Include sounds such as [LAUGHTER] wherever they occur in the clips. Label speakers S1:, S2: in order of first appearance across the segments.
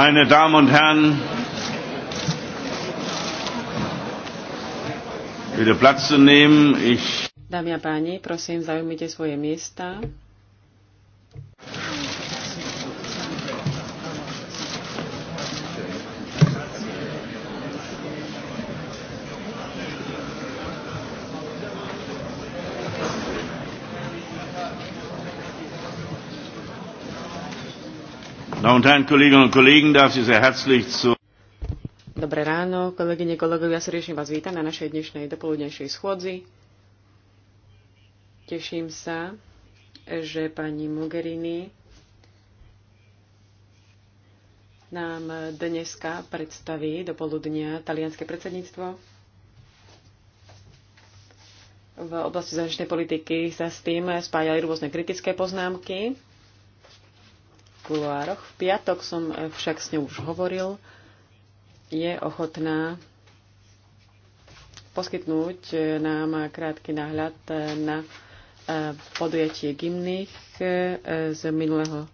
S1: Meine Damen und Herren, bitte Platz zu nehmen. Ich
S2: Dámy a páni, prosím, zaujmite svoje miesta. Dobré ráno, kolegyne, kolegovia, srdečne vás vítam na našej dnešnej dopoludnejšej schôdzi. Teším sa, že pani Mogherini nám dneska predstaví do poludnia talianské predsedníctvo. V oblasti zahraničnej politiky sa s tým spájali rôzne kritické poznámky kuloároch. V piatok som e, však s ňou už hovoril. Je ochotná poskytnúť e, nám krátky náhľad na e, podujatie gymných z minulého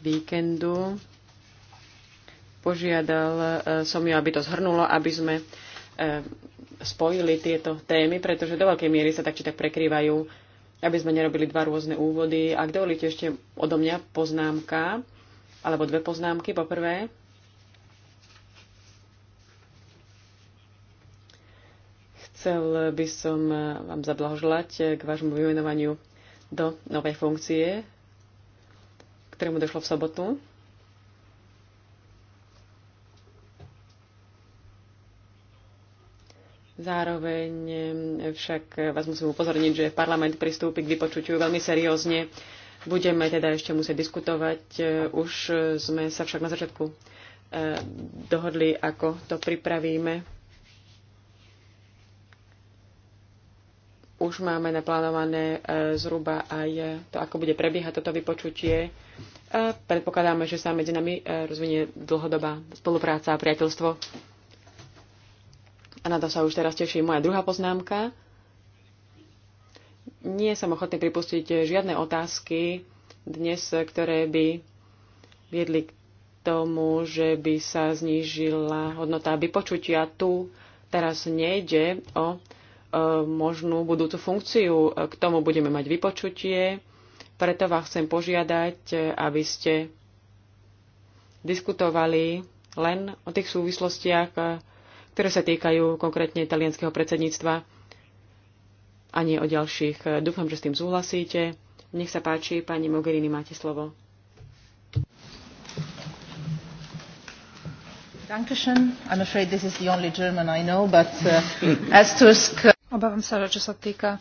S2: víkendu. Požiadal som ju, aby to zhrnulo, aby sme spojili tieto témy, pretože do veľkej miery sa tak či tak prekrývajú aby sme nerobili dva rôzne úvody. Ak dovolíte ešte odo mňa poznámka, alebo dve poznámky. Poprvé, chcel by som vám zablahoželať k vášmu vymenovaniu do novej funkcie, ktorému došlo v sobotu. Zároveň však vás musím upozorniť, že parlament pristúpi k vypočutiu veľmi seriózne. Budeme teda ešte musieť diskutovať. E, už sme sa však na začiatku e, dohodli, ako to pripravíme. Už máme naplánované e, zhruba aj to, ako bude prebiehať toto vypočutie. Predpokladáme, že sa medzi nami rozvinie dlhodobá spolupráca a priateľstvo. A na to sa už teraz teší moja druhá poznámka. Nie som ochotný pripustiť žiadne otázky dnes, ktoré by viedli k tomu, že by sa znížila hodnota vypočutia. Tu teraz nejde o e, možnú budúcu funkciu. K tomu budeme mať vypočutie, preto vás chcem požiadať, e, aby ste diskutovali len o tých súvislostiach, ktoré sa týkajú konkrétne italianského predsedníctva a nie o ďalších. Dúfam, že s tým súhlasíte. Nech sa páči, pani Mogherini, máte slovo.
S3: Uh, Obávam sa, že čo sa týka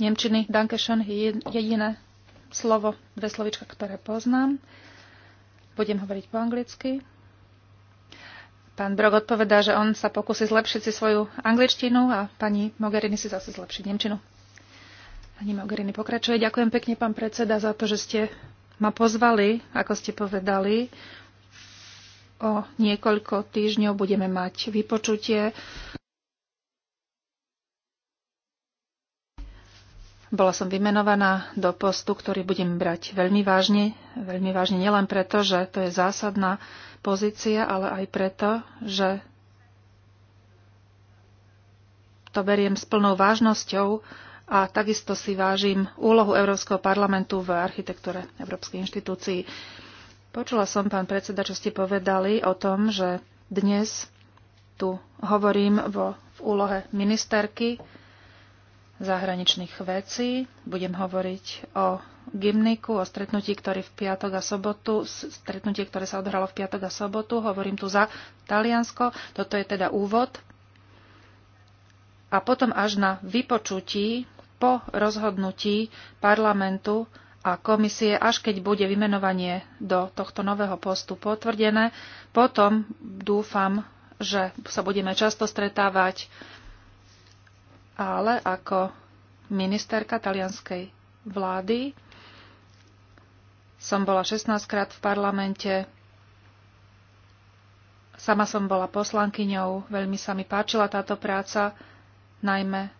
S3: Nemčiny, Dankeschön je jediné slovo, dve slovička, ktoré poznám. Budem hovoriť po anglicky. Pán Brog odpovedá, že on sa pokusí zlepšiť si svoju angličtinu a pani Mogherini si zase zlepšiť. nemčinu. Pani Mogherini pokračuje. Ďakujem pekne, pán predseda, za to, že ste ma pozvali, ako ste povedali. O niekoľko týždňov budeme mať vypočutie Bola som vymenovaná do postu, ktorý budem brať veľmi vážne. Veľmi vážne nielen preto, že to je zásadná pozícia, ale aj preto, že to beriem s plnou vážnosťou a takisto si vážim úlohu Európskeho parlamentu v architektúre Európskej inštitúcii. Počula som, pán predseda, čo ste povedali o tom, že dnes tu hovorím vo, v úlohe ministerky zahraničných vecí. Budem hovoriť o gymniku, o stretnutí, ktoré v piatok a sobotu, stretnutie, ktoré sa odhralo v piatok a sobotu. Hovorím tu za Taliansko. Toto je teda úvod. A potom až na vypočutí po rozhodnutí parlamentu a komisie, až keď bude vymenovanie do tohto nového postu potvrdené, potom dúfam, že sa budeme často stretávať ale ako ministerka talianskej vlády som bola 16 krát v parlamente. Sama som bola poslankyňou, veľmi sa mi páčila táto práca, najmä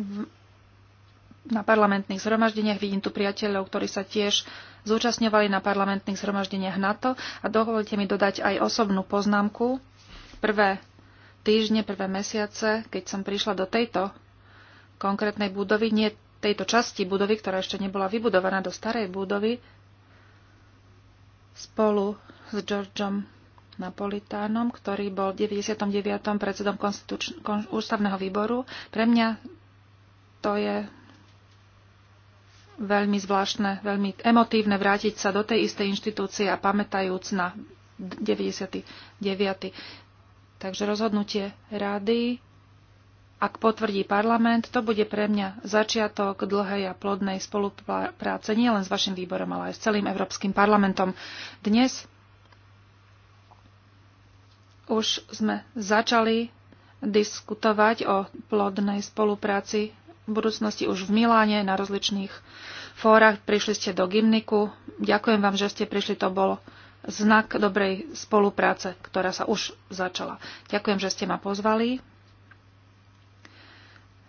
S3: v, na parlamentných zhromaždeniach. Vidím tu priateľov, ktorí sa tiež zúčastňovali na parlamentných zhromaždeniach NATO. A dovolte mi dodať aj osobnú poznámku. Prvé týždne, prvé mesiace, keď som prišla do tejto konkrétnej budovy, nie tejto časti budovy, ktorá ešte nebola vybudovaná do starej budovy, spolu s Georgeom Napolitánom, ktorý bol v 99. predsedom konstituč- kon- ústavného výboru. Pre mňa to je veľmi zvláštne, veľmi emotívne vrátiť sa do tej istej inštitúcie a pamätajúc na 99. Takže rozhodnutie rady, ak potvrdí parlament, to bude pre mňa začiatok dlhej a plodnej spolupráce nielen s vašim výborom, ale aj s celým Európskym parlamentom. Dnes už sme začali diskutovať o plodnej spolupráci v budúcnosti už v Miláne na rozličných fórach. Prišli ste do Gymniku. Ďakujem vám, že ste prišli. To bol znak dobrej spolupráce, ktorá sa už začala. Ďakujem, že ste ma pozvali.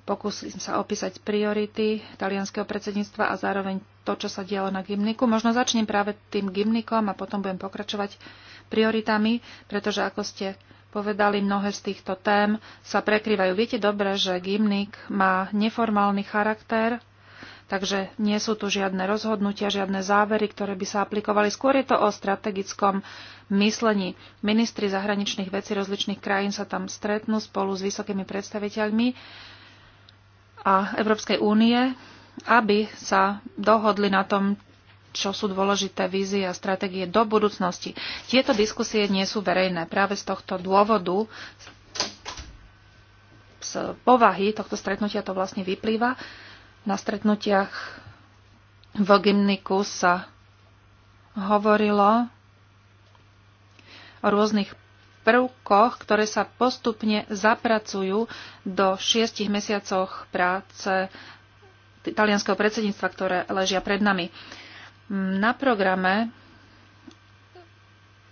S3: Pokúsim sa opísať priority talianského predsedníctva a zároveň to, čo sa dialo na gymniku. Možno začnem práve tým gymnikom a potom budem pokračovať prioritami, pretože ako ste povedali, mnohé z týchto tém sa prekrývajú. Viete dobre, že gymnik má neformálny charakter, Takže nie sú tu žiadne rozhodnutia, žiadne závery, ktoré by sa aplikovali. Skôr je to o strategickom myslení. Ministri zahraničných vecí rozličných krajín sa tam stretnú spolu s vysokými predstaviteľmi a Európskej únie, aby sa dohodli na tom, čo sú dôležité vízie a stratégie do budúcnosti. Tieto diskusie nie sú verejné. Práve z tohto dôvodu, z povahy tohto stretnutia to vlastne vyplýva. Na stretnutiach v gymniku sa hovorilo o rôznych prvkoch, ktoré sa postupne zapracujú do šiestich mesiacoch práce talianského predsedníctva, ktoré ležia pred nami. Na programe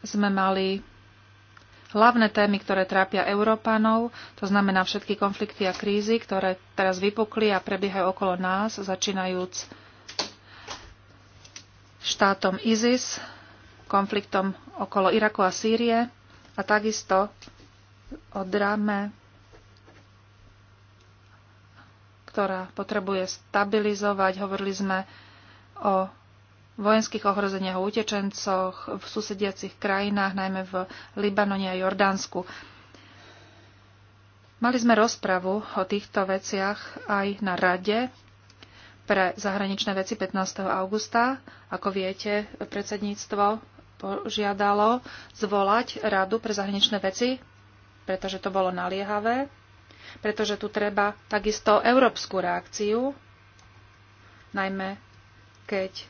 S3: sme mali hlavné témy, ktoré trápia Európanov, to znamená všetky konflikty a krízy, ktoré teraz vypukli a prebiehajú okolo nás, začínajúc štátom ISIS, konfliktom okolo Iraku a Sýrie a takisto o drame, ktorá potrebuje stabilizovať. Hovorili sme o vojenských ohrozeniach o utečencoch v susediacich krajinách, najmä v Libanone a Jordánsku. Mali sme rozpravu o týchto veciach aj na Rade pre zahraničné veci 15. augusta. Ako viete, predsedníctvo požiadalo zvolať Radu pre zahraničné veci, pretože to bolo naliehavé, pretože tu treba takisto európsku reakciu, najmä keď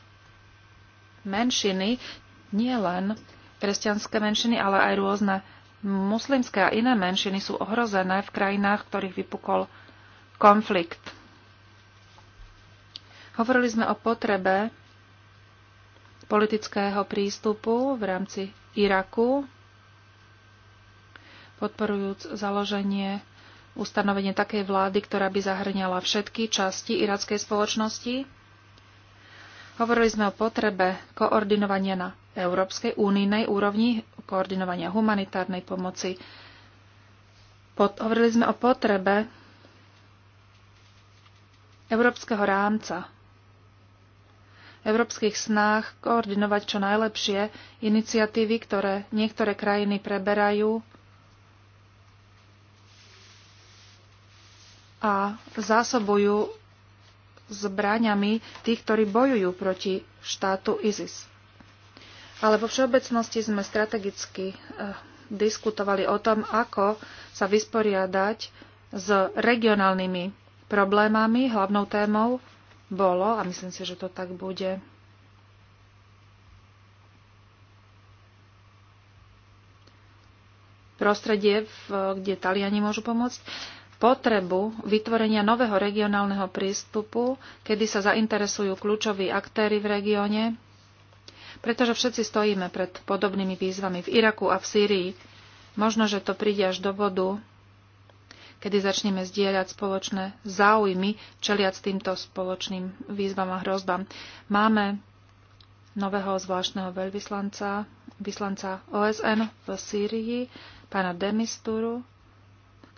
S3: menšiny, nie len kresťanské menšiny, ale aj rôzne muslimské a iné menšiny sú ohrozené v krajinách, v ktorých vypukol konflikt. Hovorili sme o potrebe politického prístupu v rámci Iraku, podporujúc založenie ustanovenie takej vlády, ktorá by zahrňala všetky časti irackej spoločnosti Hovorili sme o potrebe koordinovania na európskej únijnej úrovni, koordinovania humanitárnej pomoci. Pod, hovorili sme o potrebe európskeho rámca, európskych snách koordinovať čo najlepšie iniciatívy, ktoré niektoré krajiny preberajú a zásobujú zbraňami tých, ktorí bojujú proti štátu ISIS. Ale vo všeobecnosti sme strategicky eh, diskutovali o tom, ako sa vysporiadať s regionálnymi problémami. Hlavnou témou bolo, a myslím si, že to tak bude, prostredie, kde Taliani môžu pomôcť, potrebu vytvorenia nového regionálneho prístupu, kedy sa zainteresujú kľúčoví aktéry v regióne, pretože všetci stojíme pred podobnými výzvami v Iraku a v Sýrii. Možno, že to príde až do bodu, kedy začneme zdieľať spoločné záujmy, čeliac týmto spoločným výzvam a hrozbám. Máme nového zvláštneho veľvyslanca, vyslanca OSN v Sýrii, pána Demisturu,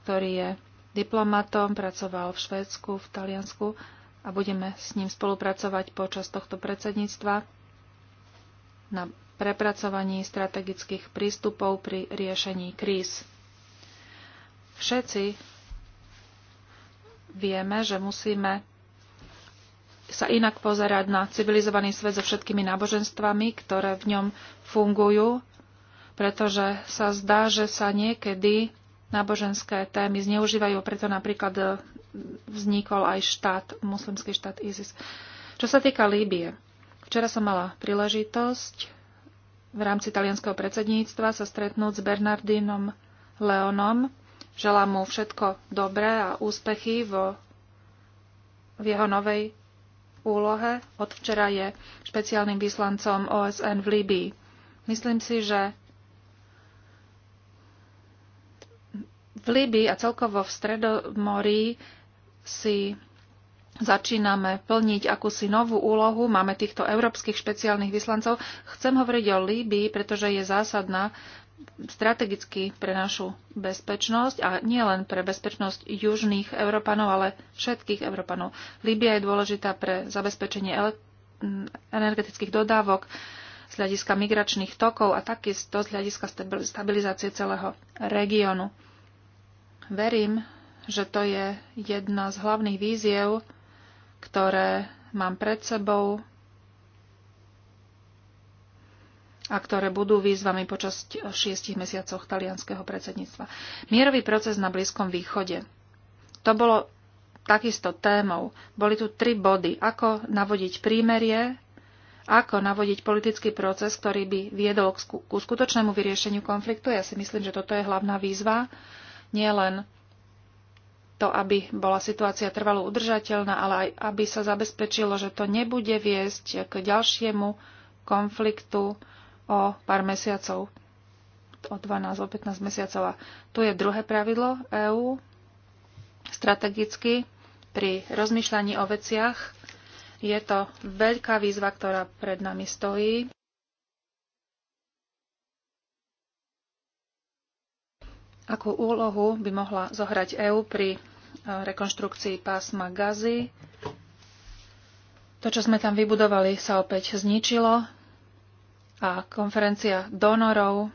S3: ktorý je diplomatom, pracoval v Švédsku, v Taliansku a budeme s ním spolupracovať počas tohto predsedníctva na prepracovaní strategických prístupov pri riešení kríz. Všetci vieme, že musíme sa inak pozerať na civilizovaný svet so všetkými náboženstvami, ktoré v ňom fungujú, pretože sa zdá, že sa niekedy náboženské témy zneužívajú, preto napríklad e, vznikol aj štát, muslimský štát ISIS. Čo sa týka Líbie, včera som mala príležitosť v rámci talianského predsedníctva sa stretnúť s Bernardinom Leonom. Želám mu všetko dobré a úspechy vo, v jeho novej úlohe. Od včera je špeciálnym vyslancom OSN v Líbii. Myslím si, že V Líbii a celkovo v Stredomorí si začíname plniť akúsi novú úlohu. Máme týchto európskych špeciálnych vyslancov. Chcem hovoriť o Líbii, pretože je zásadná strategicky pre našu bezpečnosť a nie len pre bezpečnosť južných Európanov, ale všetkých Európanov. Líbia je dôležitá pre zabezpečenie energetických dodávok, z hľadiska migračných tokov a takisto z hľadiska stabilizácie celého regiónu. Verím, že to je jedna z hlavných víziev, ktoré mám pred sebou a ktoré budú výzvami počas šiestich mesiacoch talianského predsedníctva. Mierový proces na Blízkom východe. To bolo takisto témou. Boli tu tri body. Ako navodiť prímerie, ako navodiť politický proces, ktorý by viedol ku skutočnému vyriešeniu konfliktu. Ja si myslím, že toto je hlavná výzva nielen to, aby bola situácia trvalo udržateľná, ale aj aby sa zabezpečilo, že to nebude viesť k ďalšiemu konfliktu o pár mesiacov, o 12, o 15 mesiacov. A tu je druhé pravidlo EÚ, strategicky pri rozmýšľaní o veciach. Je to veľká výzva, ktorá pred nami stojí. Akú úlohu by mohla zohrať EÚ pri e, rekonštrukcii pásma Gazy? To, čo sme tam vybudovali, sa opäť zničilo a konferencia donorov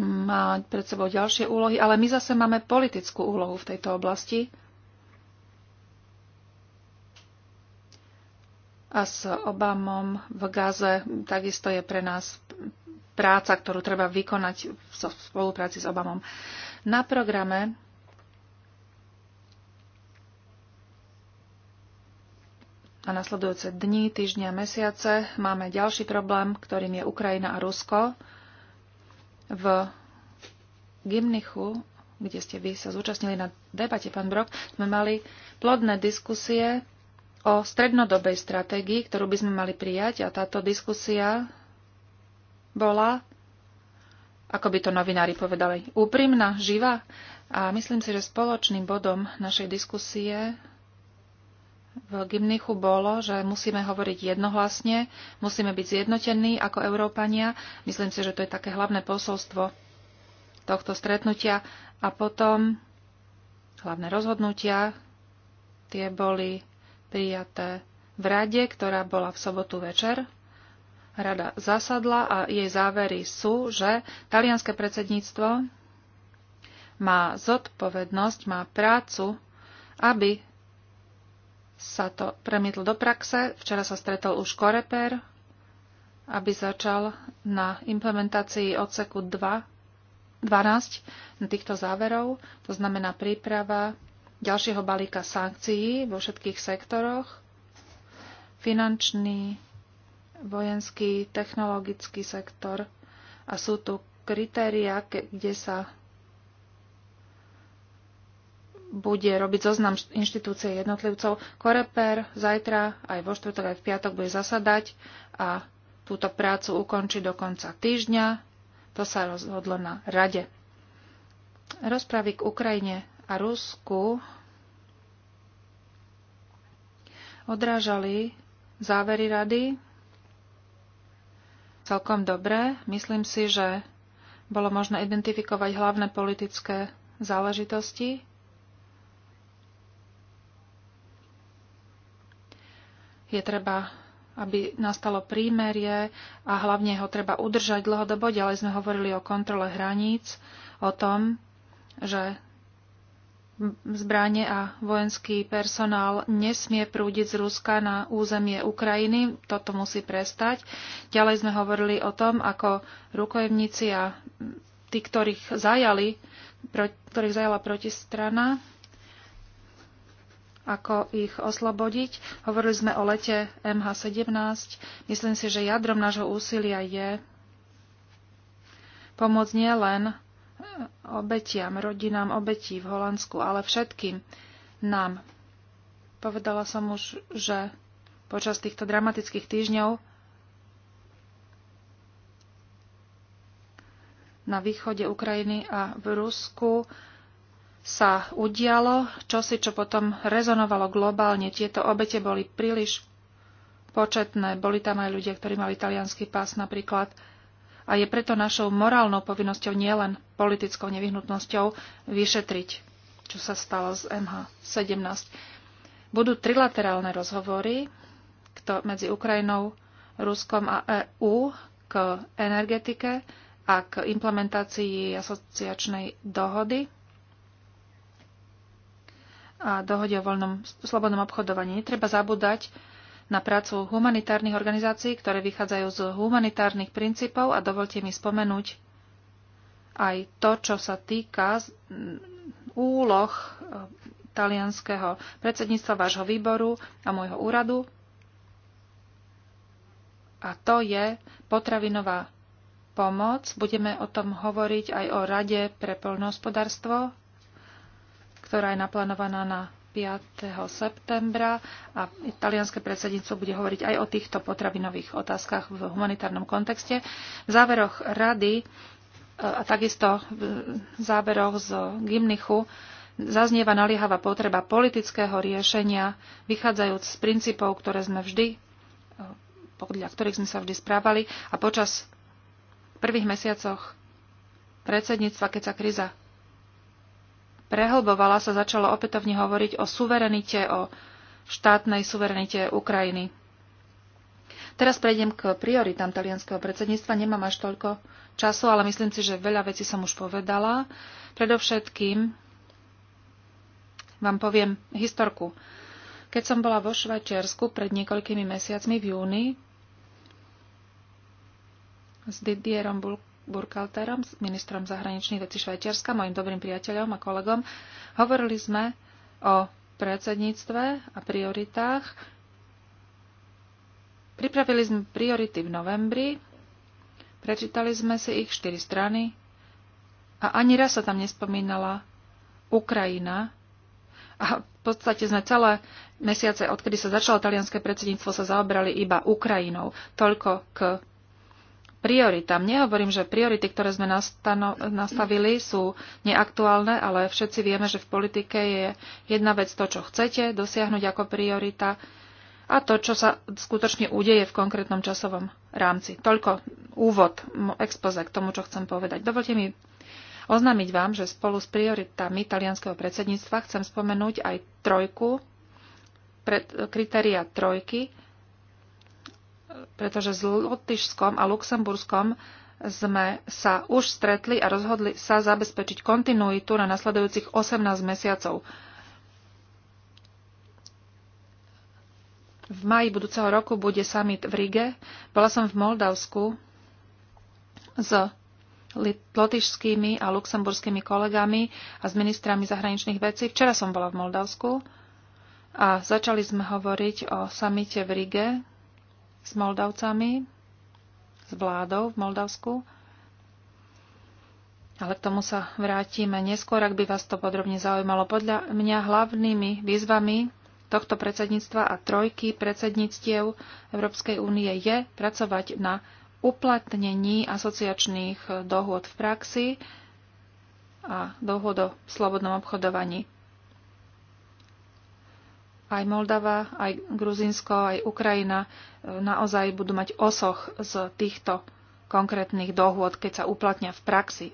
S3: má pred sebou ďalšie úlohy, ale my zase máme politickú úlohu v tejto oblasti. a s Obamom v Gaze takisto je pre nás práca, ktorú treba vykonať v spolupráci s Obamom. Na programe a nasledujúce dni, týždňa, mesiace máme ďalší problém, ktorým je Ukrajina a Rusko. V Gimnichu, kde ste vy sa zúčastnili na debate, pán Brok, sme mali plodné diskusie o strednodobej stratégii, ktorú by sme mali prijať a táto diskusia bola, ako by to novinári povedali, úprimná, živá. A myslím si, že spoločným bodom našej diskusie v Gymnichu bolo, že musíme hovoriť jednohlasne, musíme byť zjednotení ako Európania. Myslím si, že to je také hlavné posolstvo tohto stretnutia. A potom hlavné rozhodnutia, tie boli prijaté v rade, ktorá bola v sobotu večer rada zasadla a jej závery sú, že talianské predsedníctvo má zodpovednosť, má prácu, aby sa to premietlo do praxe. Včera sa stretol už Koreper, aby začal na implementácii odseku 2, 12 týchto záverov, to znamená príprava ďalšieho balíka sankcií vo všetkých sektoroch, finančný, vojenský, technologický sektor a sú tu kritéria, kde sa bude robiť zoznam inštitúcie jednotlivcov. Koreper zajtra aj vo štvrtok aj v piatok bude zasadať a túto prácu ukončí do konca týždňa. To sa rozhodlo na rade. Rozpravy k Ukrajine a Rusku odrážali závery rady celkom dobré. Myslím si, že bolo možné identifikovať hlavné politické záležitosti. Je treba, aby nastalo prímerie a hlavne ho treba udržať dlhodobo. Ďalej sme hovorili o kontrole hraníc, o tom, že zbranie a vojenský personál nesmie prúdiť z Ruska na územie Ukrajiny. Toto musí prestať. Ďalej sme hovorili o tom, ako rukojemníci a tí, ktorých zajali, ktorých zajala protistrana, ako ich oslobodiť. Hovorili sme o lete MH17. Myslím si, že jadrom nášho úsilia je pomôcť nielen Hm, obetiam, rodinám obetí v Holandsku, ale všetkým nám. Povedala som už, že počas týchto dramatických týždňov na východe Ukrajiny a v Rusku sa udialo čosi, čo potom rezonovalo globálne. Tieto obete boli príliš početné. Boli tam aj ľudia, ktorí mali talianský pás napríklad a je preto našou morálnou povinnosťou, nielen politickou nevyhnutnosťou, vyšetriť, čo sa stalo z MH17. Budú trilaterálne rozhovory kto, medzi Ukrajinou, Ruskom a EÚ k energetike a k implementácii asociačnej dohody a dohode o voľnom, slobodnom obchodovaní. Netreba zabúdať na prácu humanitárnych organizácií, ktoré vychádzajú z humanitárnych princípov a dovolte mi spomenúť aj to, čo sa týka mm, úloh e, talianského predsedníctva vášho výboru a môjho úradu. A to je potravinová pomoc. Budeme o tom hovoriť aj o Rade pre poľnohospodárstvo, ktorá je naplánovaná na 5. septembra a italianské predsedníctvo bude hovoriť aj o týchto potravinových otázkach v humanitárnom kontexte. V záveroch rady e, a takisto v záveroch z Gimnichu zaznieva naliehavá potreba politického riešenia, vychádzajúc z princípov, ktoré sme vždy, e, podľa ktorých sme sa vždy správali a počas prvých mesiacoch predsedníctva, keď sa kríza prehlbovala, sa začalo opätovne hovoriť o suverenite, o štátnej suverenite Ukrajiny. Teraz prejdem k prioritám talianského predsedníctva. Nemám až toľko času, ale myslím si, že veľa vecí som už povedala. Predovšetkým vám poviem historku. Keď som bola vo Švajčiarsku pred niekoľkými mesiacmi v júni s Didierom Bulk Burkalterom, ministrom zahraničných vecí Švajčiarska, mojim dobrým priateľom a kolegom. Hovorili sme o predsedníctve a prioritách. Pripravili sme priority v novembri, prečítali sme si ich štyri strany a ani raz sa tam nespomínala Ukrajina. A v podstate sme celé mesiace, odkedy sa začalo talianské predsedníctvo, sa zaobrali iba Ukrajinou. Toľko k prioritám. Nehovorím, že priority, ktoré sme nastavili, sú neaktuálne, ale všetci vieme, že v politike je jedna vec to, čo chcete dosiahnuť ako priorita a to, čo sa skutočne udeje v konkrétnom časovom rámci. Toľko úvod, expoze k tomu, čo chcem povedať. Dovolte mi oznámiť vám, že spolu s prioritami italianského predsedníctva chcem spomenúť aj trojku, kritéria trojky, pretože s Lotyšskom a Luxemburskom sme sa už stretli a rozhodli sa zabezpečiť kontinuitu na nasledujúcich 18 mesiacov. V maji budúceho roku bude summit v Rige. Bola som v Moldavsku s lotyšskými a luxemburskými kolegami a s ministrami zahraničných vecí. Včera som bola v Moldavsku a začali sme hovoriť o samite v Rige, s Moldavcami, s vládou v Moldavsku. Ale k tomu sa vrátime neskôr, ak by vás to podrobne zaujímalo. Podľa mňa hlavnými výzvami tohto predsedníctva a trojky predsedníctiev Európskej únie je pracovať na uplatnení asociačných dohôd v praxi a dohôd o slobodnom obchodovaní aj Moldava, aj Gruzinsko, aj Ukrajina e, naozaj budú mať osoch z týchto konkrétnych dohôd, keď sa uplatnia v praxi.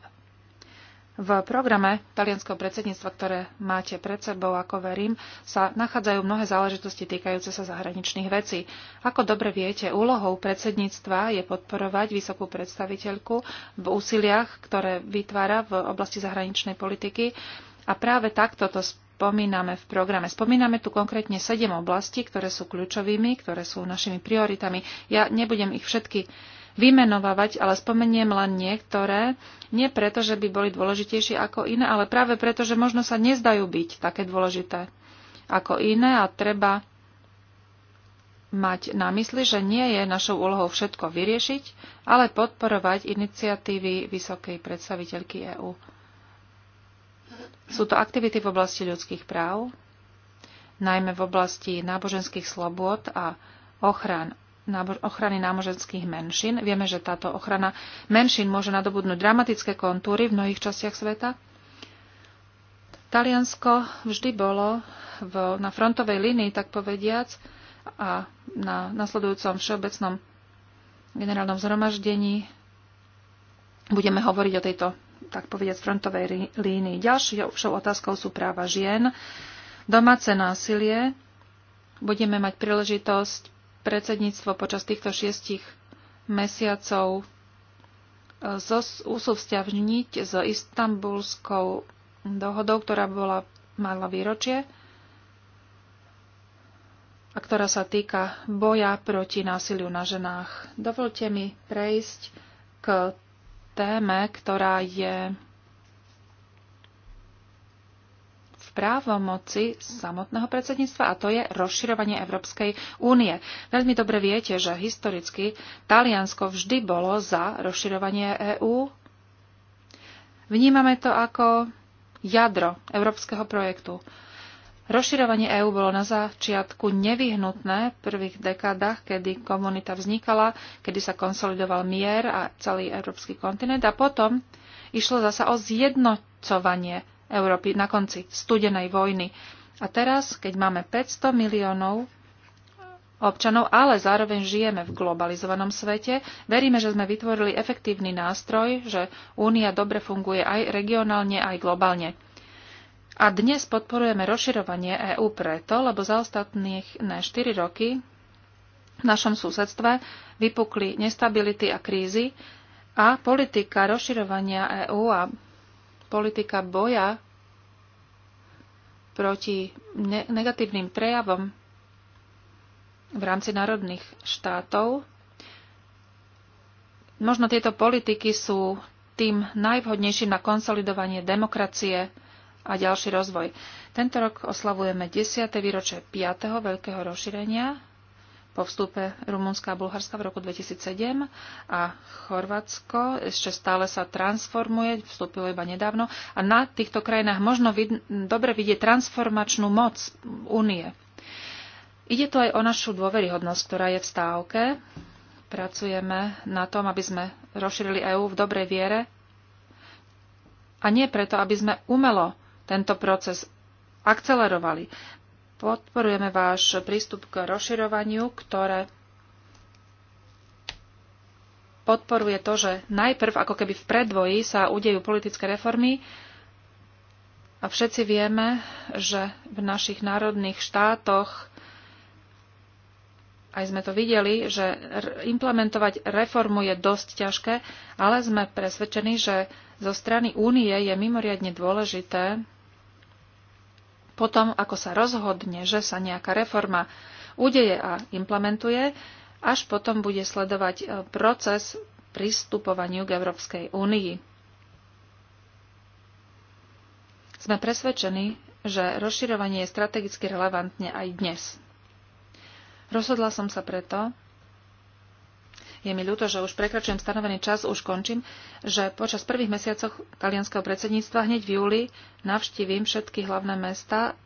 S3: V programe talianského predsedníctva, ktoré máte pred sebou, ako verím, sa nachádzajú mnohé záležitosti týkajúce sa zahraničných vecí. Ako dobre viete, úlohou predsedníctva je podporovať vysokú predstaviteľku v úsiliach, ktoré vytvára v oblasti zahraničnej politiky a práve takto to spomíname v programe. Spomíname tu konkrétne sedem oblastí, ktoré sú kľúčovými, ktoré sú našimi prioritami. Ja nebudem ich všetky vymenovávať, ale spomeniem len niektoré, nie preto, že by boli dôležitejšie ako iné, ale práve preto, že možno sa nezdajú byť také dôležité ako iné a treba mať na mysli, že nie je našou úlohou všetko vyriešiť, ale podporovať iniciatívy vysokej predstaviteľky EÚ. Sú to aktivity v oblasti ľudských práv, najmä v oblasti náboženských slobôd a ochran, nábož, ochrany náboženských menšín. Vieme, že táto ochrana menšín môže nadobudnúť dramatické kontúry v mnohých častiach sveta. Taliansko vždy bolo v, na frontovej línii, tak povediac, a na nasledujúcom všeobecnom generálnom zhromaždení budeme hovoriť o tejto tak povediať, frontovej línii. Ďalšou otázkou sú práva žien, domáce násilie. Budeme mať príležitosť predsedníctvo počas týchto šiestich mesiacov e, usúvzťažniť s istambulskou dohodou, ktorá bola, mala výročie a ktorá sa týka boja proti násiliu na ženách. Dovolte mi prejsť k téme, ktorá je v právomoci samotného predsedníctva a to je rozširovanie Európskej únie. Veľmi dobre viete, že historicky Taliansko vždy bolo za rozširovanie EÚ. Vnímame to ako jadro európskeho projektu. Rozširovanie EÚ bolo na začiatku nevyhnutné v prvých dekádach, kedy komunita vznikala, kedy sa konsolidoval mier a celý európsky kontinent a potom išlo zasa o zjednocovanie Európy na konci studenej vojny. A teraz, keď máme 500 miliónov občanov, ale zároveň žijeme v globalizovanom svete. Veríme, že sme vytvorili efektívny nástroj, že Únia dobre funguje aj regionálne, aj globálne. A dnes podporujeme rozširovanie EÚ preto, lebo za ostatných ne 4 roky v našom susedstve vypukli nestability a krízy a politika rozširovania EÚ a politika boja proti ne- negatívnym prejavom v rámci národných štátov. Možno tieto politiky sú tým najvhodnejším na konsolidovanie demokracie, a ďalší rozvoj. Tento rok oslavujeme 10. výročie 5. veľkého rozšírenia po vstupe Rumunska a Bulharska v roku 2007 a Chorvátsko ešte stále sa transformuje, vstúpilo iba nedávno a na týchto krajinách možno vid- dobre vidieť transformačnú moc únie. Ide tu aj o našu dôveryhodnosť, ktorá je v stávke. Pracujeme na tom, aby sme rozšírili EÚ v dobrej viere a nie preto, aby sme umelo tento proces akcelerovali. Podporujeme váš prístup k rozširovaniu, ktoré podporuje to, že najprv ako keby v predvoji sa udejú politické reformy a všetci vieme, že v našich národných štátoch aj sme to videli, že implementovať reformu je dosť ťažké, ale sme presvedčení, že zo strany únie je mimoriadne dôležité potom, ako sa rozhodne, že sa nejaká reforma udeje a implementuje, až potom bude sledovať e, proces pristupovaniu k Európskej únii. Sme presvedčení, že rozširovanie je strategicky relevantne aj dnes. Rozhodla som sa preto, je mi ľúto, že už prekračujem stanovený čas, už končím, že počas prvých mesiacoch talianského predsedníctva hneď v júli navštívim všetky hlavné mesta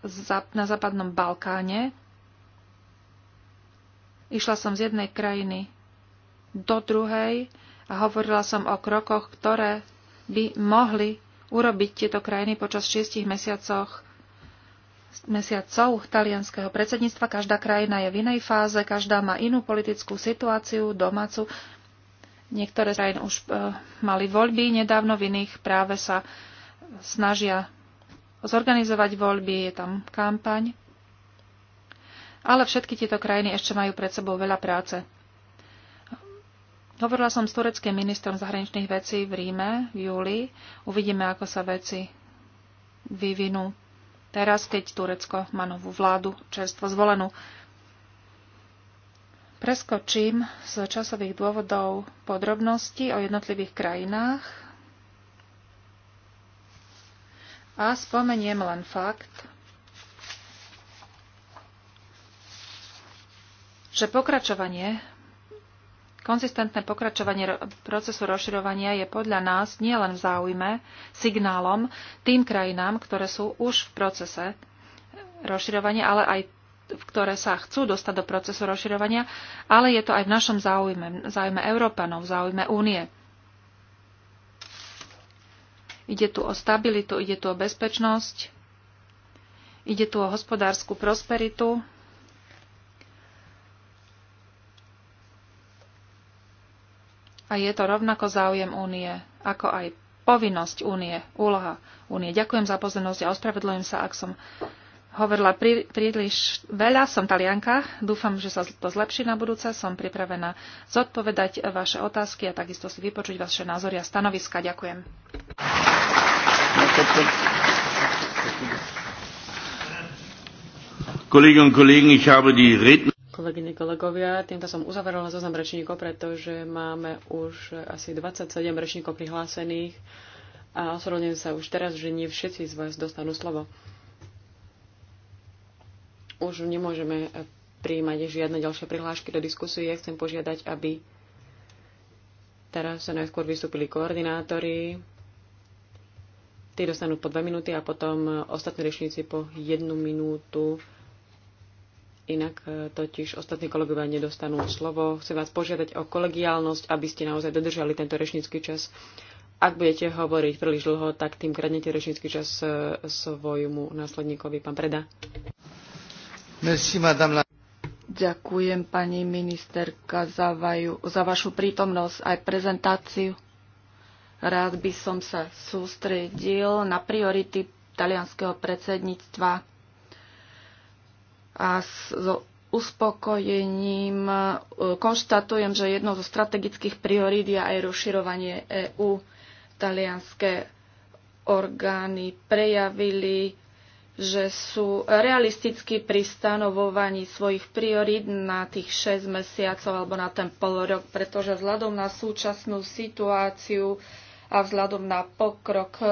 S3: na západnom Balkáne. Išla som z jednej krajiny do druhej a hovorila som o krokoch, ktoré by mohli urobiť tieto krajiny počas šiestich mesiacoch mesiacov talianského predsedníctva. Každá krajina je v inej fáze, každá má inú politickú situáciu, domácu. Niektoré krajín už e, mali voľby nedávno, v iných práve sa snažia zorganizovať voľby, je tam kampaň. Ale všetky tieto krajiny ešte majú pred sebou veľa práce. Hovorila som s tureckým ministrom zahraničných vecí v Ríme v júli. Uvidíme, ako sa veci vyvinú teraz, keď Turecko má novú vládu, čerstvo zvolenú. Preskočím z časových dôvodov podrobnosti o jednotlivých krajinách a spomeniem len fakt, že pokračovanie Konzistentné pokračovanie procesu rozširovania je podľa nás nielen v záujme, signálom tým krajinám, ktoré sú už v procese rozširovania, ale aj v ktoré sa chcú dostať do procesu rozširovania, ale je to aj v našom záujme, záujme Európanov, záujme únie. Ide tu o stabilitu, ide tu o bezpečnosť, ide tu o hospodárskú prosperitu, a je to rovnako záujem únie, ako aj povinnosť únie, úloha únie. Ďakujem za pozornosť a ospravedlňujem sa, ak som hovorila prí, príliš veľa. Som talianka, dúfam, že sa to zlepší na budúce. Som pripravená zodpovedať vaše otázky a takisto si vypočuť vaše názory a stanoviska. Ďakujem.
S1: Kolleginnen und Kollegen, ich habe die
S2: kolegyne, kolegovia. Týmto som uzavrela zoznam rečníkov, pretože máme už asi 27 rečníkov prihlásených a ospravedlňujem sa už teraz, že nie všetci z vás dostanú slovo. Už nemôžeme prijímať žiadne ďalšie prihlášky do diskusie. Chcem požiadať, aby teraz sa najskôr vystúpili koordinátori. Tí dostanú po dve minúty a potom ostatní rečníci po jednu minútu inak e, totiž ostatní kolegovia nedostanú slovo. Chcem vás požiadať o kolegiálnosť, aby ste naozaj dodržali tento rečnícky čas. Ak budete hovoriť príliš dlho, tak tým kradnete rečnícky čas e, svojmu následníkovi, pán Preda.
S1: Merci, madame
S3: la... Ďakujem, pani ministerka, za, vaju, za vašu prítomnosť aj prezentáciu. Rád by som sa sústredil na priority talianského predsedníctva a s so uspokojením e, konštatujem, že jednou zo strategických priorít je aj rozširovanie EÚ. Talianské orgány prejavili, že sú realisticky pri stanovovaní svojich priorít na tých 6 mesiacov alebo na ten pol rok, pretože vzhľadom na súčasnú situáciu a vzhľadom na pokrok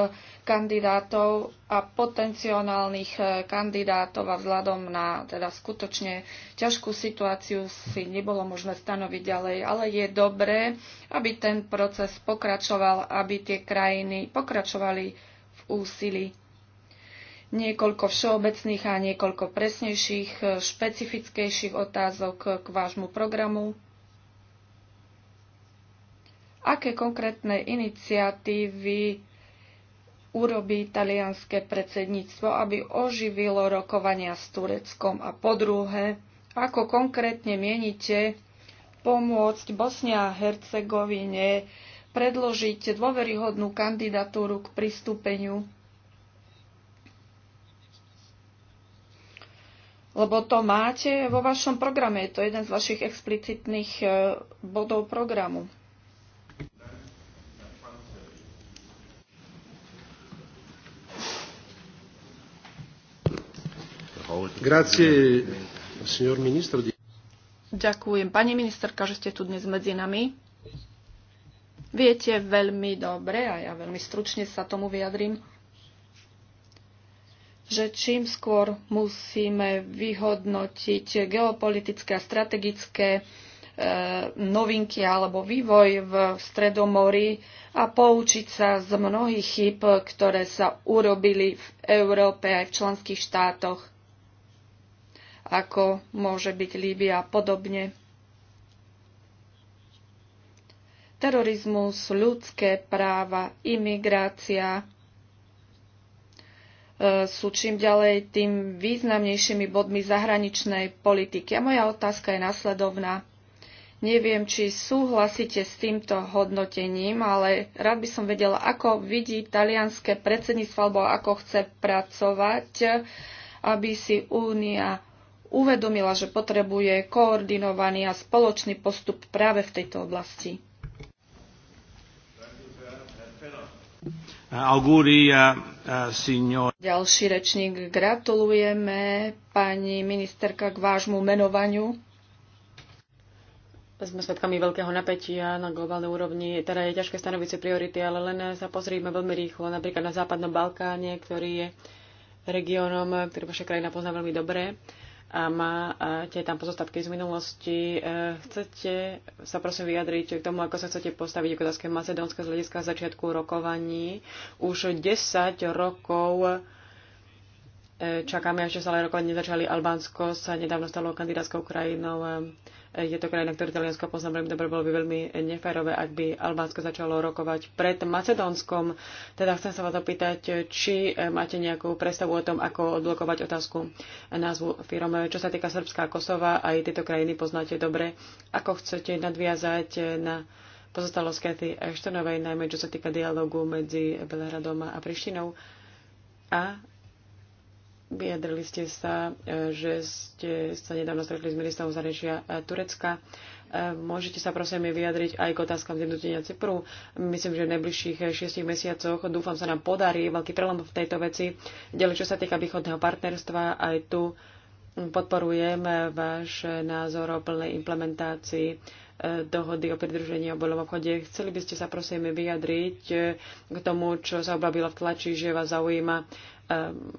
S3: kandidátov a potenciálnych eh, kandidátov a vzhľadom na teda skutočne ťažkú situáciu si nebolo možné stanoviť ďalej, ale je dobré, aby ten proces pokračoval, aby tie krajiny pokračovali v úsilí niekoľko všeobecných a niekoľko presnejších, eh, špecifickejších otázok k vášmu programu aké konkrétne iniciatívy urobí italianské predsedníctvo, aby oživilo rokovania s Tureckom a po druhé, ako konkrétne mienite pomôcť Bosnia a Hercegovine predložiť dôveryhodnú kandidatúru k pristúpeniu lebo to máte vo vašom programe, je to jeden z vašich explicitných eh, bodov programu. Ďakujem, pani ministerka, že ste tu dnes medzi nami. Viete veľmi dobre, a ja veľmi stručne sa tomu vyjadrím, že čím skôr musíme vyhodnotiť geopolitické a strategické e, novinky alebo vývoj v Stredomori a poučiť sa z mnohých chyb, ktoré sa urobili v Európe aj v členských štátoch ako môže byť Líbia a podobne. Terorizmus, ľudské práva, imigrácia e, sú čím ďalej tým významnejšími bodmi zahraničnej politiky. A moja otázka je nasledovná. Neviem, či súhlasíte s týmto hodnotením, ale rád by som vedela, ako vidí talianské predsedníctvo alebo ako chce pracovať, aby si únia uvedomila, že potrebuje koordinovaný a spoločný postup práve v tejto oblasti.
S1: Eh, eh,
S3: Ďalší rečník, gratulujeme pani ministerka k vášmu
S2: menovaniu. Sme svedkami veľkého napätia na globálnej úrovni. Teda je ťažké stanoviť si priority, ale len sa pozrieme veľmi rýchlo napríklad na Západnom Balkáne, ktorý je regiónom, ktorý vaša krajina pozná veľmi dobre a má tie tam pozostatky z minulosti. E, chcete sa prosím vyjadriť k tomu, ako sa chcete postaviť k otázke Macedónska z hľadiska začiatku rokovaní. Už 10 rokov Čakáme, až sa ale rokovať nezačali. Albánsko sa nedávno stalo kandidátskou krajinou. Je to krajina, ktorú Taliansko pozná veľmi dobre. Bolo by veľmi neférové, ak by Albánsko začalo rokovať pred Macedónskom. Teda chcem sa vás opýtať, či máte nejakú predstavu o tom, ako odblokovať otázku názvu firm. Čo sa týka Srbska a Kosova, aj tieto krajiny poznáte dobre. Ako chcete nadviazať na pozostalo skety Kathy Ashtonovej, najmä čo sa týka dialogu medzi Belehradom a Prištinou a Vyjadrili ste sa, e, že ste sa nedávno stretli s ministrom zahraničia e, Turecka. E, môžete sa prosím vyjadriť aj k otázkam zjednotenia Cypru. Myslím, že v najbližších šiestich mesiacoch dúfam sa nám podarí veľký prelom v tejto veci. Ďalej, čo sa týka východného partnerstva, aj tu podporujem váš názor o plnej implementácii dohody o pridružení a voľnom obchode. Chceli by ste sa prosím vyjadriť e, k tomu, čo sa obavilo v tlači, že vás zaujíma e,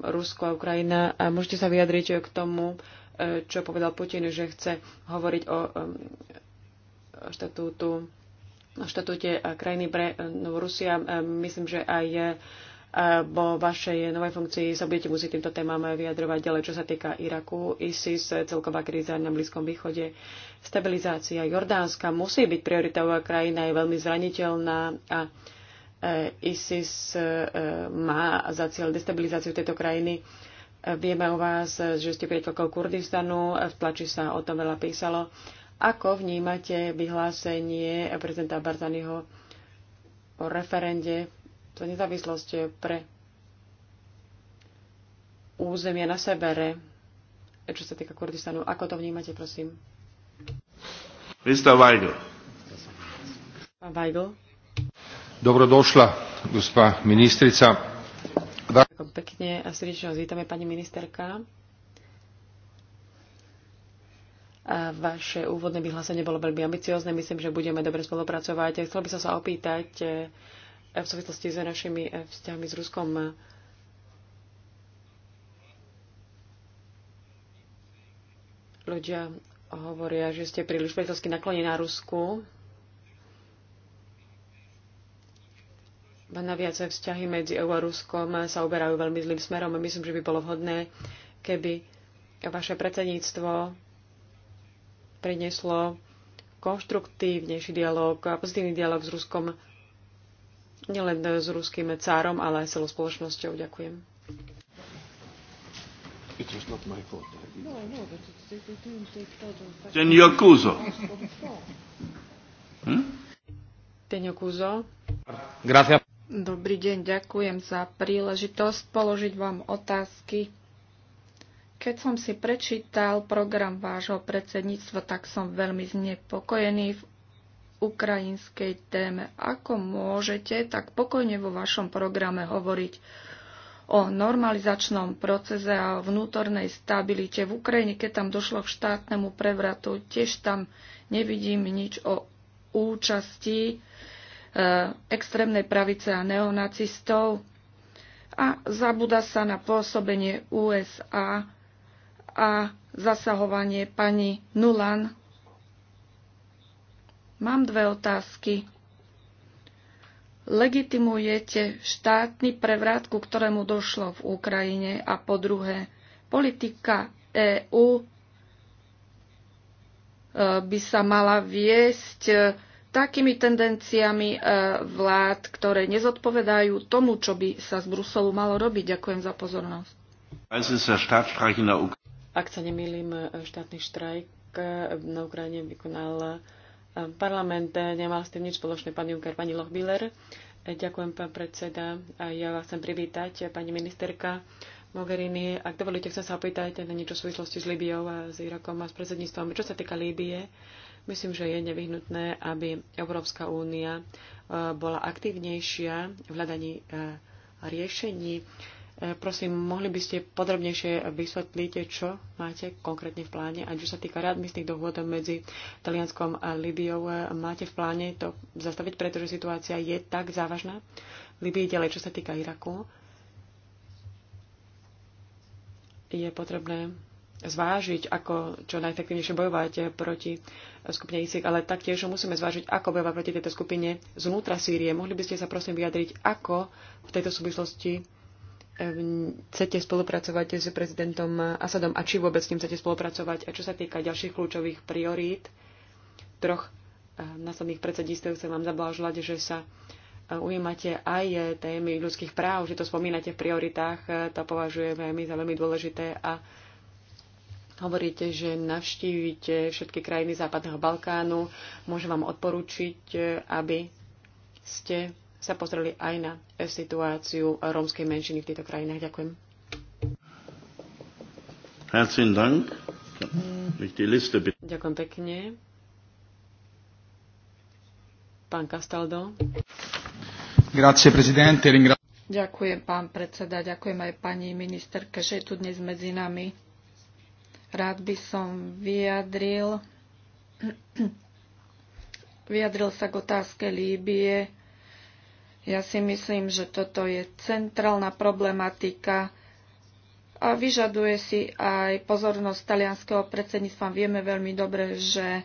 S2: Rusko a Ukrajina. A môžete sa vyjadriť k tomu, e, čo povedal Putin, že chce hovoriť o štatútu, o štatúte krajiny pre Rusia. Myslím, že aj vo vašej novej funkcii sa budete musieť týmto témam vyjadrovať ďalej, čo sa týka Iraku, ISIS, celková kríza na Blízkom východe, stabilizácia Jordánska musí byť prioritou a krajina je veľmi zraniteľná a e, ISIS e, má za cieľ destabilizáciu tejto krajiny. E, vieme o vás, že ste priateľkou Kurdistanu, v tlači sa o tom veľa písalo. Ako vnímate vyhlásenie prezidenta Barzaniho o referende to nezávislosť pre územia na sebere, čo sa týka Kurdistanu. Ako to vnímate, prosím?
S1: Mr. Weigl. Pán Weigl. Dobrodošla, gospa ministrica. Ďakujem
S2: Pekne a srdečne vás vítame, pani ministerka. A vaše úvodné vyhlásenie bolo veľmi ambiciozne. Myslím, že budeme dobre spolupracovať. Chcel by som sa opýtať, v súvislosti s našimi eh, vzťahmi s Ruskom. Ľudia hovoria, že ste príliš priateľsky naklonení na Rusku. Naviac vzťahy medzi EU a Ruskom sa uberajú veľmi zlým smerom. Myslím, že by bolo vhodné, keby vaše predsedníctvo prinieslo konštruktívnejší dialog a pozitívny dialog s Ruskom nielen s ruským cárom, ale aj celou spoločnosťou. Ďakujem.
S1: It was not my fault. No, no, Ten Yakuzo.
S2: Hmm?
S3: Dobrý deň, ďakujem za príležitosť položiť vám otázky. Keď som si prečítal program vášho predsedníctva, tak som veľmi znepokojený v ukrajinskej téme. Ako môžete, tak pokojne vo vašom programe hovoriť o normalizačnom procese a vnútornej stabilite v Ukrajine, keď tam došlo k štátnemu prevratu. Tiež tam nevidím nič o účasti e, extrémnej pravice a neonacistov a zabúda sa na pôsobenie USA a zasahovanie pani Nulan Mám dve otázky. Legitimujete štátny prevrat, ku ktorému došlo v Ukrajine a po druhé, politika EÚ e, by sa mala viesť e, takými tendenciami e, vlád, ktoré nezodpovedajú tomu, čo by sa z Bruselu malo robiť.
S2: Ďakujem za pozornosť. Ak sa nemýlim, štátny štrajk na Ukrajine vykonal Parlament nemal s tým nič spoločné, pán Juncker, pani Lochbiller. Ďakujem, pán predseda. A ja vás chcem privítať, pani ministerka Mogherini. Ak dovolíte, chcem sa opýtať na niečo v súvislosti s Líbiou a s Irakom a s predsedníctvom. Čo sa týka Líbie, myslím, že je nevyhnutné, aby Európska únia eh, bola aktívnejšia v hľadaní eh, riešení Prosím, mohli by ste podrobnejšie vysvetliť, čo máte konkrétne v pláne aj čo sa týka readmisných dohôd medzi Talianskom a Libiou, máte v pláne to zastaviť, pretože situácia je tak závažná? Libii ďalej, čo sa týka Iraku, je potrebné zvážiť, ako čo najefektívnejšie bojovať proti skupine ISIC, ale taktiež musíme zvážiť, ako bojovať proti tejto skupine znútra Sýrie. Mohli by ste sa prosím vyjadriť, ako v tejto súvislosti chcete spolupracovať s prezidentom Asadom a či vôbec s ním chcete spolupracovať. A čo sa týka ďalších kľúčových priorít, troch eh, následných predsedistov chcem vám zablahoželať, že sa eh, ujímate aj eh, témy ľudských práv, že to spomínate v prioritách, to považujeme my za veľmi dôležité a Hovoríte, že navštívite všetky krajiny Západného Balkánu. Môžem vám odporučiť, aby ste sa pozreli aj na situáciu rómskej menšiny v týchto krajinách. Ďakujem.
S1: Herzlichen Dank.
S2: Ďakujem pekne. Pán Castaldo.
S1: Grazie, prezidente. Ringra...
S2: Ďakujem, pán predseda. Ďakujem
S3: aj pani ministerke, že je tu dnes medzi nami. Rád by som vyjadril, [CLEARS THROAT] vyjadril sa k otázke Líbie ja si myslím, že toto je centrálna problematika a vyžaduje si aj pozornosť talianského predsedníctva. Vieme veľmi dobre, že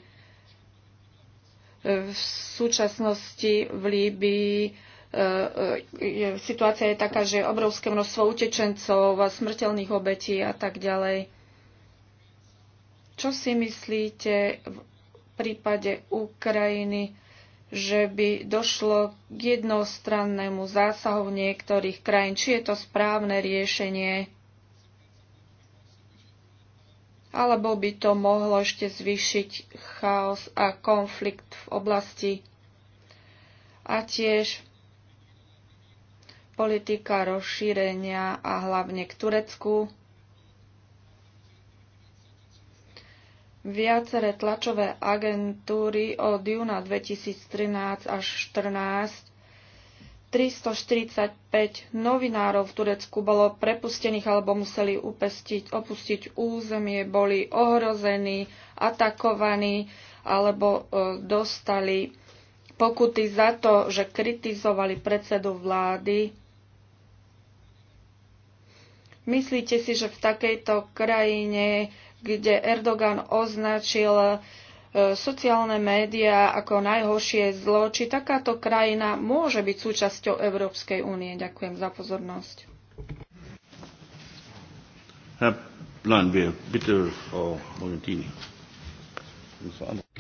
S3: v súčasnosti v Líbii e, e, situácia je taká, že je obrovské množstvo utečencov, smrteľných obetí a tak ďalej. Čo si myslíte v prípade Ukrajiny? že by došlo k jednostrannému zásahu niektorých krajín. Či je to správne riešenie? Alebo by to mohlo ešte zvýšiť chaos a konflikt v oblasti? A tiež politika rozšírenia a hlavne k Turecku. Viaceré tlačové agentúry od júna 2013 až 2014 345 novinárov v Turecku bolo prepustených alebo museli upestiť, opustiť územie, boli ohrození, atakovaní alebo e, dostali pokuty za to, že kritizovali predsedu vlády. Myslíte si, že v takejto krajine kde Erdogan označil e, sociálne médiá ako najhoršie zlo, či takáto krajina môže byť súčasťou Európskej únie. Ďakujem za pozornosť.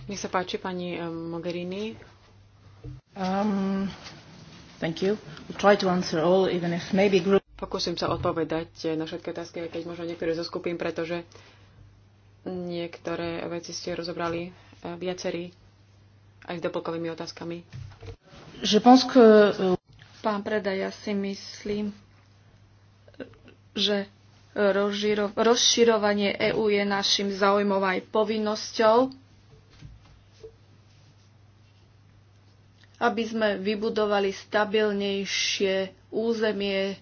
S2: Nech sa páči, pani e, Mogherini. Um, Pokúsim sa odpovedať na všetky otázky, keď možno niektoré zo skupín, pretože uh, Niektoré veci ste rozobrali e, viacerí aj s doplkovými otázkami.
S3: Je pense que... E, Pán Preda, ja si myslím, že rozširovanie EÚ je našim záujmom aj povinnosťou, aby sme vybudovali stabilnejšie územie.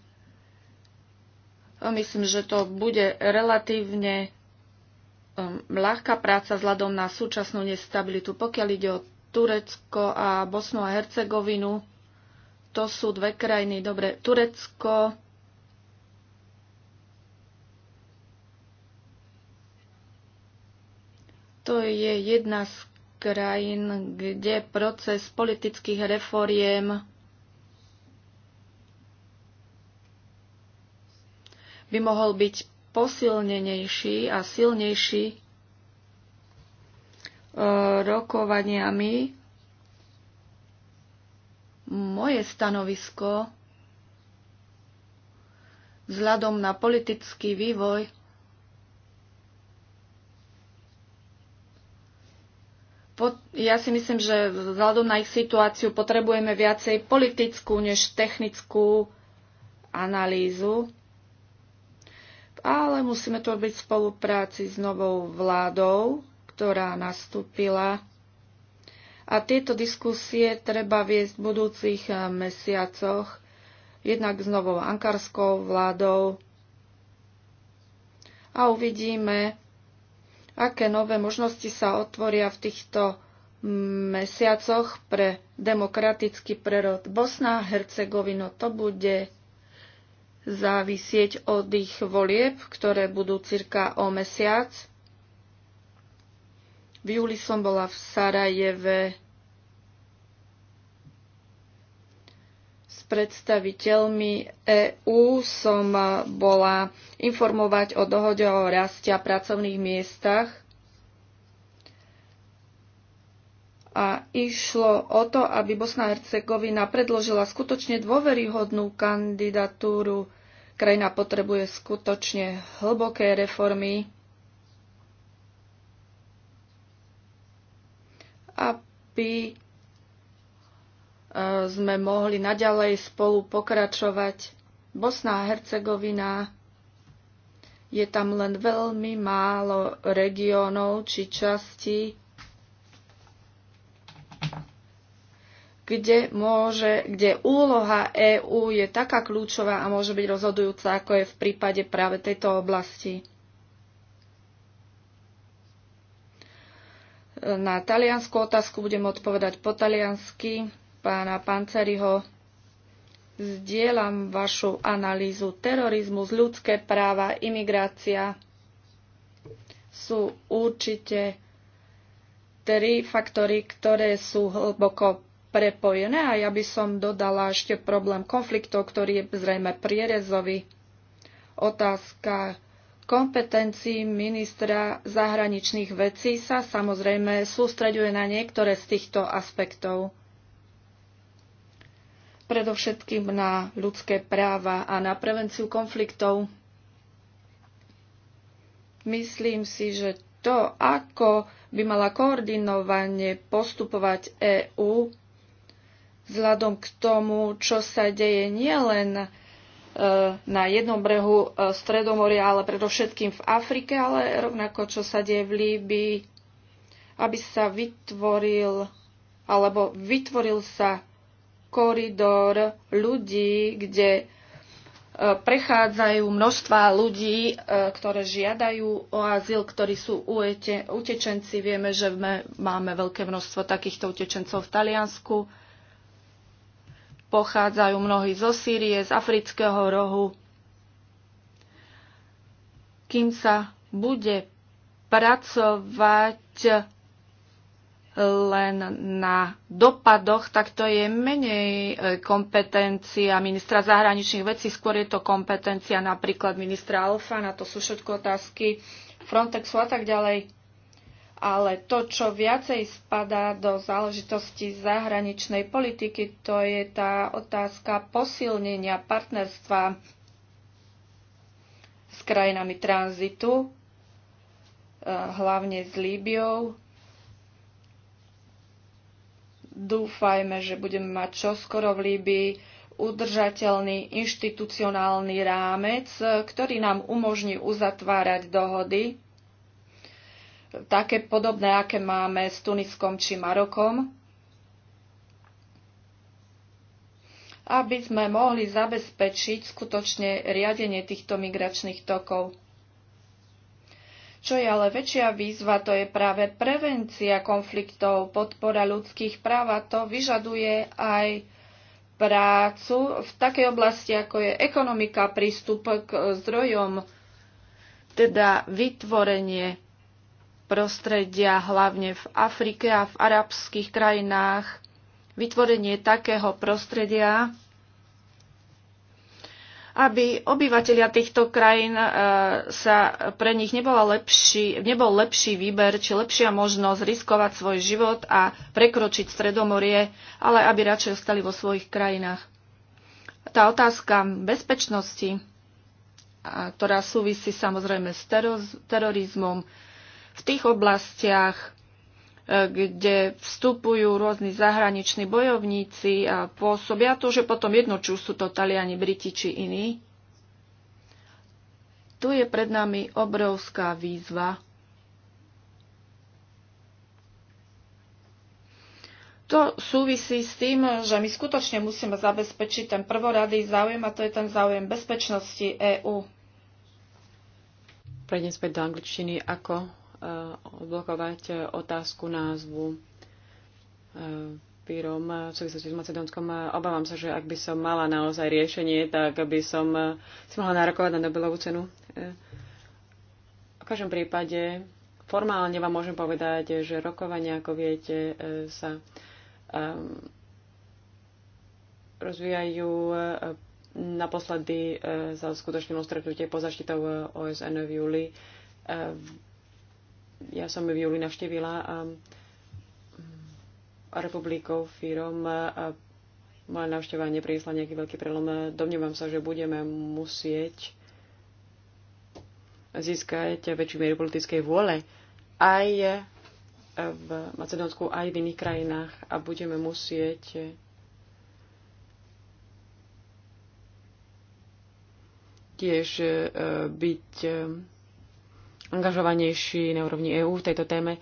S3: Myslím, že to bude relatívne Um, ľahká práca vzhľadom na súčasnú nestabilitu. Pokiaľ ide o Turecko a Bosnu a Hercegovinu, to sú dve krajiny. Dobre, Turecko to je jedna z krajín, kde proces politických reforiem by mohol byť posilnenejší a silnejší e, rokovaniami. Moje stanovisko vzhľadom na politický vývoj ja si myslím, že vzhľadom na ich situáciu potrebujeme viacej politickú než technickú analýzu ale musíme to robiť v spolupráci s novou vládou, ktorá nastúpila. A tieto diskusie treba viesť v budúcich eh, mesiacoch, jednak s novou ankarskou vládou. A uvidíme, aké nové možnosti sa otvoria v týchto mm, mesiacoch pre demokratický prerod. Bosna a Hercegovino to bude závisieť od ich volieb, ktoré budú cirka o mesiac. V júli som bola v Sarajeve s predstaviteľmi EÚ. Som bola informovať o dohode o raste a pracovných miestach a išlo o to, aby Bosna a Hercegovina predložila skutočne dôveryhodnú kandidatúru. Krajina potrebuje skutočne hlboké reformy aby e, sme mohli naďalej spolu pokračovať. Bosná a Hercegovina je tam len veľmi málo regiónov či častí, kde, môže, kde úloha EÚ je taká kľúčová a môže byť rozhodujúca, ako je v prípade práve tejto oblasti. Na taliansku otázku budem odpovedať po taliansky. Pána Panceriho, zdieľam vašu analýzu. Terorizmus, ľudské práva, imigrácia sú určite tri faktory, ktoré sú hlboko prepojené a ja by som dodala ešte problém konfliktov, ktorý je zrejme prierezový. Otázka kompetencií ministra zahraničných vecí sa samozrejme sústreďuje na niektoré z týchto aspektov. Predovšetkým na ľudské práva a na prevenciu konfliktov. Myslím si, že to, ako by mala koordinovane postupovať EÚ, vzhľadom k tomu, čo sa deje nielen e, na jednom brehu e, Stredomoria, ale predovšetkým v Afrike, ale rovnako čo sa deje v Líbii, aby sa vytvoril alebo vytvoril sa koridor ľudí, kde e, prechádzajú množstva ľudí, ktoré žiadajú o azyl, ktorí sú utečenci. Vieme, že máme veľké množstvo takýchto utečencov v Taliansku Pochádzajú mnohí zo Sýrie, z afrického rohu. Kým sa bude pracovať len na dopadoch, tak to je menej e, kompetencia ministra zahraničných vecí, skôr je to kompetencia napríklad ministra Alfa na to sú všetko otázky Frontexu a tak ďalej ale to, čo viacej spadá do záležitosti zahraničnej politiky, to je tá otázka posilnenia partnerstva s krajinami tranzitu, eh, hlavne s Líbiou. Dúfajme, že budeme mať čoskoro v Líbii udržateľný inštitucionálny rámec, eh, ktorý nám umožní uzatvárať dohody také podobné, aké máme s Tuniskom či Marokom, aby sme mohli zabezpečiť skutočne riadenie týchto migračných tokov. Čo je ale väčšia výzva, to je práve prevencia konfliktov, podpora ľudských práv a to vyžaduje aj prácu v takej oblasti, ako je ekonomika, prístup k zdrojom, teda vytvorenie prostredia, hlavne v Afrike a v arabských krajinách. Vytvorenie takého prostredia, aby obyvateľia týchto krajín e, sa pre nich nebola lepší, nebol lepší výber či lepšia možnosť riskovať svoj život a prekročiť Stredomorie, ale aby radšej ostali vo svojich krajinách. Tá otázka bezpečnosti, ktorá súvisí samozrejme s terorizmom, v tých oblastiach, e, kde vstupujú rôzni zahraniční bojovníci a pôsobia to, že potom jedno, či sú to Taliani, Briti či iní. Tu je pred nami obrovská výzva. To súvisí s tým, že my skutočne musíme zabezpečiť ten prvoradý záujem a to je ten záujem bezpečnosti EÚ.
S2: Prejdem späť do angličtiny. Ako odblokovať eh, eh, otázku názvu Pyrom eh, v súvislosti s Macedónskom. Obávam sa, že ak by som mala naozaj riešenie, tak by som si mohla nárokovať na Nobelovú cenu. V každom prípade formálne vám môžem povedať, že rokovania, ako viete, sa rozvíjajú naposledy sa skutočným stretnutie po zaštitou OSN v júli ja som v júli navštívila um, republikou Fírom moje návšteva nepriniesla nejaký veľký prelom. Domnievam sa, že budeme musieť získať väčšiu mieru politickej vôle aj v Macedónsku, aj v iných krajinách a budeme musieť tiež e, byť e, angažovanejší na úrovni EÚ v tejto téme.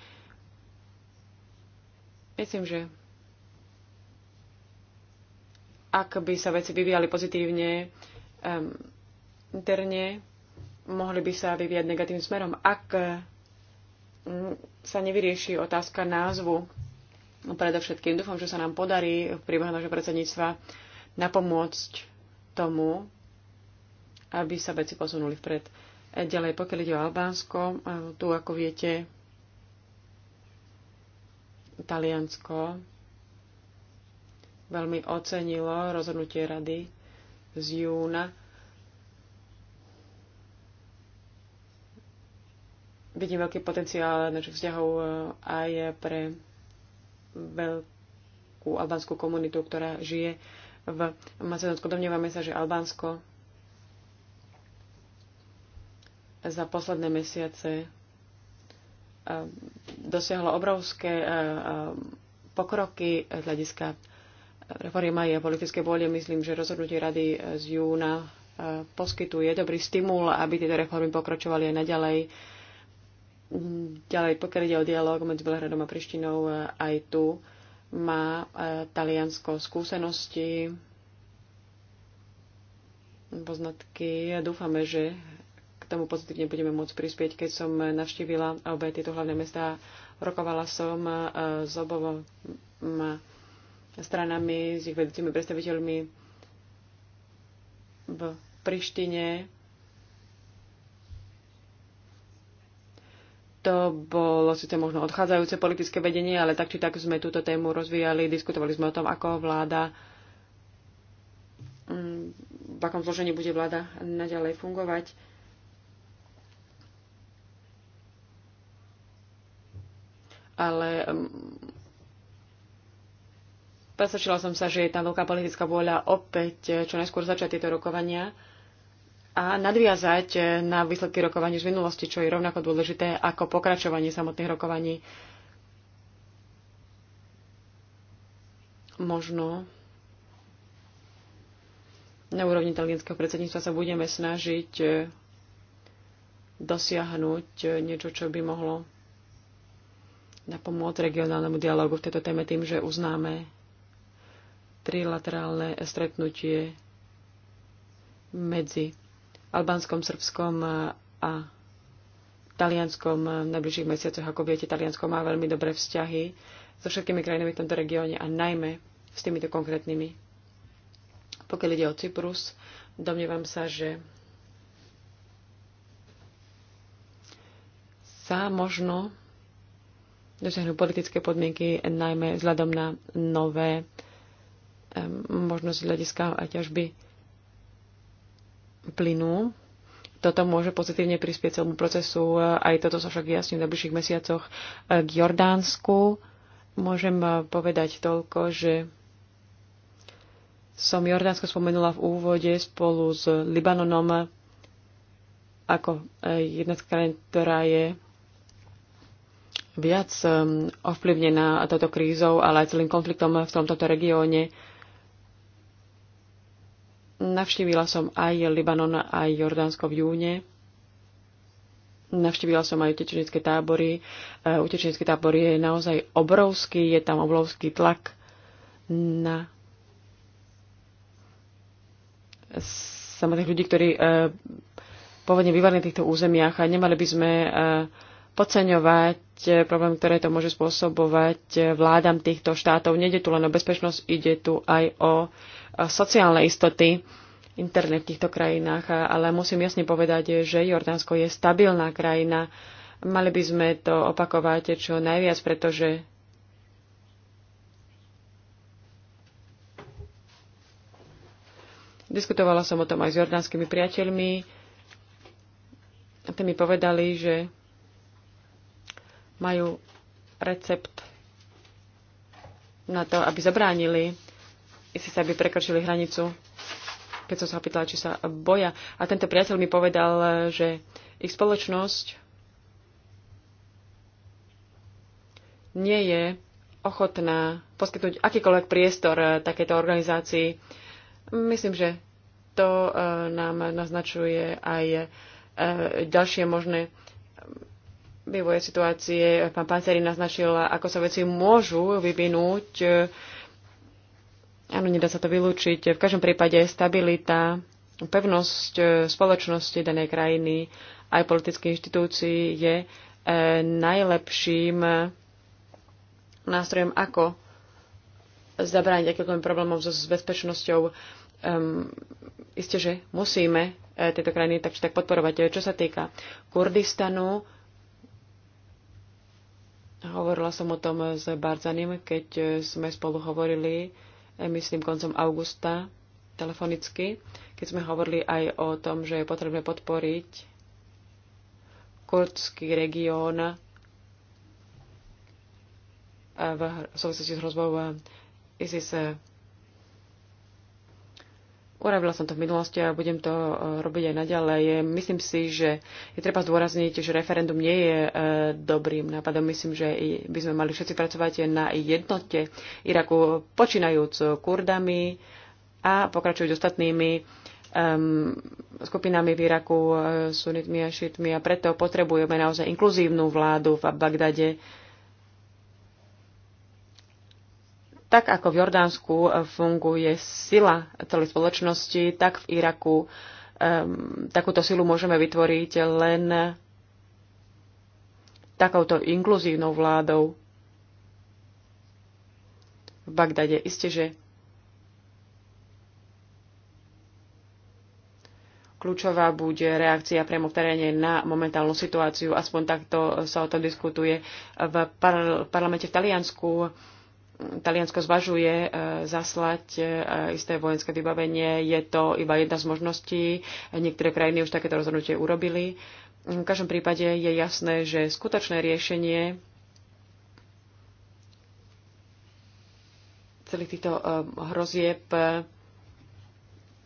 S2: Myslím, že ak by sa veci vyvíjali pozitívne um, interne, mohli by sa vyvíjať negatívnym smerom. Ak um, sa nevyrieši otázka názvu, no predovšetkým dúfam, že sa nám podarí v priebehu nášho predsedníctva napomôcť tomu, aby sa veci posunuli vpred. Ďalej, pokiaľ ide o Albánsko, tu, ako viete, Taliansko veľmi ocenilo rozhodnutie rady z júna. Vidím veľký potenciál našich vzťahov e, aj pre veľkú albánsku komunitu, ktorá žije v Macedónsku. Domnievame sa, že Albánsko za posledné mesiace e, dosiahlo obrovské e, e, pokroky z hľadiska reforma je politické vôle. Myslím, že rozhodnutie rady z júna poskytuje dobrý stimul, aby tieto reformy pokračovali aj naďalej. Ďalej, pokiaľ ide o dialog medzi Belhradom a Prištinou, aj tu má Taliansko skúsenosti, poznatky. Dúfame, že tomu pozitívne budeme môcť prispieť. Keď som navštívila obe tieto hlavné mestá, rokovala som e, s oboma stranami, s ich vedúcimi predstaviteľmi v Prištine. To bolo síce možno odchádzajúce politické vedenie, ale tak či tak sme túto tému rozvíjali, diskutovali sme o tom, ako vláda v akom zložení bude vláda naďalej fungovať. ale mm, presvedčila som sa, že je tam veľká politická vôľa opäť eh, čo najskôr začať tieto rokovania a nadviazať eh, na výsledky rokovaní z minulosti, čo je rovnako dôležité ako pokračovanie samotných rokovaní. Možno na úrovni italienského predsedníctva sa budeme snažiť eh, dosiahnuť niečo, čo by mohlo na pomoc regionálnemu dialogu v tejto téme tým, že uznáme trilaterálne stretnutie medzi Albánskom, Srbskom a Talianskom v najbližších mesiacoch. Ako viete, Taliansko má veľmi dobré vzťahy so všetkými krajinami v tomto regióne a najmä s týmito konkrétnymi. Pokiaľ ide o Cyprus, domnievam sa, že sa možno dosiahnu politické podmienky, najmä vzhľadom na nové možnosť hľadiska a ťažby plynu. Toto môže pozitívne prispieť celému procesu. Aj toto sa však jasne v najbližších mesiacoch k Jordánsku. Môžem eh, povedať toľko, že som Jordánsko spomenula v úvode spolu s Libanonom ako eh, jedna z krajín, ktorá je viac um, ovplyvnená touto krízou, ale aj celým konfliktom v tomto regióne. Navštívila som aj Libanon, aj Jordánsko v júne. Navštívila som aj utečenecké tábory. Uh, Utečenecký tábor je naozaj obrovský, je tam obrovský tlak na samotných ľudí, ktorí uh, pôvodne bývali na týchto územiach a nemali by sme uh, podceňovať eh, problém, ktoré to môže spôsobovať eh, vládam týchto štátov. Nede tu len o bezpečnosť, ide tu aj o eh, sociálne istoty internet v týchto krajinách, ale musím jasne povedať, že Jordánsko je stabilná krajina. Mali by sme to opakovať čo najviac, pretože Diskutovala som o tom aj s jordánskymi priateľmi a tí mi povedali, že majú recept na to, aby zabránili, si sa aby prekročili hranicu. Keď som sa ho pýtala, či sa boja. A tento priateľ mi povedal, že ich spoločnosť nie je ochotná poskytnúť akýkoľvek priestor eh, takéto organizácii. Myslím, že to eh, nám naznačuje aj eh, ďalšie možné vývoje situácie. Pán Panceri naznačil, ako sa veci môžu vyvinúť. Áno, nedá sa to vylúčiť. V každom prípade stabilita, pevnosť e, spoločnosti danej krajiny aj politických inštitúcií je e, najlepším e, nástrojom, ako zabrániť akýmkoľvek problémom so, s bezpečnosťou. Um, isté, že musíme tieto krajiny tak či tak podporovať. Čo sa týka Kurdistanu, Hovorila som o tom s Barzanim, keď e, sme spolu hovorili, e, myslím, koncom augusta telefonicky, keď sme hovorili aj o tom, že je potrebné podporiť kurdský región e, v súvislosti s hrozbou ISIS Urobila som to v minulosti a budem to e, robiť aj naďalej. Myslím si, že je treba zdôrazniť, že referendum nie je e, dobrým nápadom. Myslím, že by sme mali všetci pracovať na jednote Iraku, počínajúc Kurdami a pokračujúc ostatnými um, skupinami v Iraku, e, sunitmi a šitmi. A preto potrebujeme naozaj inkluzívnu vládu v Bagdade, Tak ako v Jordánsku funguje sila celej spoločnosti, tak v Iraku um, takúto silu môžeme vytvoriť len takouto inkluzívnou vládou v Bagdade. Isté, že kľúčová bude reakcia priamo v teréne na momentálnu situáciu. Aspoň takto sa o tom diskutuje v parlamente v Taliansku. Taliansko zvažuje e, zaslať e, isté vojenské vybavenie. Je to iba jedna z možností. Niektoré krajiny už takéto rozhodnutie urobili. V každom prípade je jasné, že skutočné riešenie celých týchto e, hrozieb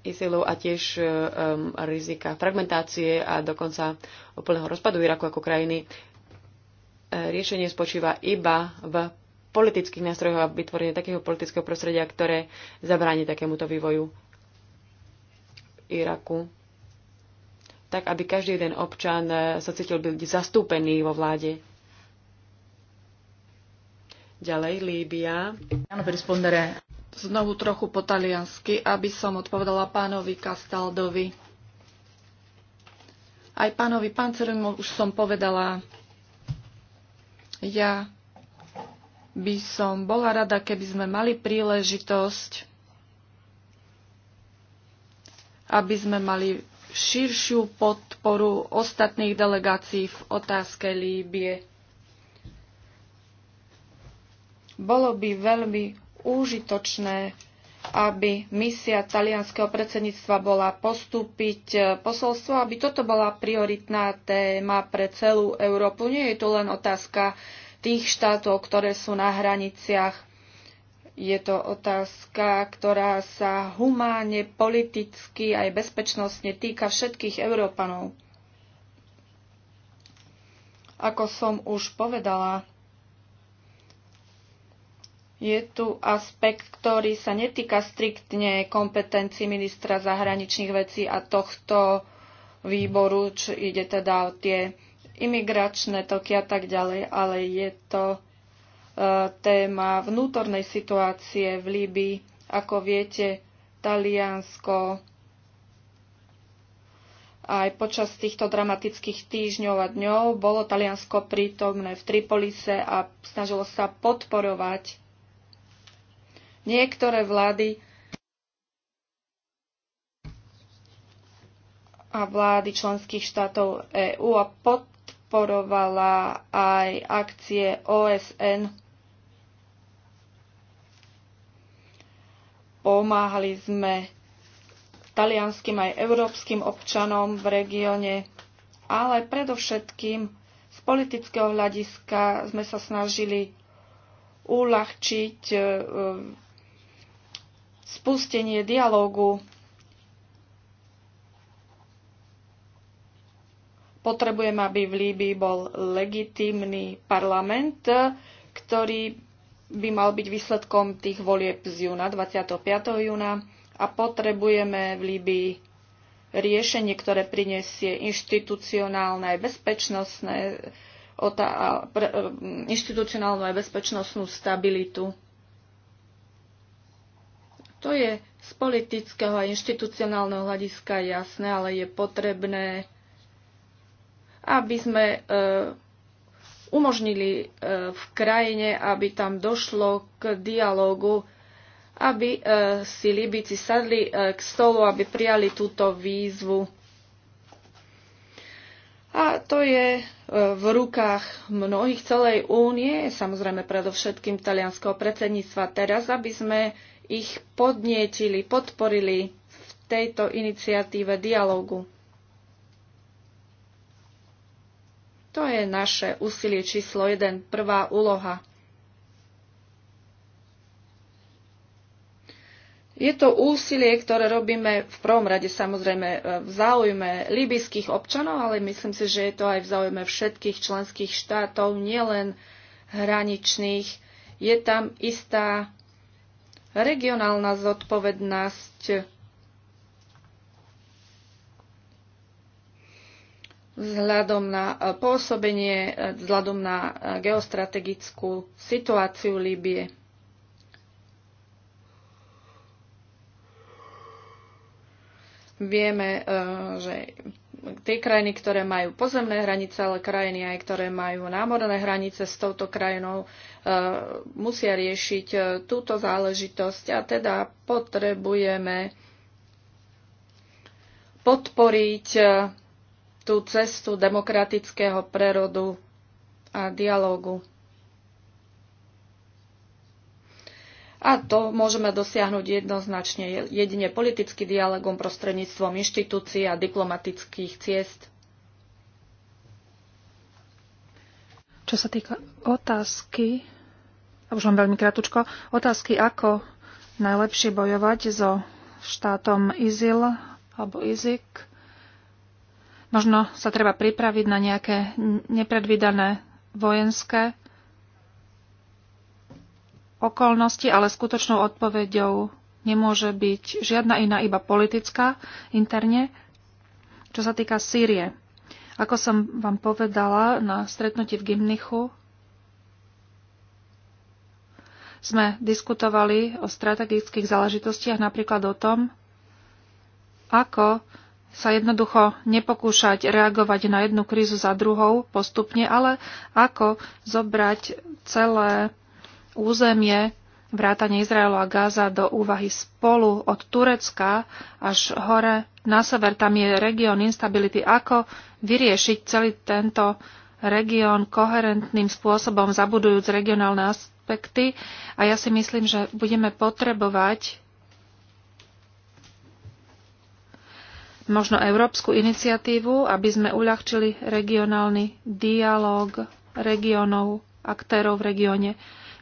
S2: ISILu a tiež rizika fragmentácie a dokonca úplného rozpadu Iraku ako krajiny riešenie spočíva iba v politických nástrojov a vytvorenie takého politického prostredia, ktoré zabráni takémuto vývoju v Iraku. Tak, aby každý jeden občan eh, sa cítil byť zastúpený vo vláde. Ďalej, Líbia. Znovu trochu po
S3: taliansky, aby som odpovedala pánovi Castaldovi. Aj pánovi Pancerimu už som povedala, ja by som bola rada, keby sme mali príležitosť, aby sme mali širšiu podporu ostatných delegácií v otázke Líbie. Bolo by veľmi úžitočné, aby misia talianského predsedníctva bola postúpiť posolstvo, aby toto bola prioritná téma pre celú Európu. Nie je to len otázka tých štátov, ktoré sú na hraniciach. Je to otázka, ktorá sa humánne, politicky aj bezpečnostne týka všetkých Európanov. Ako som už povedala, je tu aspekt, ktorý sa netýka striktne kompetencií ministra zahraničných vecí a tohto výboru, čo ide teda o tie imigračné toky a tak ďalej, ale je to e, téma vnútornej situácie v Líbii. Ako viete, Taliansko aj počas týchto dramatických týždňov a dňov bolo Taliansko prítomné v Tripolise a snažilo sa podporovať niektoré vlády a vlády členských štátov EÚ a pod, podporovala aj akcie OSN. Pomáhali sme talianským aj európskym občanom v regióne, ale predovšetkým z politického hľadiska sme sa snažili uľahčiť e, e, spustenie dialógu Potrebujem, aby v Líbii bol legitímny parlament, ktorý by mal byť výsledkom tých volieb z júna, 25. júna. A potrebujeme v Líbii riešenie, ktoré prinesie inštitucionálne aj bezpečnostné e, inštitucionálnu aj bezpečnostnú stabilitu. To je z politického a inštitucionálneho hľadiska jasné, ale je potrebné aby sme e, umožnili e, v krajine, aby tam došlo k dialógu, aby e, si Libici sadli k stolu, aby prijali túto výzvu. A to je v rukách mnohých celej únie, samozrejme predovšetkým talianského predsedníctva teraz, aby sme ich podnietili, podporili v tejto iniciatíve dialógu. To je naše úsilie číslo 1, prvá úloha. Je to úsilie, ktoré robíme v prvom rade samozrejme e, v záujme libyských občanov, ale myslím si, že je to aj v záujme všetkých členských štátov, nielen hraničných. Je tam istá regionálna zodpovednosť vzhľadom na e, pôsobenie, e, vzhľadom na e, geostrategickú situáciu Líbie. Vieme, že tie krajiny, ktoré majú pozemné hranice, ale krajiny aj ktoré majú námorné hranice s touto krajinou, musia riešiť túto záležitosť a teda potrebujeme podporiť tú cestu demokratického prerodu a dialógu. A to môžeme dosiahnuť jednoznačne jedine politický dialogom prostredníctvom inštitúcií a diplomatických ciest. Čo sa týka otázky, a už len veľmi krátko, otázky, ako najlepšie bojovať so štátom IZIL alebo IZIK, Možno sa treba pripraviť na nejaké nepredvídané vojenské okolnosti, ale skutočnou odpoveďou nemôže byť žiadna iná, iba politická interne, čo sa týka Sýrie. Ako som vám povedala na stretnutí v Gimnichu, sme diskutovali o strategických záležitostiach, napríklad o tom, ako sa jednoducho nepokúšať reagovať na jednu krízu za druhou postupne, ale ako zobrať celé územie vrátane Izraelu a Gáza do úvahy spolu od Turecka až hore na sever. Tam je región instability. Ako vyriešiť celý tento región koherentným spôsobom, zabudujúc regionálne aspekty. A ja si myslím, že budeme potrebovať možno európsku iniciatívu, aby sme uľahčili regionálny dialog regionov, aktérov v regióne.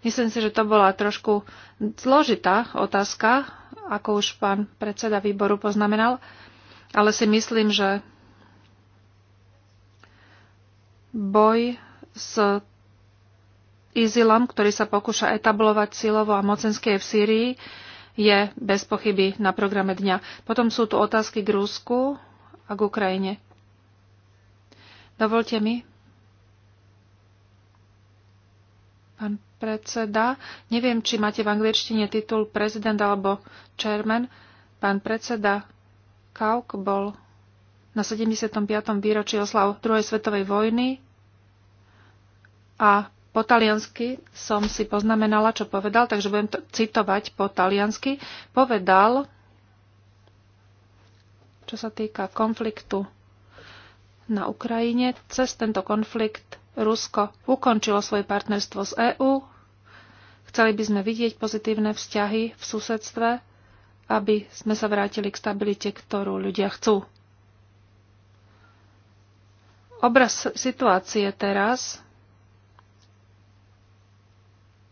S3: Myslím si, že to bola trošku zložitá otázka, ako už pán predseda výboru poznamenal, ale si myslím, že boj s Izilom, ktorý sa pokúša etablovať silovo a mocenské v Sýrii, je bez pochyby na programe dňa. Potom sú tu otázky k Rusku a k Ukrajine. Dovolte mi, pán predseda, neviem, či máte v angličtine titul prezident alebo chairman. Pán predseda Kauk bol na 75. výročí oslav druhej svetovej vojny a po taliansky som si poznamenala, čo povedal, takže budem to citovať po taliansky. Povedal, čo sa týka konfliktu na Ukrajine, cez tento konflikt Rusko ukončilo svoje partnerstvo s EÚ. Chceli by sme vidieť pozitívne vzťahy v susedstve, aby sme sa vrátili k stabilite, ktorú ľudia chcú. Obraz situácie teraz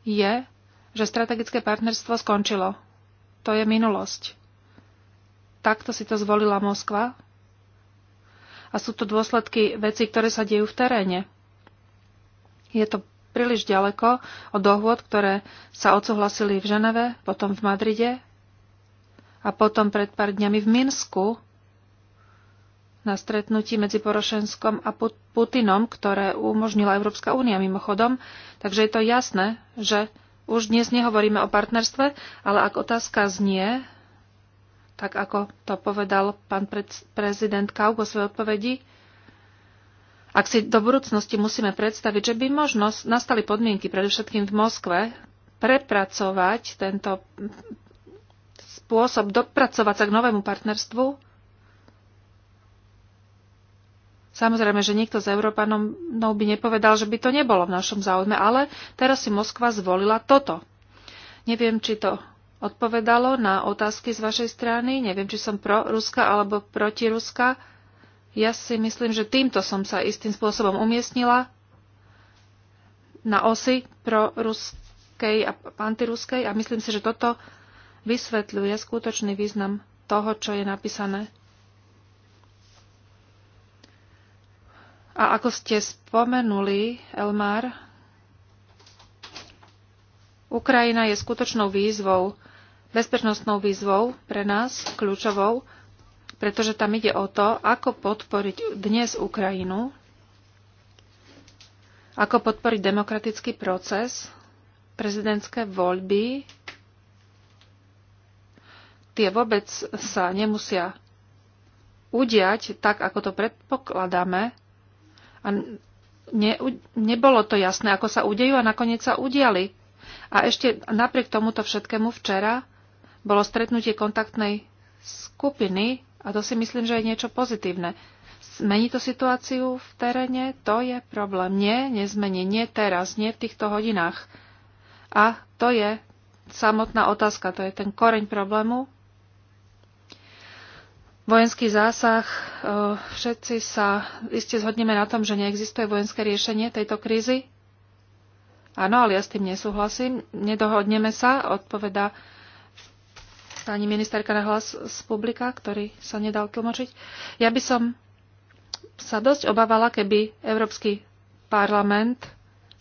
S3: je, že strategické partnerstvo skončilo. To je minulosť. Takto si to zvolila Moskva. A sú to dôsledky veci, ktoré sa dejú v teréne. Je to príliš ďaleko od dohôd, ktoré sa odsúhlasili v Ženeve, potom v Madride a potom pred pár dňami v Minsku, na stretnutí medzi Porošenskom a Putinom, ktoré umožnila Európska únia mimochodom. Takže je to jasné, že už dnes nehovoríme o partnerstve, ale ak otázka znie, tak ako to povedal pán prezident Kauk vo svojej odpovedi, ak si do budúcnosti musíme predstaviť, že by možno nastali podmienky, predovšetkým v Moskve, prepracovať tento spôsob, dopracovať sa k novému partnerstvu, Samozrejme, že nikto z Európanov by nepovedal, že by to nebolo v našom záujme, ale teraz si Moskva zvolila toto. Neviem, či to odpovedalo na otázky z vašej strany, neviem, či som pro Ruska alebo proti Ruska. Ja si myslím, že týmto som sa istým spôsobom umiestnila na osy pro ruskej a antiruskej a myslím si, že toto vysvetľuje skutočný význam toho, čo je napísané A ako ste spomenuli, Elmar, Ukrajina je skutočnou výzvou, bezpečnostnou výzvou pre nás, kľúčovou, pretože tam ide o to, ako podporiť dnes Ukrajinu, ako podporiť demokratický proces, prezidentské voľby. Tie vôbec sa nemusia udiať tak, ako to predpokladáme, a ne, nebolo to jasné, ako sa udejú a nakoniec sa udiali. A ešte napriek tomuto všetkému včera bolo stretnutie kontaktnej skupiny a to si myslím, že je niečo pozitívne. Zmení to situáciu v teréne? To je problém. Nie, nezmení. Nie teraz, nie v týchto hodinách. A to je samotná otázka, to je ten koreň problému, vojenský zásah. E, všetci sa iste zhodneme na tom, že neexistuje vojenské riešenie tejto krízy. Áno, ale ja s tým nesúhlasím. Nedohodneme sa, odpoveda pani ministerka na hlas z publika, ktorý sa nedal tlmočiť. Ja by som sa dosť obávala, keby Európsky parlament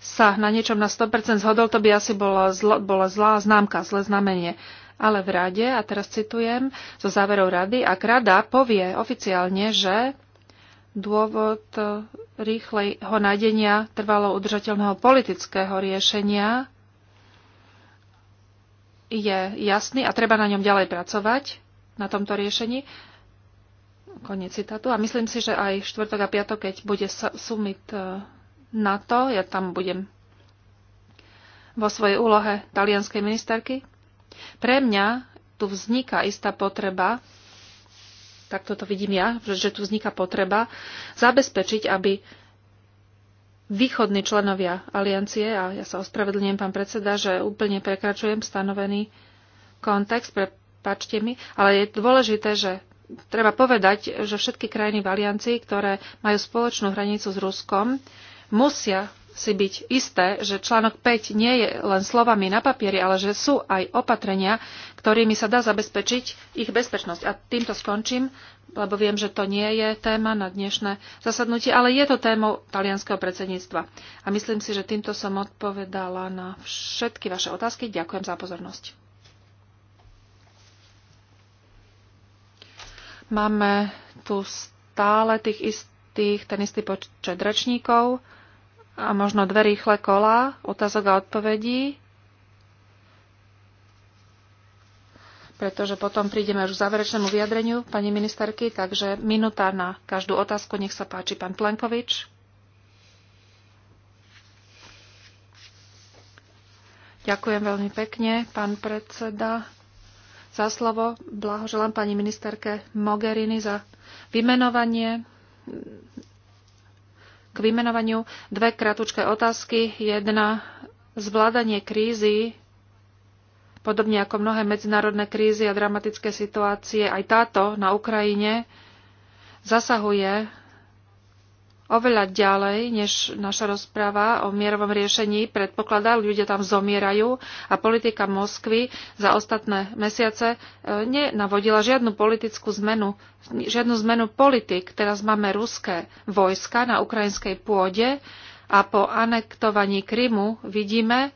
S3: sa na niečom na 100% zhodol, to by asi bola, zlá známka, zlé znamenie ale v rade, a teraz citujem zo záverov rady, ak rada povie oficiálne, že dôvod rýchlejho nádenia trvalo udržateľného politického riešenia je jasný a treba na ňom ďalej pracovať, na tomto riešení. Koniec citátu. A myslím si, že aj štvrtok a piatok, keď bude summit e, to, ja tam budem vo svojej úlohe talianskej ministerky, pre mňa tu vzniká istá potreba, tak toto vidím ja, že tu vzniká potreba zabezpečiť, aby východní členovia aliancie, a ja sa ospravedlňujem, pán predseda, že úplne prekračujem stanovený kontext, prepačte mi, ale je dôležité, že treba povedať, že všetky krajiny v aliancii, ktoré majú spoločnú hranicu s Ruskom, musia si byť isté, že článok 5 nie je len slovami na papieri, ale že sú aj opatrenia, ktorými sa dá zabezpečiť ich bezpečnosť. A týmto skončím, lebo viem, že to nie je téma na dnešné zasadnutie, ale je to témou talianského predsedníctva. A myslím si, že týmto som odpovedala na všetky vaše otázky. Ďakujem za pozornosť. Máme tu stále tých istých, ten istý počet rečníkov a možno dve rýchle kola otázok a odpovedí, pretože potom prídeme už k záverečnému vyjadreniu pani ministerky, takže minúta na každú otázku. Nech sa páči, pán Plenkovič. Ďakujem veľmi pekne, pán predseda, za slovo. Blahoželám pani ministerke Mogherini za vymenovanie k vymenovaniu. Dve kratučké otázky. Jedna, zvládanie krízy, podobne ako mnohé medzinárodné krízy a dramatické situácie, aj táto na Ukrajine zasahuje oveľa ďalej, než naša rozpráva o mierovom riešení predpokladá. Ľudia tam zomierajú a politika Moskvy za ostatné mesiace e, nenavodila žiadnu politickú zmenu, žiadnu zmenu politik. Teraz máme ruské vojska na ukrajinskej pôde a po anektovaní Krymu vidíme,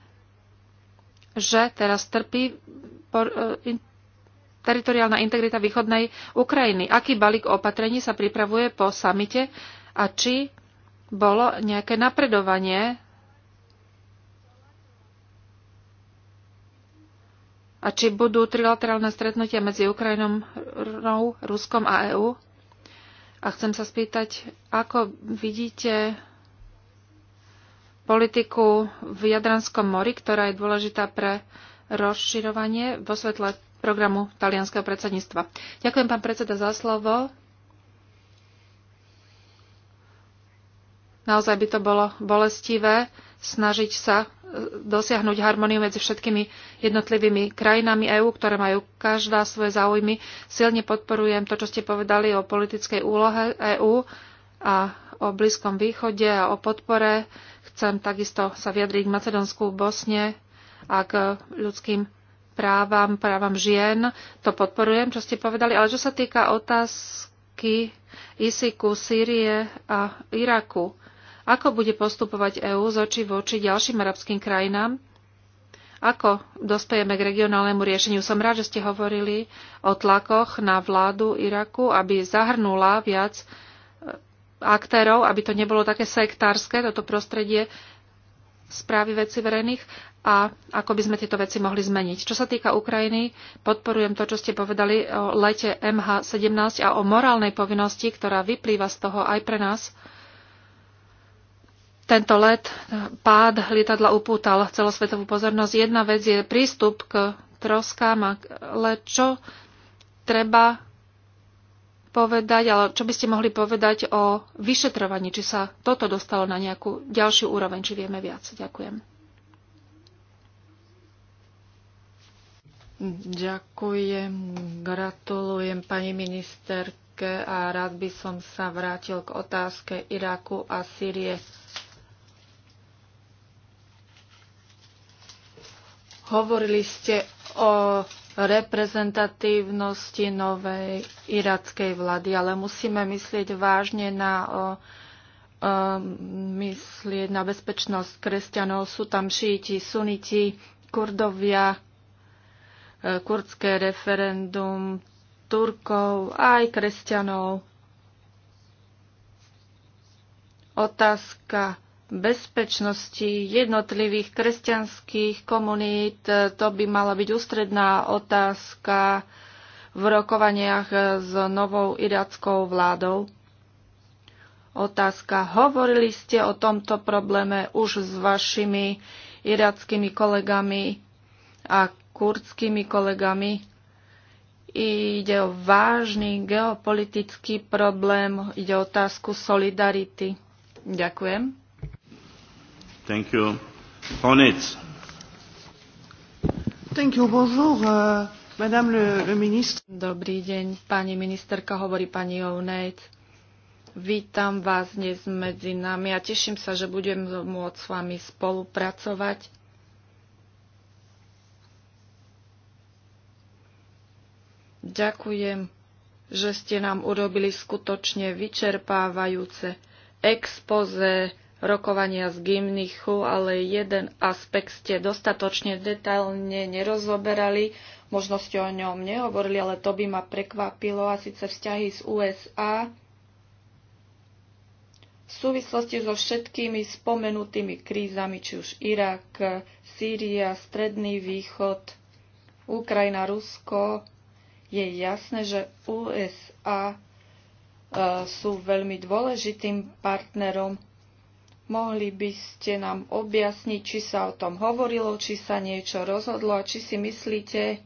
S3: že teraz trpí e, teritoriálna integrita východnej Ukrajiny. Aký balík opatrení sa pripravuje po samite a či bolo nejaké napredovanie a či budú trilaterálne stretnutia medzi Ukrajinou, Ruskom a EÚ. A chcem sa spýtať, ako vidíte politiku v Jadranskom mori, ktorá je dôležitá pre rozširovanie vo svetle programu talianského predsedníctva. Ďakujem, pán predseda, za slovo. Naozaj by to bolo bolestivé snažiť sa e, dosiahnuť harmoniu medzi všetkými jednotlivými krajinami EÚ, ktoré majú každá svoje záujmy. Silne podporujem to, čo ste povedali o politickej úlohe EÚ a o Blízkom východe a o podpore. Chcem takisto sa vyjadriť k Macedónsku, Bosne a k ľudským právam, právam žien. To podporujem, čo ste povedali. Ale čo sa týka otázky Isiku, Sýrie a Iraku, ako bude postupovať EÚ z oči voči ďalším arabským krajinám? Ako dospejeme k regionálnemu riešeniu? Som rád, že ste hovorili o tlakoch na vládu Iraku, aby zahrnula viac e, aktérov, aby to nebolo také sektárske, toto prostredie správy veci verejných a ako by sme tieto veci mohli zmeniť. Čo sa týka Ukrajiny, podporujem to, čo ste povedali o lete MH17 a o morálnej povinnosti, ktorá vyplýva z toho aj pre nás, tento let, eh, pád lietadla upútal celosvetovú pozornosť. Jedna vec je prístup k troskám, ale čo treba povedať, ale čo by ste mohli povedať o vyšetrovaní, či sa toto dostalo na nejakú ďalšiu úroveň, či vieme viac. Ďakujem. Ďakujem, gratulujem pani ministerke a rád by som sa vrátil k otázke Iraku a Sýrie Hovorili ste o reprezentatívnosti novej irackej vlády, ale musíme myslieť vážne na o, myslieť na bezpečnosť kresťanov. Sú tam šíti, suniti, kurdovia, e, kurdské referendum, Turkov, aj kresťanov. Otázka bezpečnosti jednotlivých kresťanských komunít. To by mala byť ústredná otázka v rokovaniach s novou iráckou vládou. Otázka. Hovorili ste o tomto probléme už s vašimi irackými kolegami a kurdskými kolegami. Ide o vážny geopolitický problém, ide o otázku solidarity.
S1: Ďakujem. Thank you. Thank you. Bonjour, uh, madame le, le ministre.
S3: Dobrý deň, pani ministerka, hovorí pani Ounec. Vítam vás dnes medzi nami a teším sa, že budem môcť s vami spolupracovať. Ďakujem, že ste nám urobili skutočne vyčerpávajúce expoze rokovania z Gimnichu, ale jeden aspekt ste dostatočne detailne nerozoberali, možno ste o ňom nehovorili, ale to by ma prekvapilo, a síce vzťahy z USA v súvislosti so všetkými spomenutými krízami, či už Irak, Sýria, Stredný východ, Ukrajina, Rusko, je jasné, že USA e, sú veľmi dôležitým partnerom Mohli by ste nám objasniť, či sa o tom hovorilo, či sa niečo rozhodlo a či si myslíte,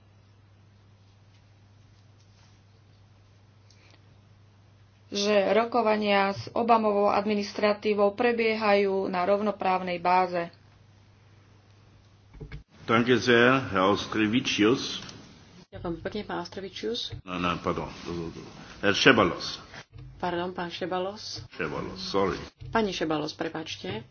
S3: že rokovania s Obamovou administratívou prebiehajú na rovnoprávnej báze.
S1: Danke sehr, Herr
S2: Ďakujem pekne, pán Ostrovičius.
S1: No, no, pardon. Herr Šebalos.
S2: Pardon, pán Šebalos.
S1: Šebalos, sorry.
S2: Pani Šebalos, prepáčte.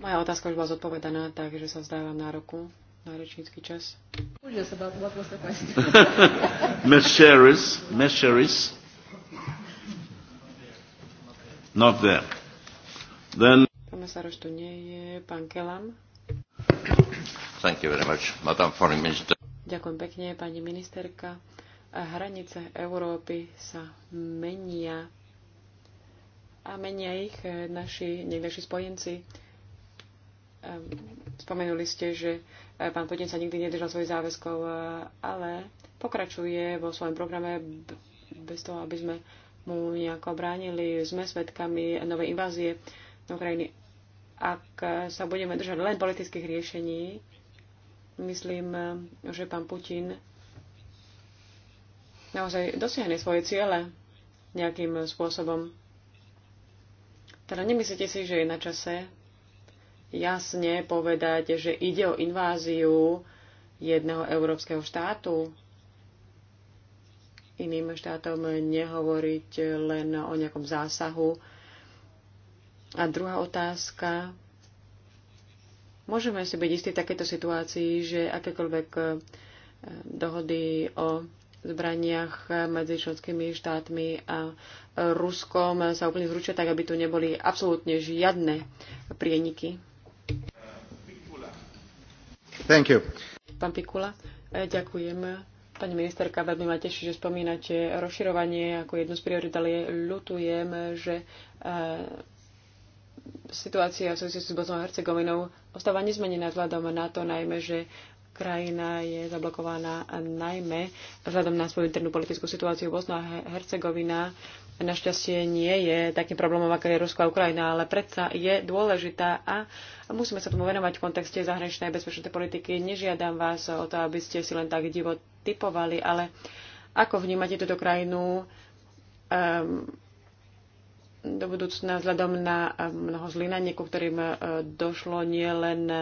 S2: Moja otázka už bola zodpovedaná, takže sa vzdávam roku na rečnícky
S1: čas. Mesheris, [LAUGHS] Mesheris. Not there. Then...
S2: Pán Mesaroš tu nie je, pán Kelam.
S1: Thank you very much, Madame Foreign Minister.
S2: Ďakujem pekne, pani ministerka. Hranice Európy sa menia a menia ich eh, naši niekdejší spojenci. Eh, spomenuli ste, že eh, pán Putin sa nikdy nedržal svojich záväzkov, ale pokračuje vo svojom programe bez toho, aby sme mu nejako bránili. Sme svedkami novej invázie do Ukrajiny. Ak sa budeme držať len politických riešení, Myslím, že pán Putin naozaj dosiahne svoje ciele nejakým spôsobom. Teda nemyslíte si, že je na čase jasne povedať, že ide o inváziu jedného európskeho štátu? Iným štátom nehovoriť len o nejakom zásahu. A druhá otázka Môžeme si byť istí v takéto situácii, že akékoľvek e, dohody o zbraniach medzi členskými štátmi a e, Ruskom sa úplne zručia tak, aby tu neboli absolútne žiadne prieniky. Thank you. Pán Pikula, e, ďakujem. Pani ministerka, veľmi ma teší, že spomínate rozširovanie ako jednu z priorit, ale ľutujem, že situácia v súvislosti s Bosnou a Hercegovinou ostáva nezmenená vzhľadom na to najmä, že krajina je zablokovaná najmä vzhľadom na svoju internú politickú situáciu. Bosna a Hercegovina našťastie nie je takým problémom, ako je Rusko a Ukrajina, ale predsa je dôležitá a musíme sa tomu venovať v kontexte zahraničnej bezpečnostnej politiky. Nežiadam vás o to, aby ste si len tak divo typovali, ale ako vnímate túto krajinu um, do budúcna vzhľadom na eh, mnoho zlyhanie, ku ktorým eh, došlo nielen eh,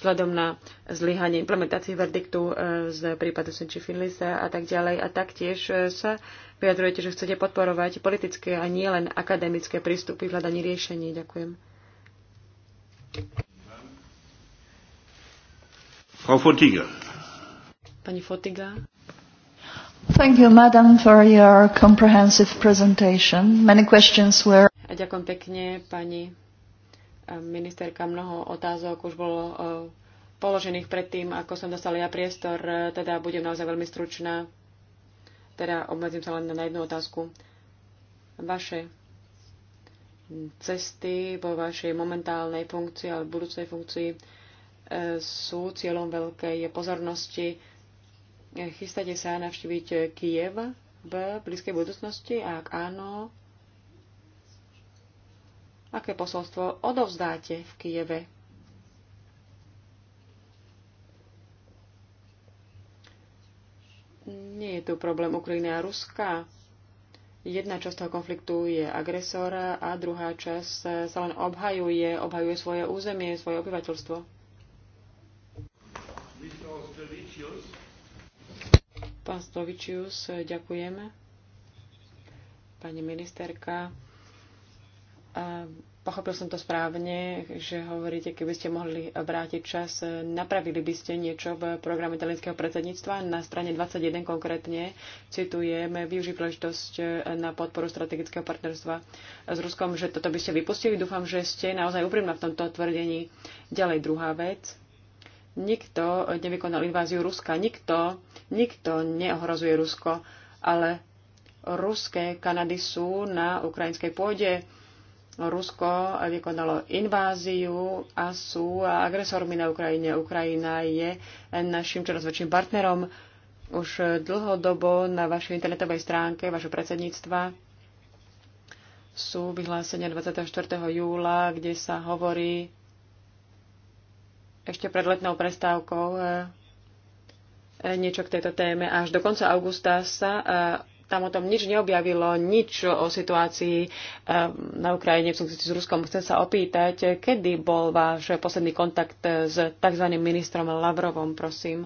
S2: vzhľadom na zlyhanie implementácie verdiktu z prípadu Senči Finlisa a tak ďalej. A taktiež sa vyjadrujete, že chcete podporovať politické a nielen akademické prístupy v hľadaní riešení. Ďakujem.
S1: Frau Fotiga.
S2: Pani Fotiga.
S3: Thank you, madam, for your comprehensive presentation. Many questions were...
S2: A ďakujem pekne, pani eh, ministerka. Mnoho otázok už bolo eh, položených predtým, ako som dostala ja priestor, eh, teda budem naozaj veľmi stručná. Teda obmedzím sa len na jednu otázku. Vaše cesty vo vašej momentálnej funkcii alebo budúcej funkcii sú cieľom veľkej pozornosti Chystáte sa navštíviť Kiev v blízkej budúcnosti a ak áno, aké posolstvo odovzdáte v Kieve? Nie je tu problém Ukrajiny a Ruska. Jedna časť toho konfliktu je agresora a druhá časť sa len obhajuje, obhajuje svoje územie, svoje obyvateľstvo.
S1: Mr.
S2: Pán Slovičius, ďakujem. Pani ministerka, pochopil som to správne, že hovoríte, keby ste mohli vrátiť čas, napravili by ste niečo v programe italianského predsedníctva. Na strane 21 konkrétne citujeme využiť príležitosť na podporu strategického partnerstva s Ruskom, že toto by ste vypustili. Dúfam, že ste naozaj úprimná v tomto tvrdení. Ďalej druhá vec Nikto nevykonal inváziu Ruska, nikto, nikto neohrozuje Rusko, ale ruské Kanady sú na ukrajinskej pôde. Rusko vykonalo inváziu a sú agresormi na Ukrajine. Ukrajina je našim čoraz väčším partnerom. Už dlhodobo na vašej internetovej stránke vašho predsedníctva sú vyhlásenia 24. júla, kde sa hovorí ešte pred letnou prestávkou e, e, niečo k tejto téme. Až do konca augusta sa e, tam o tom nič neobjavilo, nič o situácii na Ukrajine v súvislosti s Ruskom. Chcem sa opýtať, kedy bol váš posledný kontakt s tzv. ministrom Lavrovom, prosím?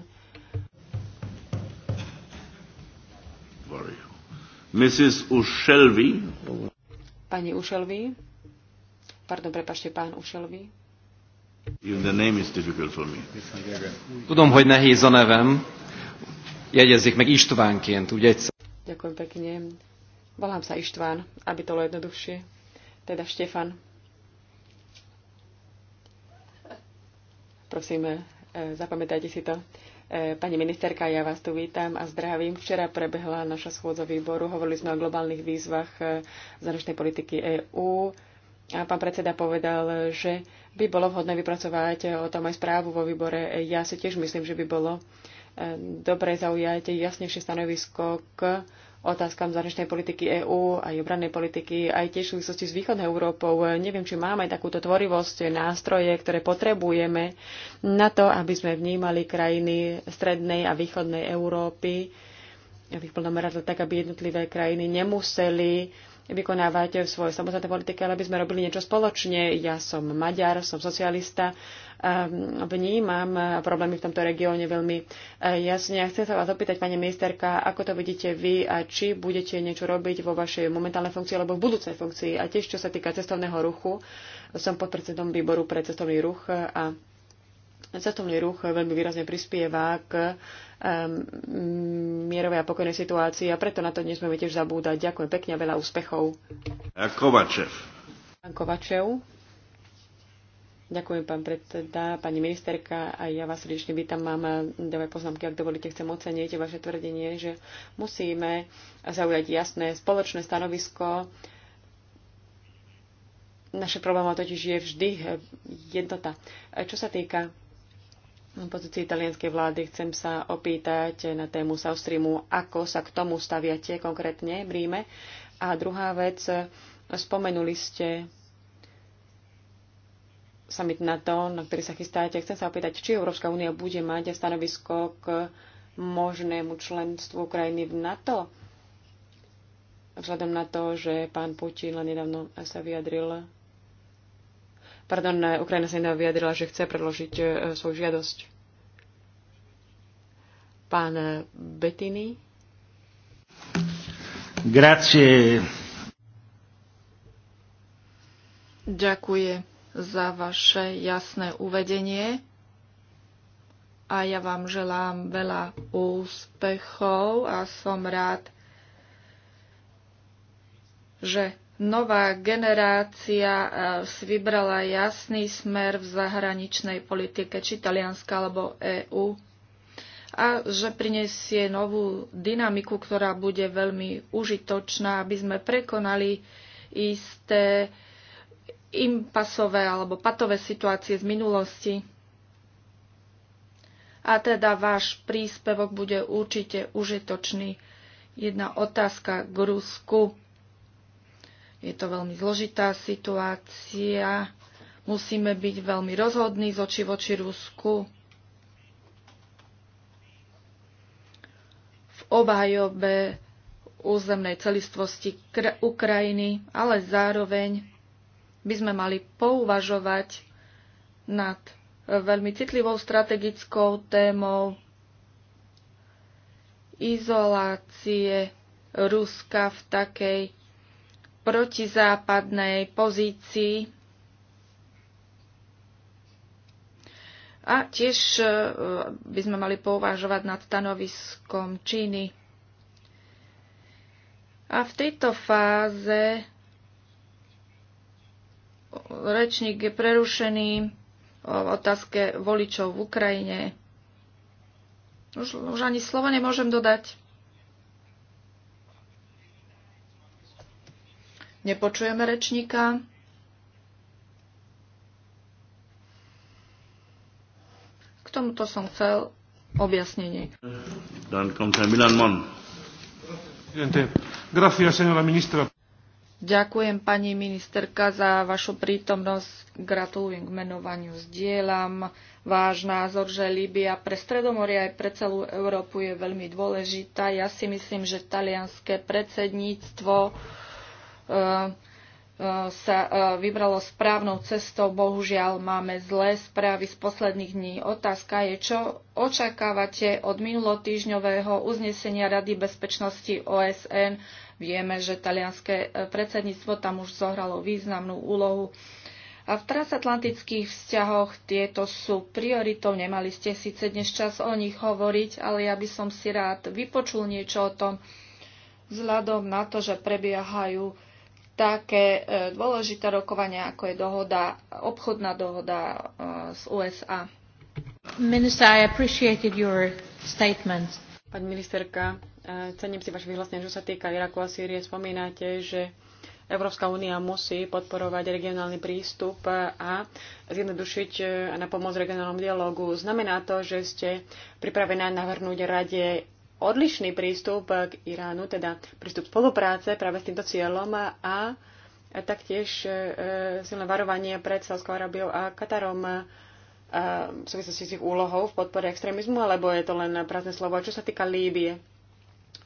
S1: Mrs. Ušelvi.
S2: Pani Ušelvi. Pardon, prepašte, pán Ušelvi.
S1: Tudom, hogy
S3: nehéz a nevem. Jegyezzék meg Istvánként, ugye egyszer.
S2: Ďakujem pekne. Volám sa István, aby to bolo jednoduchšie. Teda Štefan. Prosím, e, zapamätajte si to. E, pani ministerka, ja vás tu vítam a zdravím. Včera prebehla naša schôdza výboru. Hovorili sme o globálnych výzvach e, zahraničnej politiky EÚ a pán predseda povedal, že by bolo vhodné vypracovať o tom aj správu vo výbore. Ja si tiež myslím, že by bolo e, dobre zaujať jasnejšie stanovisko k otázkam zahraničnej politiky EÚ, aj obrannej politiky, aj tiež v súvislosti s východnou Európou. Neviem, či máme takúto tvorivosť, nástroje, ktoré potrebujeme na to, aby sme vnímali krajiny strednej a východnej Európy v ich plnom tak, aby jednotlivé krajiny nemuseli vykonávať v svojej samostatnej politike, ale aby sme robili niečo spoločne. Ja som Maďar, som socialista, ehm, vnímam problémy v tomto regióne veľmi eh, jasne. Chcem sa vás opýtať, pani ministerka, ako to vidíte vy a či budete niečo robiť vo vašej momentálnej funkcii alebo v budúcej funkcii. A tiež, čo sa týka cestovného ruchu, som podpredsedom výboru pre cestovný ruch a Cestovný ruch veľmi výrazne prispieva k um, mierovej a pokojnej situácii a preto na to nesmieme tiež zabúdať. Ďakujem pekne a veľa úspechov. Kovačev. Pán Kovačev. Ďakujem, pán predseda, pani ministerka, a ja vás srdečne vítam. Mám dve poznámky, ak dovolíte, chcem oceniť vaše tvrdenie, že musíme zaujať jasné spoločné stanovisko. Naše probléma totiž je vždy jednota. Čo sa týka pozícii italianskej vlády chcem sa opýtať na tému South Streamu, ako sa k tomu staviate konkrétne v Ríme. A druhá vec, spomenuli ste summit NATO, na ktorý sa chystáte. Chcem sa opýtať, či Európska únia bude mať stanovisko k možnému členstvu Ukrajiny v NATO, vzhľadom na to, že pán Putin len nedávno sa vyjadril Pardon, e, Ukrajina sa iná vyjadrila, že chce predložiť e, svoju žiadosť. Pán e, betiny.
S1: Grazie.
S2: Ďakujem za
S3: vaše jasné uvedenie a ja vám želám veľa úspechov a som rád, že nová generácia e, si vybrala jasný smer v zahraničnej politike, či Talianska alebo EÚ, a že prinesie novú dynamiku, ktorá bude veľmi užitočná, aby sme prekonali isté impasové alebo patové situácie z minulosti. A teda váš príspevok bude určite užitočný. Jedna otázka k Rusku je to veľmi zložitá situácia. Musíme byť veľmi rozhodní z oči voči Rusku. V obhajobe územnej celistvosti Ukrajiny, ale zároveň by sme mali pouvažovať nad veľmi citlivou strategickou témou izolácie Ruska v takej protizápadnej pozícii A tiež e, by sme mali pouvažovať nad stanoviskom Číny. A v tejto fáze rečník je prerušený v otázke voličov v Ukrajine. Už, už ani slovo nemôžem dodať. Nepočujeme rečníka. K tomuto som chcel objasnenie. Ďakujem pani ministerka za vašu prítomnosť. Gratulujem k menovaniu. Zdieľam váš názor, že Líbia pre Stredomoria aj pre celú Európu je veľmi dôležitá. Ja si myslím, že talianské predsedníctvo E, e, sa e, vybralo správnou cestou. Bohužiaľ máme zlé správy z posledných dní. Otázka je, čo očakávate od minulotýžňového uznesenia Rady bezpečnosti OSN. Vieme, že talianské predsedníctvo tam už zohralo významnú úlohu. A v transatlantických vzťahoch tieto sú prioritou. Nemali ste síce dnes čas o nich hovoriť, ale ja by som si rád vypočul niečo o tom, vzhľadom na to, že prebiehajú také e, dôležité rokovania, ako je dohoda, obchodná
S2: dohoda z e, USA.
S3: Minister, I appreciated your statement.
S2: Pani ministerka, e, cením si vaše vyhlásenie, čo sa týka Iraku a Sýrie. Spomínate, že Európska únia musí podporovať regionálny prístup a zjednodušiť na pomoc regionálnom dialogu. Znamená to, že ste pripravená navrhnúť rade odlišný prístup k Iránu, teda prístup spolupráce práve s týmto cieľom a taktiež e, silné varovanie pred Sávskou Arabiou a Katarom e, v súvislosti s ich úlohou v podpore extrémizmu, alebo je to len prázdne slovo. Čo sa týka Líbie,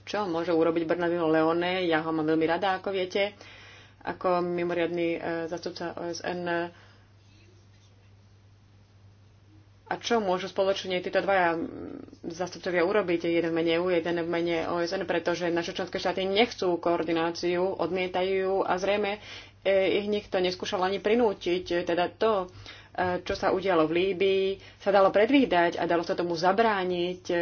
S2: čo môže urobiť Bernardino Leone, ja ho mám veľmi rada, ako viete, ako mimoriadný e, zastupca OSN a čo môžu spoločne títo dvaja zastupcovia urobiť, jeden v mene EU, jeden v mene OSN, pretože naše členské štáty nechcú koordináciu, odmietajú a zrejme e, ich nikto neskúšal ani prinútiť. Teda to, e, čo sa udialo v Líbii, sa dalo predvídať a dalo sa tomu zabrániť. E,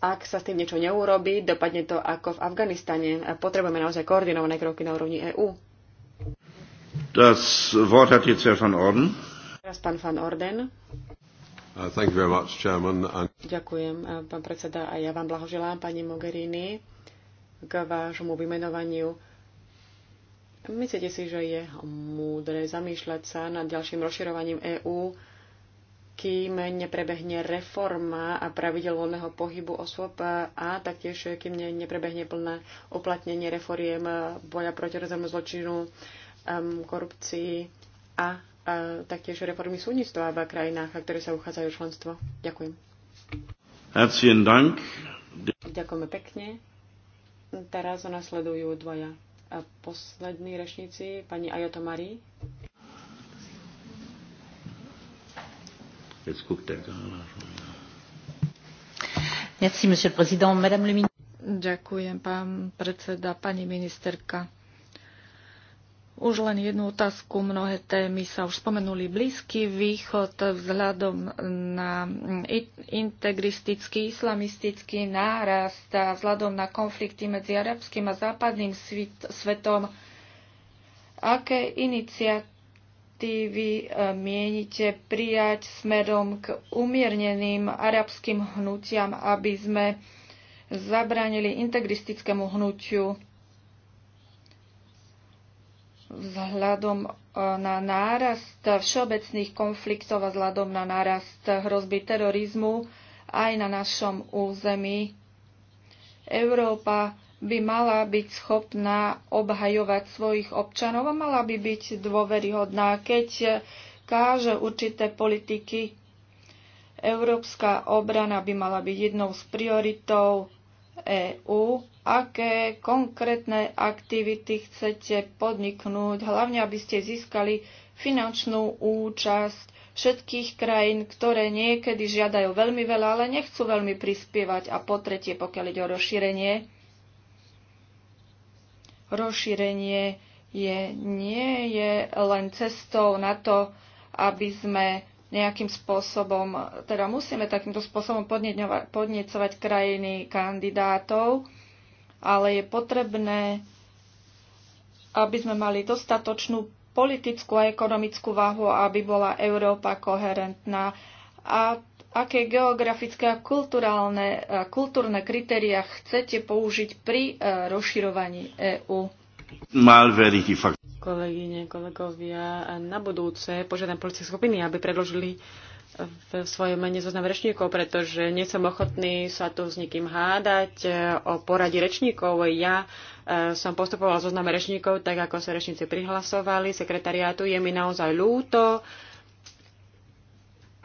S2: ak sa s tým niečo neurobi, dopadne to ako v Afganistane. Potrebujeme naozaj koordinované kroky na úrovni EÚ.
S1: Das Wort hat jetzt Herr van Orden.
S2: Teraz pán van Orden.
S1: Uh, thank you very much, Chairman. And...
S2: Ďakujem, uh, pán predseda, a ja vám blahoželám, pani Mogherini, k vášmu vymenovaniu. Myslíte si, že je múdre zamýšľať sa nad ďalším rozširovaním EÚ, kým neprebehne reforma a pravidel voľného pohybu osôb a taktiež kým neprebehne plné uplatnenie reforiem boja proti rozhodnému zločinu, um, korupcii a uh, taktiež reformy súdnictva v krajinách, a ktoré sa uchádzajú členstvo. Ďakujem.
S1: Herzlichen Dank.
S2: Ďakujeme pekne. Teraz nasledujú dvaja a poslední rečníci, pani Ajoto Mari.
S3: Ďakujem, pán predseda, pani ministerka. Už len jednu otázku. Mnohé témy sa už spomenuli. Blízky východ vzhľadom na integristický, islamistický nárast a vzhľadom na konflikty medzi arabským a západným svetom. Aké iniciatívy e, mienite prijať smerom k umierneným arabským hnutiam, aby sme zabránili integristickému hnutiu? vzhľadom e, na nárast všeobecných konfliktov a vzhľadom na nárast hrozby terorizmu aj na našom území. Európa by mala byť schopná obhajovať svojich občanov a mala by byť dôveryhodná, keď káže určité politiky. Európska obrana by mala byť jednou z prioritov EÚ, aké konkrétne aktivity chcete podniknúť, hlavne aby ste získali finančnú účasť všetkých krajín, ktoré niekedy žiadajú veľmi veľa, ale nechcú veľmi prispievať. A po tretie, pokiaľ ide o rozšírenie, rozšírenie je, nie je len cestou na to, aby sme nejakým spôsobom, teda musíme takýmto spôsobom podniecovať krajiny kandidátov, ale je potrebné, aby sme mali dostatočnú politickú a ekonomickú váhu, aby bola Európa koherentná a aké geografické a kulturálne, kultúrne kritéria chcete
S2: použiť pri e, rozširovaní EÚ. Kolegyne, kolegovia, na budúce požiadam policie skupiny, aby predložili v svojom mene zoznam rečníkov, pretože nie som ochotný sa tu s nikým hádať e, o poradí rečníkov. Ja e, som postupovala zoznam rečníkov, tak ako sa rečníci prihlasovali. Sekretariátu je mi naozaj ľúto.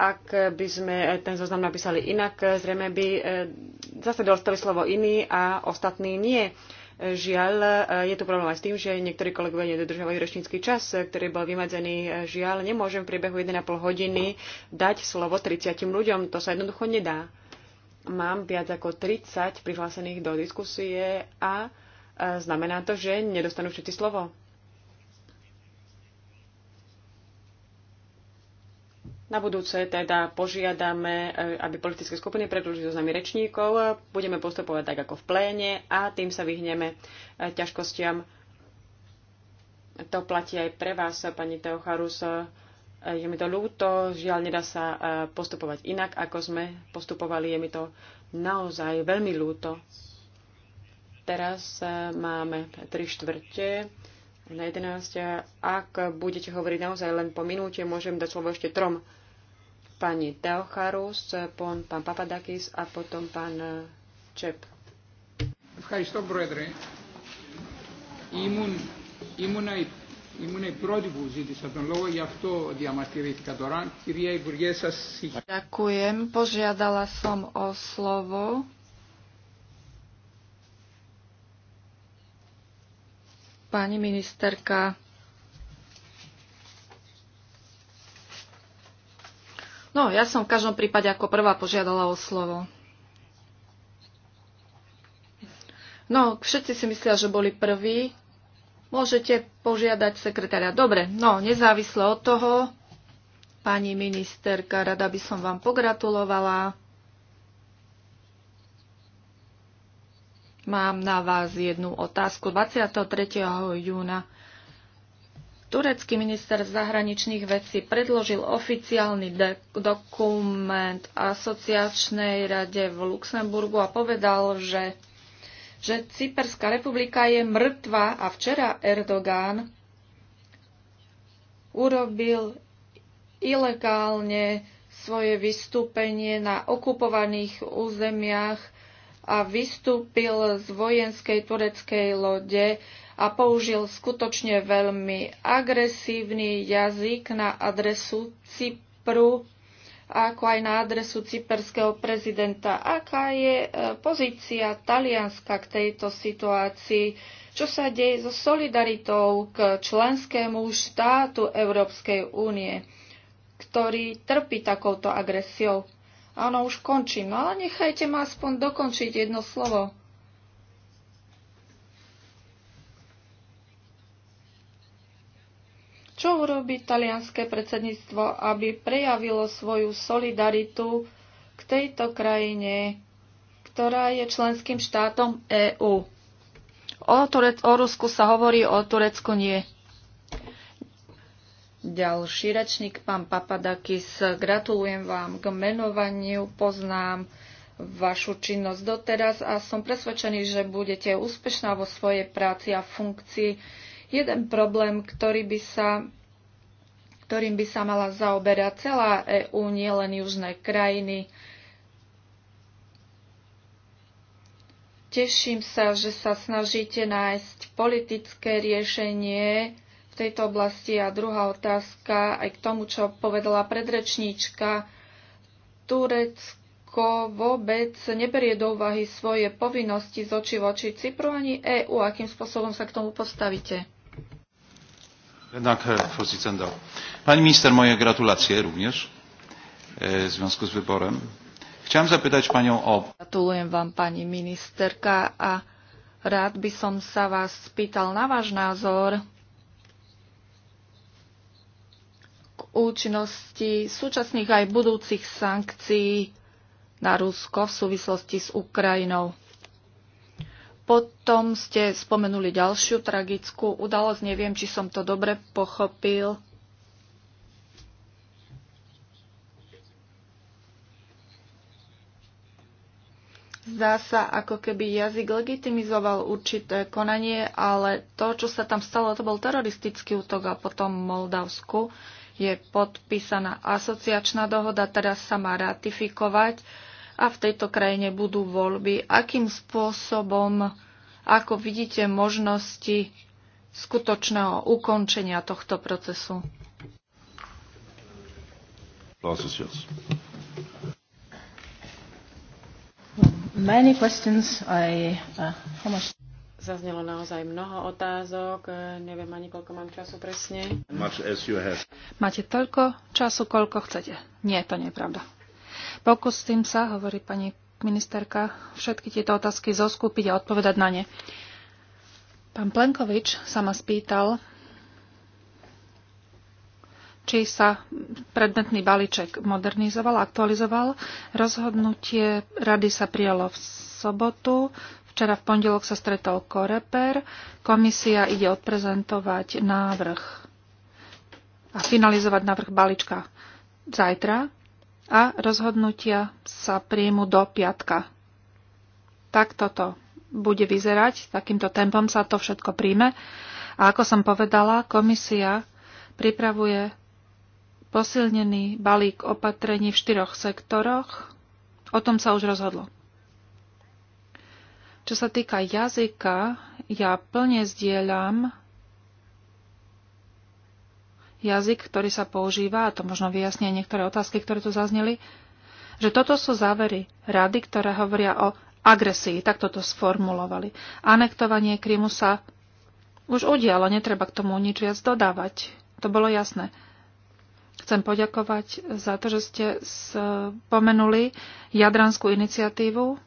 S2: Ak by sme ten zoznam napísali inak, e, zrejme by zase dostali slovo iný a ostatní nie. Žiaľ, eh, je tu problém aj s tým, že niektorí kolegovia nedodržavajú rečnícky čas, eh, ktorý bol vymedzený. Eh, Žiaľ, nemôžem v priebehu 1,5 hodiny dať slovo 30 ľuďom. To sa jednoducho nedá. Mám viac ako 30 prihlásených do diskusie a znamená to, že nedostanú všetci slovo. Na budúce teda požiadame, e, aby politické skupiny predložili zoznamy rečníkov. Budeme postupovať tak ako v pléne a tým sa vyhneme e, ťažkostiam. To platí aj pre vás, pani Teocharus. E, je mi to ľúto, žiaľ nedá sa postupovať inak, ako sme postupovali. Je mi to naozaj veľmi ľúto. Teraz máme tri štvrte na 11. Ak budete hovoriť naozaj len po minúte, môžem dať slovo ešte trom pani Teocharus, pán, pán Papadakis a potom pán Čep.
S1: Ευχαριστώ, Πρόεδρε. Ήμουν, ήμουνα η Ήμουν η πρώτη που ζήτησα τον λόγο, γι' αυτό διαμαρτυρήθηκα τώρα. Κυρία Υπουργέ, σα
S3: Ďakujem, požiadala som o slovo. Pani ministerka, No, ja som v každom prípade ako prvá požiadala o slovo. No, všetci si myslia, že boli prví. Môžete požiadať sekretária. Dobre, no, nezávisle od toho, pani ministerka, rada by som vám pogratulovala. Mám na vás jednu otázku. 23. júna Turecký minister zahraničných vecí predložil oficiálny dokument asociačnej rade v Luxemburgu a povedal, že, že Cyperská republika je mŕtva a včera Erdogán urobil ilegálne svoje vystúpenie na okupovaných územiach a vystúpil z vojenskej tureckej lode a použil skutočne veľmi agresívny jazyk na adresu Cypru, ako aj na adresu cyperského prezidenta. Aká je e, pozícia Talianska k tejto situácii? Čo sa deje so solidaritou k členskému štátu Európskej únie, ktorý trpí takouto agresiou? Áno, už končím, ale nechajte ma aspoň dokončiť jedno slovo. Čo urobí talianské predsedníctvo, aby prejavilo svoju solidaritu k tejto krajine, ktorá je členským štátom EÚ? O, Turec- o Rusku sa hovorí, o Turecku nie. Ďalší rečník, pán Papadakis, gratulujem vám k menovaniu, poznám vašu činnosť doteraz a som presvedčený, že budete úspešná vo svojej práci a funkcii Jeden problém, ktorý by sa, ktorým by sa mala zaoberať celá EÚ, nielen južné krajiny, Teším sa, že sa snažíte nájsť politické riešenie v tejto oblasti. A druhá otázka, aj k tomu, čo povedala predrečníčka, Turecko vôbec neberie do úvahy svoje povinnosti z oči voči Cypru ani EÚ. Akým spôsobom sa k tomu postavíte? E, pani minister, moje gratulacje również e, w związku z wyborem. Chciałem zapytać panią o... Gratulujem vám, pani ministerka, a rád by som sa vás spýtal na váš názor k účinnosti súčasných aj budúcich sankcií na Rusko v súvislosti s Ukrajinou. Potom ste spomenuli ďalšiu tragickú udalosť. Neviem, či som to dobre pochopil. Zdá sa, ako keby jazyk legitimizoval určité konanie, ale to, čo sa tam stalo, to bol teroristický útok a potom v Moldavsku je podpísaná asociačná dohoda, teraz sa má ratifikovať. Uh, a v tejto krajine budú voľby. Akým spôsobom, ako vidíte možnosti skutočného ukončenia tohto procesu?
S1: Uh,
S2: Zaznelo naozaj mnoho otázok, neviem ani koľko mám času presne.
S3: Máte toľko času, koľko chcete. Nie, to nie je pravda. Pokúsim sa, hovorí pani ministerka, všetky tieto otázky zoskúpiť a odpovedať na ne. Pán Plenkovič sa ma spýtal, či sa predmetný balíček modernizoval, aktualizoval. Rozhodnutie rady sa prijalo v sobotu. Včera v pondelok sa stretol Koreper. Komisia ide odprezentovať návrh a finalizovať návrh balíčka zajtra a rozhodnutia sa príjmu do piatka. Tak toto bude vyzerať, takýmto tempom sa to všetko príjme. A ako som povedala, komisia pripravuje posilnený balík opatrení v štyroch sektoroch. O tom sa už rozhodlo. Čo sa týka jazyka, ja plne zdieľam jazyk, ktorý sa používa, a to možno vyjasnia niektoré otázky, ktoré tu zazneli, že toto sú závery rady, ktoré hovoria o agresii, tak toto sformulovali. Anektovanie Krymu sa už udialo, netreba k tomu nič viac dodávať. To bolo jasné. Chcem poďakovať za to, že ste spomenuli Jadranskú iniciatívu,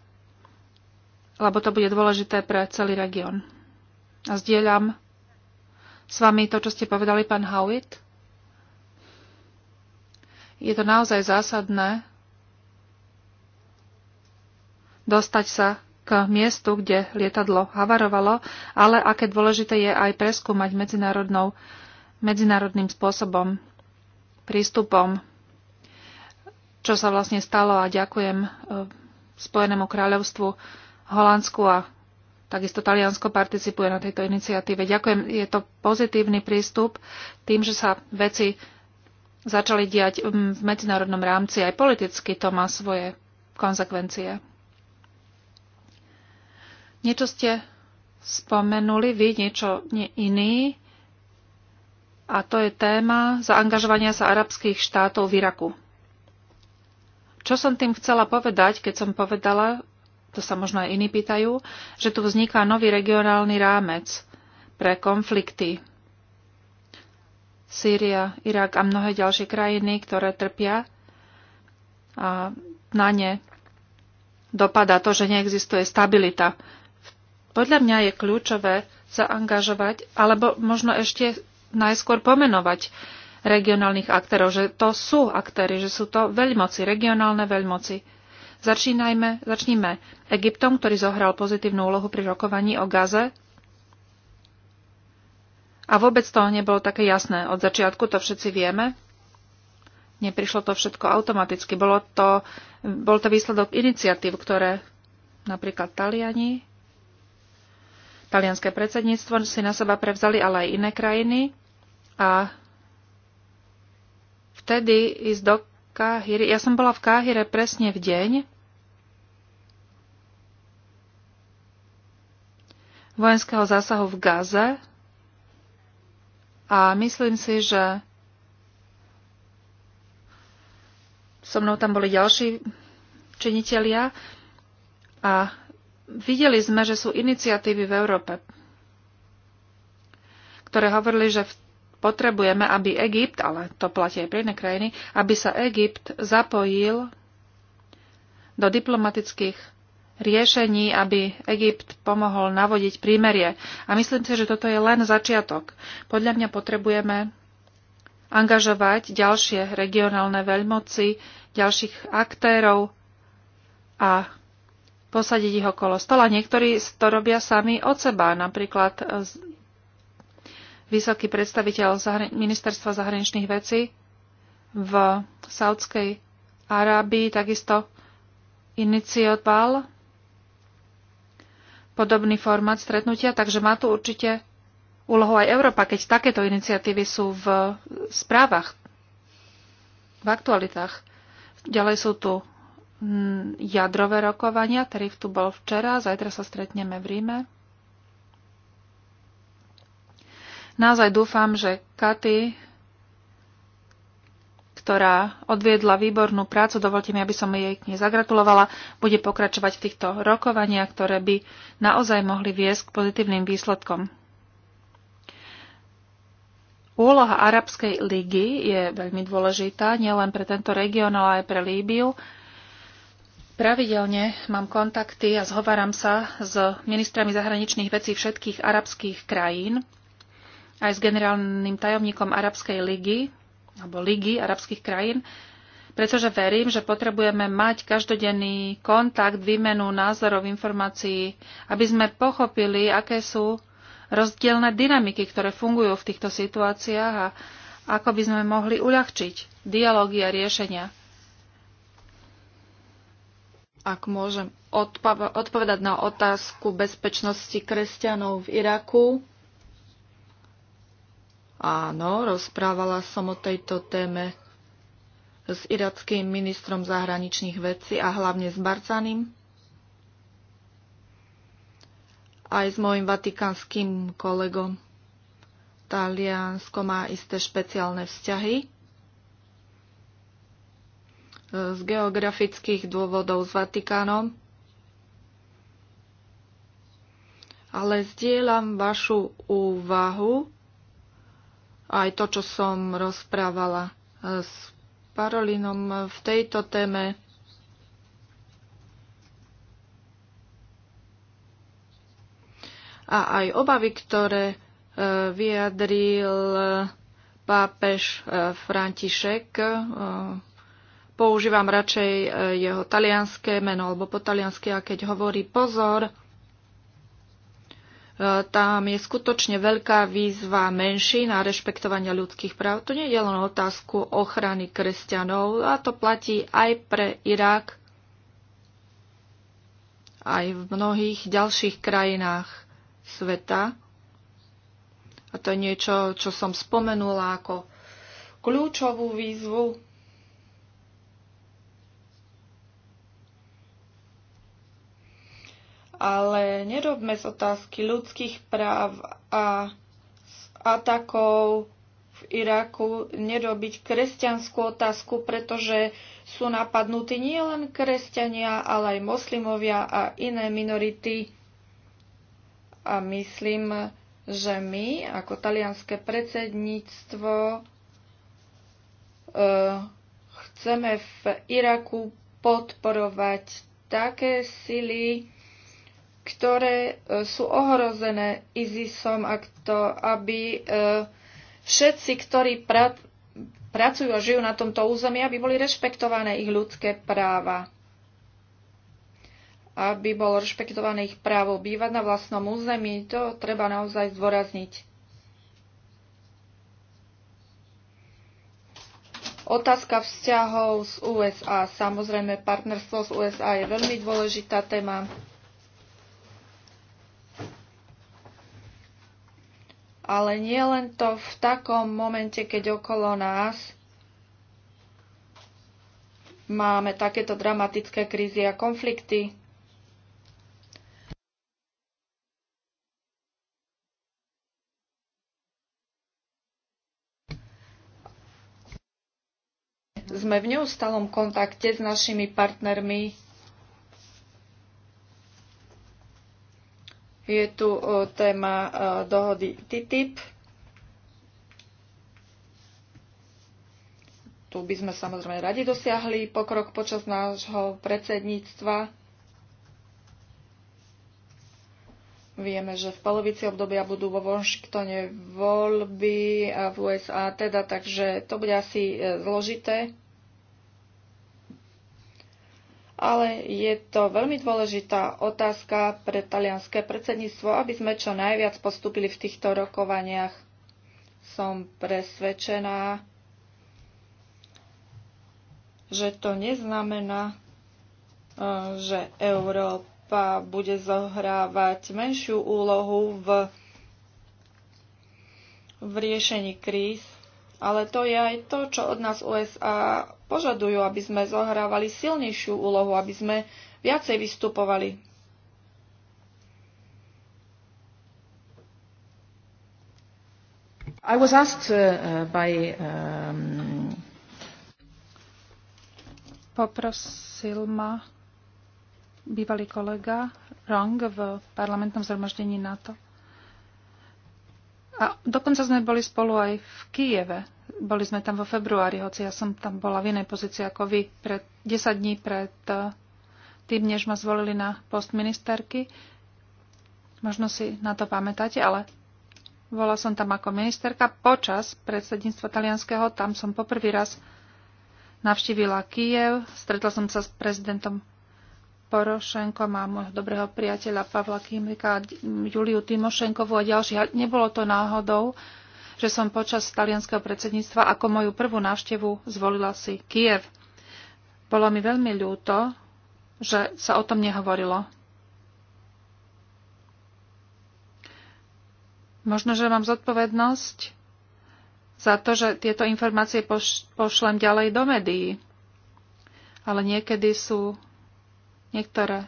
S3: lebo to bude dôležité pre celý región. A zdieľam s vami to, čo ste povedali, pán Howitt, je to naozaj zásadné dostať sa k miestu, kde lietadlo havarovalo, ale aké dôležité je aj preskúmať medzinárodnou, medzinárodným spôsobom, prístupom, čo sa vlastne stalo a ďakujem e, Spojenému kráľovstvu, Holandsku a takisto Taliansko participuje na tejto iniciatíve. Ďakujem, je to pozitívny prístup tým, že sa veci začali diať mm, v medzinárodnom rámci. Aj politicky to má svoje konsekvencie. Niečo ste spomenuli vy, niečo iný. A to je téma zaangažovania sa arabských štátov v Iraku. Čo som tým chcela povedať, keď som povedala, to sa možno aj iní pýtajú, že tu vzniká nový regionálny rámec pre konflikty Sýria, Irak a mnohé ďalšie krajiny, ktoré trpia a na ne dopada to, že neexistuje stabilita. Podľa mňa je kľúčové zaangažovať, alebo možno ešte najskôr pomenovať regionálnych aktérov, že to sú aktéry, že sú to veľmoci, regionálne veľmoci. Začínajme, začníme Egyptom, ktorý zohral pozitívnu úlohu pri rokovaní o Gaze, a vôbec to nebolo také jasné. Od začiatku to všetci vieme. Neprišlo to všetko automaticky. Bolo to, bol to výsledok iniciatív, ktoré napríklad Taliani, talianské predsedníctvo si na seba prevzali, ale aj iné krajiny. A vtedy ísť do Káhyry. Ja som bola v Káhyre presne v deň, vojenského zásahu v Gaze, a myslím si, že so mnou tam boli ďalší činitelia a videli sme, že sú iniciatívy v Európe, ktoré hovorili, že potrebujeme, aby Egypt, ale to platí aj pre iné krajiny, aby sa Egypt zapojil do diplomatických riešení, aby Egypt pomohol navodiť prímerie. A myslím si, že toto je len začiatok. Podľa mňa potrebujeme angažovať ďalšie regionálne veľmoci, ďalších aktérov a posadiť ich okolo stola. Niektorí to robia sami od seba, napríklad vysoký predstaviteľ ministerstva zahraničných vecí v Saudskej Arábii takisto inicioval podobný formát stretnutia, takže má tu určite úlohu aj Európa, keď takéto iniciatívy sú v správach, v aktualitách. Ďalej sú tu mm, jadrové rokovania, ktorý tu bol včera, zajtra sa stretneme v Ríme. Naozaj dúfam, že Katy ktorá odviedla výbornú prácu. Dovolte mi, aby som jej k nej zagratulovala. Bude pokračovať v týchto rokovaniach, ktoré by naozaj mohli viesť k pozitívnym výsledkom. Úloha Arabskej ligy je veľmi dôležitá, nielen pre tento región, ale aj pre Líbiu. Pravidelne mám kontakty a zhováram sa s ministrami zahraničných vecí všetkých arabských krajín, aj s generálnym tajomníkom Arabskej ligy, alebo ligy arabských krajín, pretože verím, že potrebujeme mať každodenný kontakt, výmenu názorov, informácií, aby sme pochopili, aké sú rozdielne dynamiky, ktoré fungujú v týchto situáciách a ako by sme mohli uľahčiť dialógy a riešenia. Ak môžem odpovedať na otázku bezpečnosti kresťanov v Iraku, Áno, rozprávala som o tejto téme s irackým ministrom zahraničných vecí a hlavne s Barcanim, aj s môjim vatikánskym kolegom. Taliansko má isté špeciálne vzťahy. E, z geografických dôvodov s Vatikánom. Ale zdieľam vašu úvahu, aj to, čo som rozprávala e, s Parolinom v tejto téme. A aj obavy, ktoré e, vyjadril e, pápež František, používam radšej jeho talianské meno, alebo po taliansky, a keď hovorí pozor, tam je skutočne veľká výzva menší na rešpektovanie ľudských práv. To nie je len otázku ochrany kresťanov a to platí aj pre Irak, aj v mnohých ďalších krajinách sveta. A to je niečo, čo som spomenula ako kľúčovú výzvu ale nerobme z otázky ľudských práv a s atakov v Iraku nerobiť kresťanskú otázku, pretože sú napadnutí nielen kresťania, ale aj moslimovia a iné minority. A myslím, že my, ako talianské predsedníctvo, e, chceme v Iraku podporovať také sily, ktoré e, sú ohrozené ISISom a to, aby e, všetci, ktorí pra, pracujú a žijú na tomto území, aby boli rešpektované ich ľudské práva. Aby bolo rešpektované ich právo bývať na vlastnom území, to treba naozaj zdôrazniť. Otázka vzťahov z USA. Samozrejme, partnerstvo z USA je veľmi dôležitá téma. ale nie len to v takom momente, keď okolo nás máme takéto dramatické krízy a konflikty. Sme v neustalom kontakte s našimi partnermi Je tu téma dohody TTIP. Tu by sme samozrejme radi dosiahli pokrok počas nášho predsedníctva. Vieme, že v polovici obdobia budú vo Washingtone voľby a v USA teda, takže to bude asi e, zložité ale je to veľmi dôležitá otázka pre talianské predsedníctvo, aby sme čo najviac postupili v týchto rokovaniach. Som presvedčená, že to neznamená, e, že Európa bude zohrávať menšiu úlohu v, v riešení kríz, ale to je aj to, čo od nás USA požadujú, aby sme zohrávali silnejšiu úlohu, aby sme viacej vystupovali. I was asked uh, uh, by um... Poprosil ma bývalý kolega Rong v parlamentnom zhromaždení NATO. A dokonca sme boli spolu aj v Kieve. Boli sme tam vo februári, hoci ja som tam bola v inej pozícii ako vy, pred 10 dní pred eh, tým, než ma zvolili na post ministerky. Možno si na to pamätáte, ale bola som tam ako ministerka počas predsedníctva talianského. Tam som poprvý raz navštívila Kiev, stretla som sa s prezidentom Porošenkom a môjho dobrého priateľa Pavla Kimlika, Juliu Timošenkovu a ďalších. Nebolo to náhodou, že som počas talianského predsedníctva ako moju prvú návštevu zvolila si Kiev. Bolo mi veľmi ľúto, že sa o tom nehovorilo. Možno, že mám zodpovednosť za to, že tieto informácie pošlem ďalej do médií. Ale niekedy sú niektoré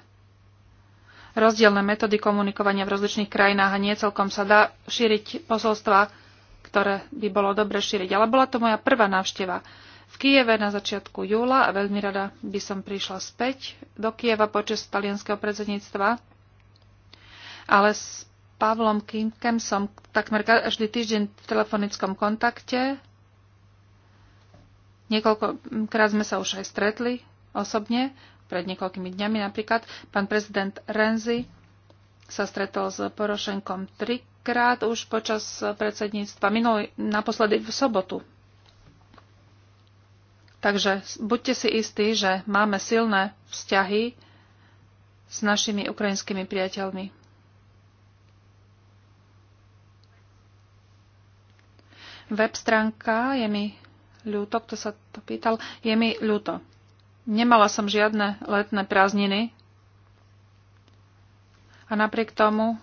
S3: rozdielne metódy komunikovania v rozličných krajinách a nie celkom sa dá šíriť posolstva ktoré by bolo dobre šíriť. Ale bola to moja prvá návšteva v Kieve na začiatku júla a veľmi rada by som prišla späť do Kieva počas talianského predsedníctva. Ale s Pavlom Kinkem som takmer každý týždeň v telefonickom kontakte. Niekoľkokrát sme sa už aj stretli osobne, pred niekoľkými dňami napríklad. Pán prezident Renzi sa stretol s Porošenkom tri viackrát už počas predsedníctva, minulý, naposledy v sobotu. Takže buďte si istí, že máme silné vzťahy s našimi ukrajinskými priateľmi. Web stránka je mi ľúto, kto sa to pýtal, je mi ľúto. Nemala som žiadne letné prázdniny a napriek tomu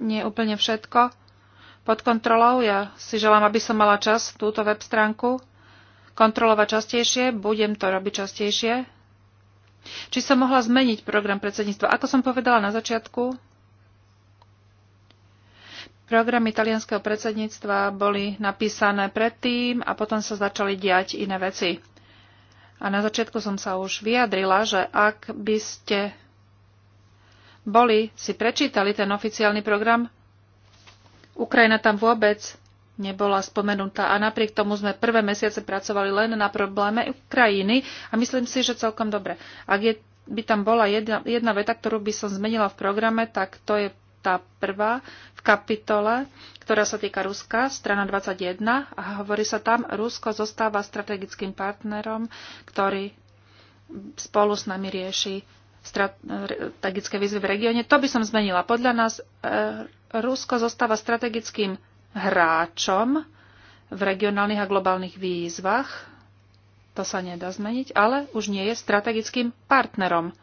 S3: nie úplne všetko pod kontrolou. Ja si želám, aby som mala čas túto web stránku kontrolovať častejšie. Budem to robiť častejšie. Či som mohla zmeniť program predsedníctva? Ako som povedala na začiatku, Programy italianského predsedníctva boli napísané predtým a potom sa začali diať iné veci. A na začiatku som sa už vyjadrila, že ak by ste boli, si prečítali ten oficiálny program, Ukrajina tam vôbec nebola spomenutá a napriek tomu sme prvé mesiace pracovali len na probléme Ukrajiny a myslím si, že celkom dobre. Ak je, by tam bola jedna, jedna veta, ktorú by som zmenila v programe, tak to je tá prvá v kapitole, ktorá sa týka Ruska, strana 21 a hovorí sa tam, Rusko zostáva strategickým partnerom, ktorý spolu s nami rieši strategické výzvy v regióne. To by som zmenila. Podľa nás e, Rusko zostáva strategickým hráčom v regionálnych a globálnych výzvach. To sa nedá zmeniť, ale už nie je strategickým partnerom.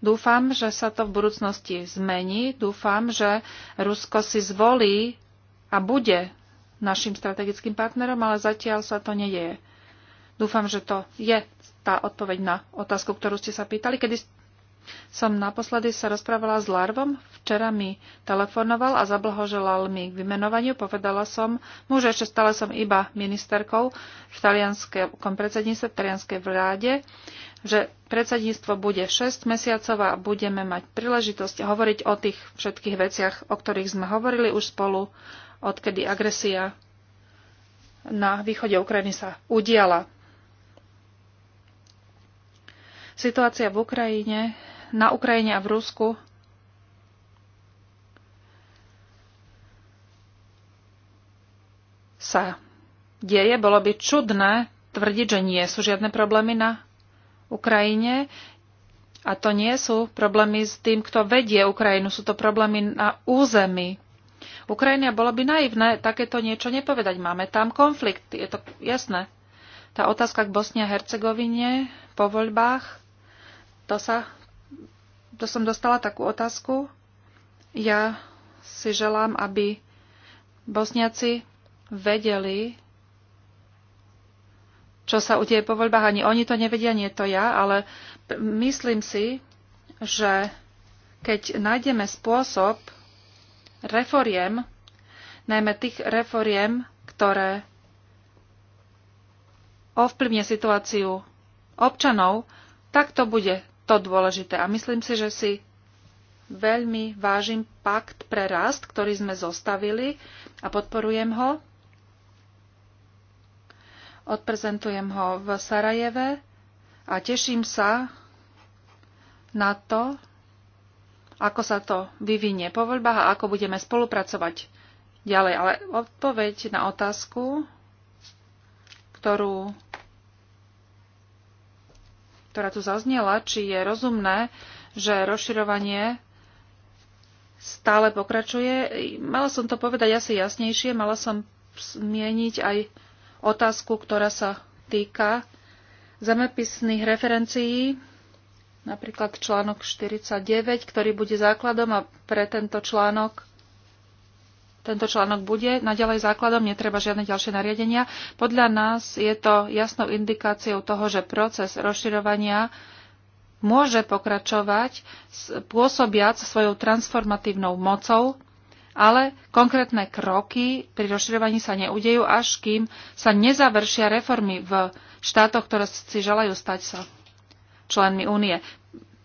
S3: Dúfam, že sa to v budúcnosti zmení. Dúfam, že Rusko si zvolí a bude našim strategickým partnerom, ale zatiaľ sa to nedieje. Dúfam, že to je tá odpoveď na otázku, ktorú ste sa pýtali. Kedy som naposledy sa rozprávala s Larvom, včera mi telefonoval a zablahoželal mi k vymenovaniu. Povedala som mu, že ešte stále som iba ministerkou v talianskom predsedníctve, v talianskej vláde, že predsedníctvo bude 6 mesiacov a budeme mať príležitosť hovoriť o tých všetkých veciach, o ktorých sme hovorili už spolu, odkedy agresia na východe Ukrajiny sa udiala. Situácia v Ukrajine, na Ukrajine a v Rusku sa deje. Bolo by čudné tvrdiť, že nie sú žiadne problémy na Ukrajine. A to nie sú problémy s tým, kto vedie Ukrajinu, sú to problémy na území. Ukrajina bolo by naivné takéto niečo nepovedať. Máme tam konflikt, je to jasné. Tá otázka k Bosni a Hercegovine po voľbách to sa, to som dostala takú otázku. Ja si želám, aby Bosniaci vedeli, čo sa udeje po voľbách. Ani oni to nevedia, nie to ja, ale myslím si, že keď nájdeme spôsob reforiem, najmä tých reforiem, ktoré ovplyvne situáciu občanov, tak to bude to dôležité. A myslím si, že si veľmi vážim pakt pre rast, ktorý sme zostavili a podporujem ho. Odprezentujem ho v Sarajeve a teším sa na to, ako sa to vyvinie po voľbách a ako budeme spolupracovať ďalej. Ale odpoveď na otázku, ktorú ktorá tu zaznela, či je rozumné, že rozširovanie stále pokračuje. Mala som to povedať asi jasnejšie, mala som zmieniť aj otázku, ktorá sa týka zemepisných referencií, napríklad článok 49, ktorý bude základom a pre tento článok tento článok bude naďalej základom, netreba žiadne ďalšie nariadenia. Podľa nás je to jasnou indikáciou toho, že proces rozširovania môže pokračovať pôsobiac svojou transformatívnou mocou, ale konkrétne kroky pri rozširovaní sa neudejú, až kým sa nezavršia reformy v štátoch, ktoré si želajú stať sa členmi únie.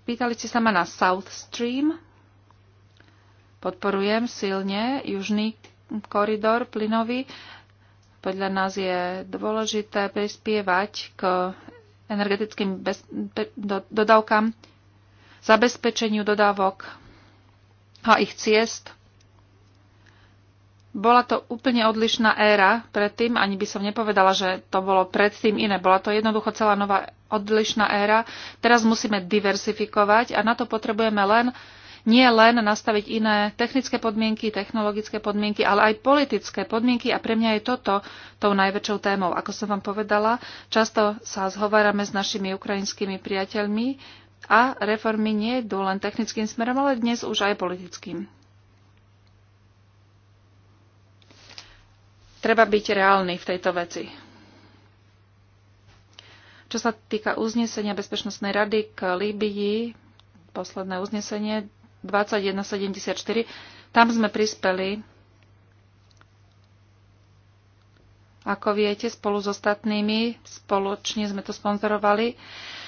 S3: Pýtali ste sa ma na South Stream. Podporujem silne južný koridor plynový. Podľa nás je dôležité prispievať k energetickým bez, be, do, dodávkam, zabezpečeniu dodávok a ich ciest. Bola to úplne odlišná éra predtým, ani by som nepovedala, že to bolo predtým iné. Bola to jednoducho celá nová odlišná éra. Teraz musíme diversifikovať a na to potrebujeme len uh, nie len nastaviť iné technické podmienky, technologické podmienky, ale aj politické podmienky a pre mňa je toto tou najväčšou témou. Ako som vám povedala, často sa zhovárame s našimi ukrajinskými priateľmi a reformy nie idú len technickým smerom, ale dnes už aj politickým. Treba byť reálny v tejto veci. Čo sa týka uznesenia Bezpečnostnej rady k Líbii, posledné uznesenie 2174. Tam sme prispeli, ako viete, spolu s ostatnými, spoločne sme to sponzorovali.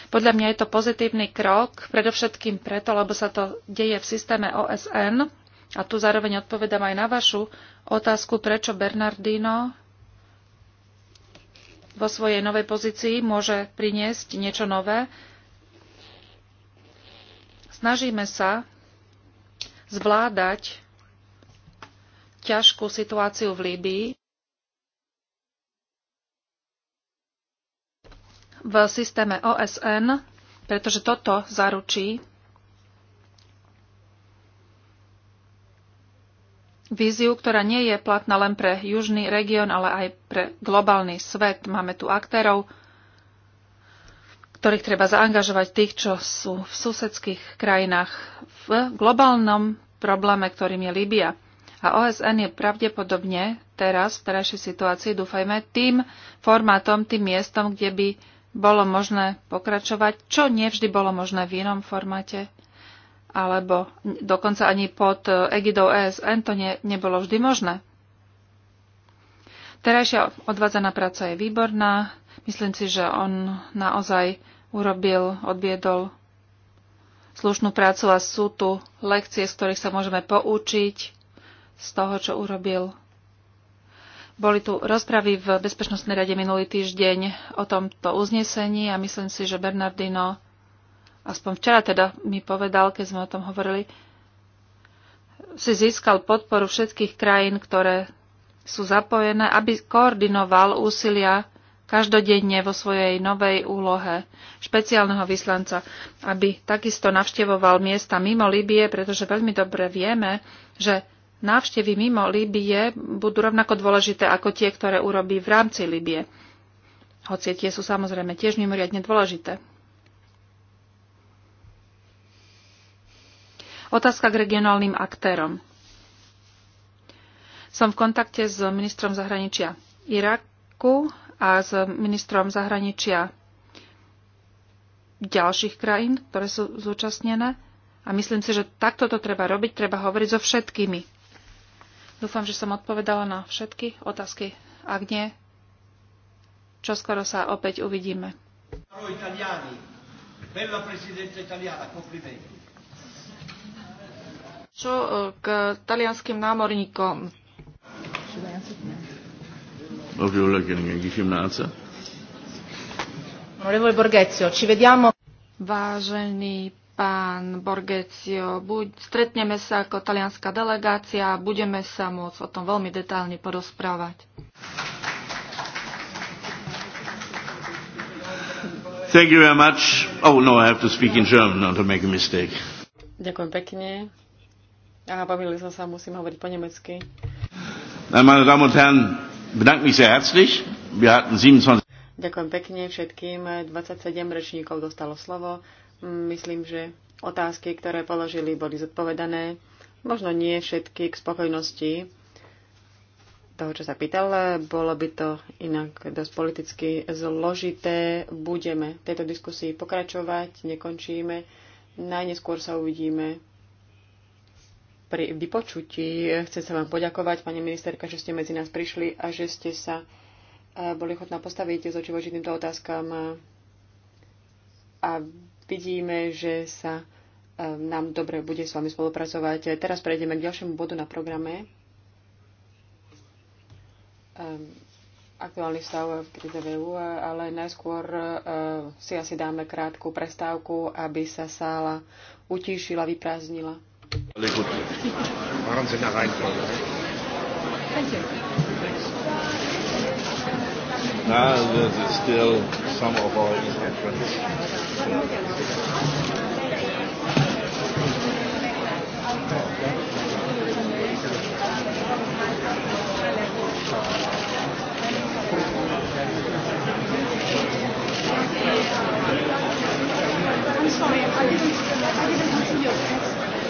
S3: Podľa mňa je to pozitívny krok, predovšetkým preto, lebo sa to deje v systéme OSN. A tu zároveň odpovedám aj na vašu otázku, prečo Bernardino vo svojej novej pozícii môže priniesť niečo nové. Snažíme sa zvládať ťažkú situáciu v Líbii. v systéme OSN, pretože toto zaručí víziu, ktorá nie je platná len pre južný región, ale aj pre globálny svet. Máme tu aktérov, ktorých treba zaangažovať tých, čo sú v susedských krajinách v globálnom probléme, ktorým je Líbia. A OSN je pravdepodobne teraz, v terajšej situácii, dúfajme, tým formátom, tým miestom, kde by bolo možné pokračovať, čo nevždy bolo možné v inom formáte, alebo dokonca ani pod egidou ESN to ne, nebolo vždy možné. Terajšia odvádzaná práca je výborná, Myslím si, že on naozaj urobil, odviedol slušnú prácu a sú tu lekcie, z ktorých sa môžeme poučiť z toho, čo urobil. Boli tu rozpravy v Bezpečnostnej rade minulý týždeň o tomto uznesení a myslím si, že Bernardino, aspoň včera teda mi povedal, keď sme o tom hovorili, si získal podporu všetkých krajín, ktoré sú zapojené, aby koordinoval úsilia každodenne vo svojej novej úlohe špeciálneho vyslanca, aby takisto navštevoval miesta mimo Libie, pretože veľmi dobre vieme, že návštevy mimo Libie budú rovnako dôležité ako tie, ktoré urobí v rámci Libie, Hoci tie sú samozrejme tiež mimoriadne dôležité. Otázka k regionálnym aktérom. Som v kontakte s ministrom zahraničia Iraku a s ministrom zahraničia ďalších krajín, ktoré sú zúčastnené. A myslím si, že takto to treba robiť, treba hovoriť so všetkými. Dúfam, že som odpovedala na všetky otázky. Ak nie, čo skoro sa opäť uvidíme. Čo eh, k talianským námorníkom? Should Vážený pán Borgecio, buď, stretneme sa ako talianská delegácia a budeme sa môcť o tom veľmi detálne porozprávať.
S1: Thank you very much. Oh no, I have to speak in German, not to make a mistake.
S2: Ďakujem pekne. Aha, bavili som sa, musím hovoriť po nemecky.
S1: Meine Damen und Herren, Ďakujem
S2: pekne všetkým. 27 rečníkov dostalo slovo. Myslím, že otázky, ktoré položili, boli zodpovedané. Možno nie všetky k spokojnosti toho, čo sa pýtal. Bolo by to inak dosť politicky zložité. Budeme v tejto diskusii pokračovať, nekončíme. Najneskôr sa uvidíme pri vypočutí. Chcem sa vám poďakovať, pani ministerka, že ste medzi nás prišli a že ste sa e, boli ochotná postaviť s oči voči týmto otázkam. A vidíme, že sa e, nám dobre bude s vami spolupracovať. Teraz prejdeme k ďalšiemu bodu na programe. E, aktuálny stav v Vu, ale najskôr si asi dáme krátku prestávku, aby sa sála utíšila, vyprázdnila. Alle gut.
S1: Machen Sie in Reihenfolge? Now there's still some of our Eastern I'm sorry, I didn't, I didn't see your question.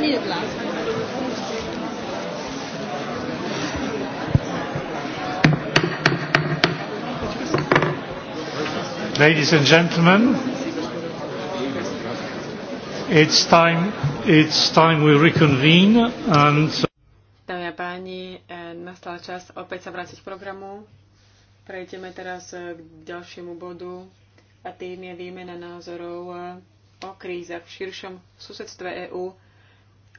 S1: Nederland. Ladies and gentlemen, it's time, it's time we reconvene and...
S2: Dámy a páni, eh, nastal čas opäť sa vrátiť k programu. Prejdeme teraz eh, k ďalšiemu bodu a tým je výmena názorov eh, o krízach v širšom susedstve EÚ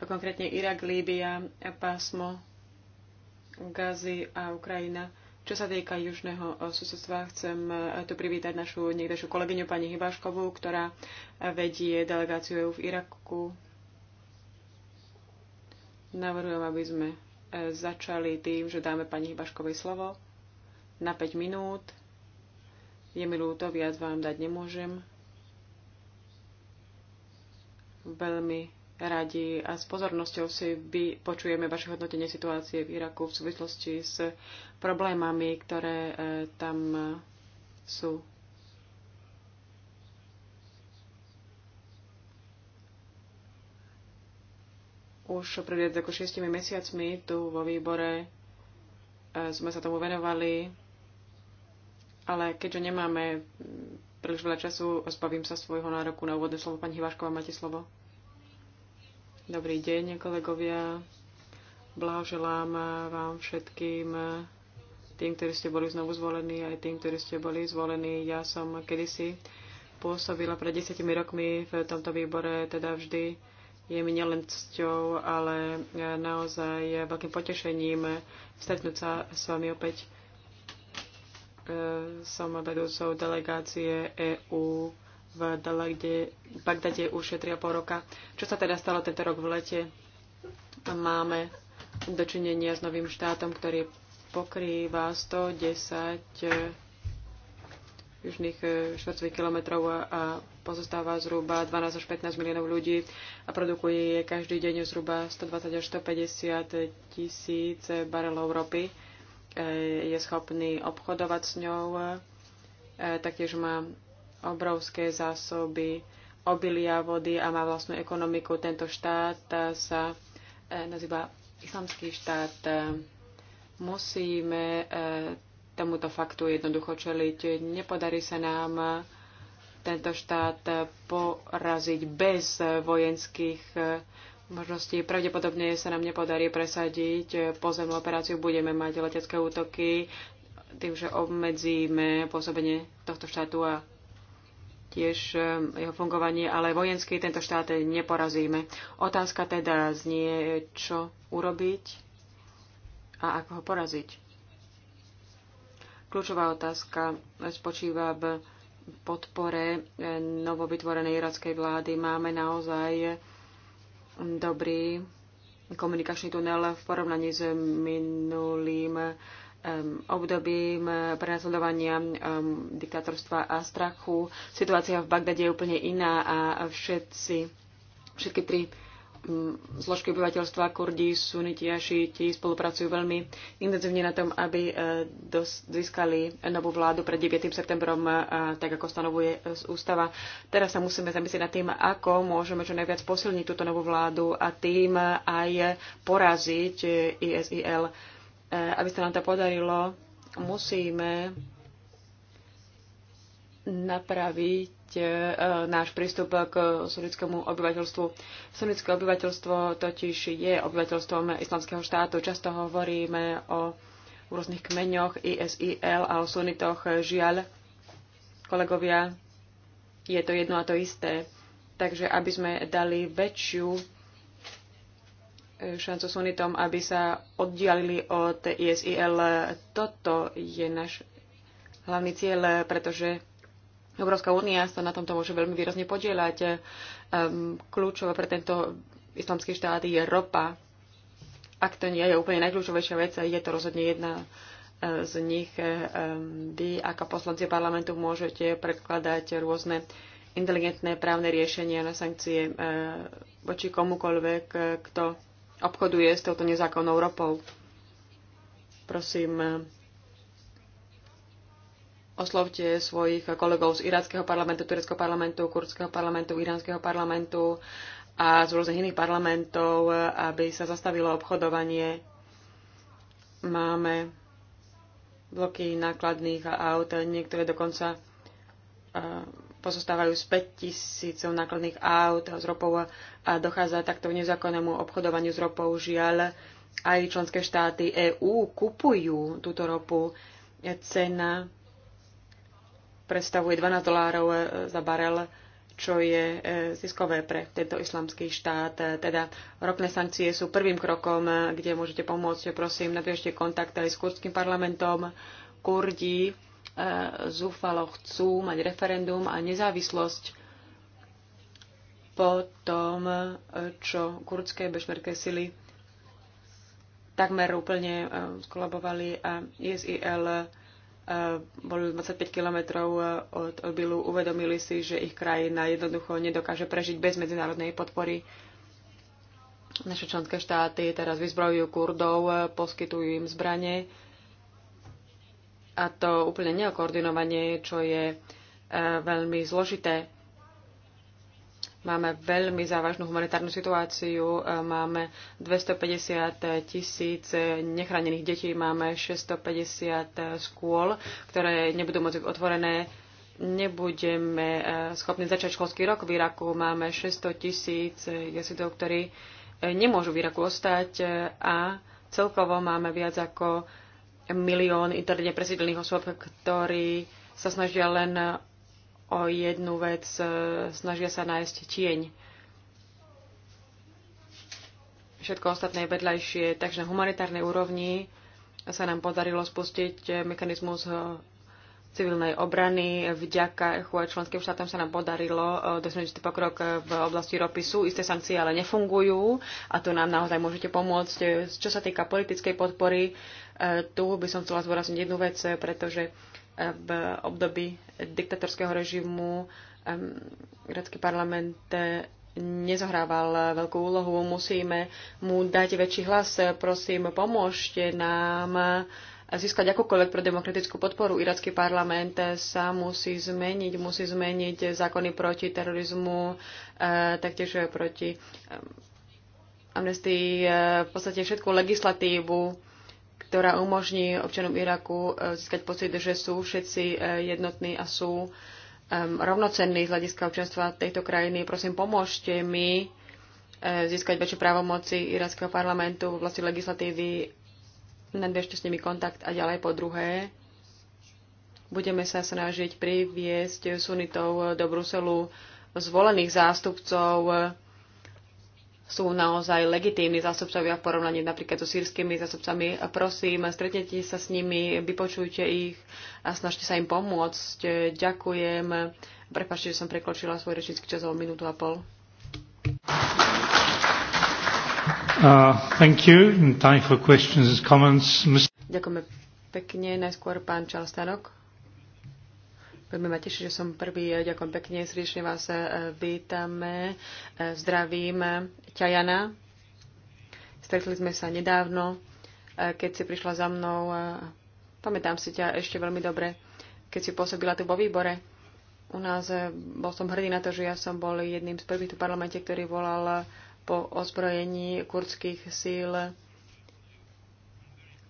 S2: konkrétne Irak, Líbia, pásmo Gazy a Ukrajina. Čo sa týka južného eh, susedstva, chcem eh, tu privítať našu niekdejšiu kolegyňu pani Hybáškovú, ktorá eh, vedie delegáciu EU v Iraku. Navrhujem, aby sme začali tým, že dáme pani Hybaškovej slovo na 5 minút. Je mi ľúto, viac vám dať nemôžem. Veľmi radi a s pozornosťou si by počujeme vaše hodnotenie situácie v Iraku v súvislosti s problémami, ktoré e, tam e, sú. Už pred viac ako šiestimi mesiacmi tu vo výbore e, sme sa tomu venovali, ale keďže nemáme príliš veľa času, zbavím sa svojho nároku na úvodné slovo. Pani Hivášková, máte slovo. Dobrý deň, kolegovia. Blahoželám vám všetkým, tým, ktorí ste boli znovu zvolení, aj tým, ktorí ste boli zvolení. Ja som kedysi pôsobila pred desiatimi rokmi v tomto výbore, teda vždy je mi nielen cťou, ale naozaj veľkým potešením stretnúť sa s vami opäť. E, som vedúcou delegácie EU v v Bagdade už 3,5 roka. Čo sa teda stalo tento rok v lete? Máme dočinenia s novým štátom, ktorý pokrýva 110 eh, južných eh, štvrtových kilometrov a pozostáva zhruba 12 až 15 miliónov ľudí a produkuje je každý deň zhruba 120 až 150 tisíc barelov ropy. Eh, je schopný obchodovať s ňou, taktiež má obrovské zásoby obilia vody a má vlastnú ekonomiku. Tento štát sa eh, nazýva islamský štát. Musíme eh, tomuto faktu jednoducho čeliť. Nepodarí sa nám eh, tento štát poraziť bez vojenských možností. Pravdepodobne sa nám nepodarí presadiť pozemnú operáciu. Budeme mať letecké útoky tým, že obmedzíme pôsobenie tohto štátu a tiež e, jeho fungovanie, ale vojenský tento štát neporazíme. Otázka teda znie, čo urobiť a ako ho poraziť. Kľúčová otázka spočíva v podpore e, novovytvorenej irackej vlády. Máme naozaj dobrý komunikačný tunel v porovnaní s minulým obdobím eh, prenasledovania diktátorstva a strachu. Situácia v Bagdade je úplne iná a všetci, všetky tri zložky obyvateľstva, Kurdi, Suniti a šiti, spolupracujú veľmi intenzívne na tom, aby eh, získali novú vládu pred 9. septembrom, eh, tak ako stanovuje ústava. Teraz sa musíme zamyslieť nad tým, ako môžeme čo najviac posilniť túto novú vládu a tým aj poraziť ISIL Eh, aby sa nám to podarilo, musíme napraviť eh, náš prístup k sunnickému obyvateľstvu. Sunnické obyvateľstvo totiž je obyvateľstvom islamského štátu. Často hovoríme o rôznych kmeňoch ISIL a o sunitoch. Žiaľ, kolegovia, je to jedno a to isté. Takže aby sme dali väčšiu šancu sunitom, aby sa oddialili od ISIL. Toto je náš hlavný cieľ, pretože Európska únia sa na tomto môže veľmi výrazne podielať. Ehm, kľúčové pre tento islamský štát je ropa. Ak to nie je úplne najkľúčovejšia vec, je to rozhodne jedna e, z nich. Ehm, vy, ako poslanci parlamentu, môžete predkladať rôzne inteligentné právne riešenia na sankcie e, voči komukoľvek, e, kto obchoduje s touto nezákonnou ropou. Prosím, oslovte svojich kolegov z iráckého parlamentu, tureckého parlamentu, kurdského parlamentu, iránskeho parlamentu a z rôznych iných parlamentov, aby sa zastavilo obchodovanie. Máme bloky nákladných aut, niektoré dokonca eh, pozostávajú z 5000 nákladných aut z ropou a dochádza takto k nezákonnému obchodovaniu s ropou. Žiaľ, aj členské štáty EÚ kupujú túto ropu. Cena predstavuje 12 dolárov za barel, čo je e, ziskové pre tento islamský štát. Teda ropné sankcie sú prvým krokom, kde môžete pomôcť. Prosím, nadviežte kontakt aj s kurdským parlamentom. Kurdi zúfalo chcú mať referendum a nezávislosť po tom, čo kurdské bešmerké sily takmer úplne eh, skolabovali a ISIL eh, boli 25 kilometrov eh, od Obilu, uvedomili si, že ich krajina jednoducho nedokáže prežiť bez medzinárodnej podpory. Naše členské štáty teraz vyzbrojujú Kurdov, poskytujú im zbranie, a to úplne neokoordinovanie, čo je e, veľmi zložité. Máme veľmi závažnú humanitárnu situáciu, e, máme 250 tisíc nechránených detí, máme 650 skôl, ktoré nebudú môcť otvorené. Nebudeme e, schopní začať školský rok v Iraku. Máme 600 tisíc jesidov, ktorí nemôžu v Iraku ostať a celkovo máme viac ako milión internetne presídlených osôb, ktorí sa snažia len o jednu vec, e, snažia sa nájsť tieň. Všetko ostatné je vedľajšie, takže na humanitárnej úrovni sa nám podarilo spustiť e, mechanizmus e, civilnej obrany. Vďaka členským štátom sa nám podarilo e, dosiahnuť pokrok v oblasti ropy. Sú isté sankcie, ale nefungujú a tu nám naozaj môžete pomôcť. Čo sa týka politickej podpory, e, tu by som chcela zdôrazniť jednu vec, pretože e, v období diktatorského režimu grecký parlament nezohrával veľkú úlohu. Musíme mu dať väčší hlas. Prosím, pomôžte nám získať akúkoľvek pro demokratickú podporu. Iracký parlament sa musí zmeniť, musí zmeniť zákony proti terorizmu, e, taktiež proti e, amnestii, e, v podstate všetkú legislatívu, ktorá umožní občanom Iraku získať pocit, že sú všetci jednotní a sú rovnocenní z hľadiska občanstva tejto krajiny. Prosím, pomôžte mi získať väčšie právomoci irackého parlamentu v oblasti legislatívy nadviežte s nimi kontakt a ďalej po druhé. Budeme sa snažiť priviesť sunitov do Bruselu zvolených zástupcov sú naozaj legitímni zástupcovia v porovnaní napríklad so sírskymi zástupcami. Prosím, stretnete sa s nimi, vypočujte ich a snažte sa im pomôcť. Ďakujem. Prepačte, že som prekločila svoj rečnícky čas o minútu a pol. Uh, Ďakujeme pekne. Najskôr pán Čalstanok. Veľmi ma teší, že som prvý. Ďakujem pekne. Srdečne vás eh, vítame. Eh, zdravím Ťajana. Stretli sme sa nedávno, eh, keď si prišla za mnou. Pamätám si ťa ešte veľmi dobre, keď si pôsobila tu vo výbore. U nás bol som hrdý na to, že ja som bol jedným z prvých tu v parlamente, ktorý volal po ozbrojení kurdských síl.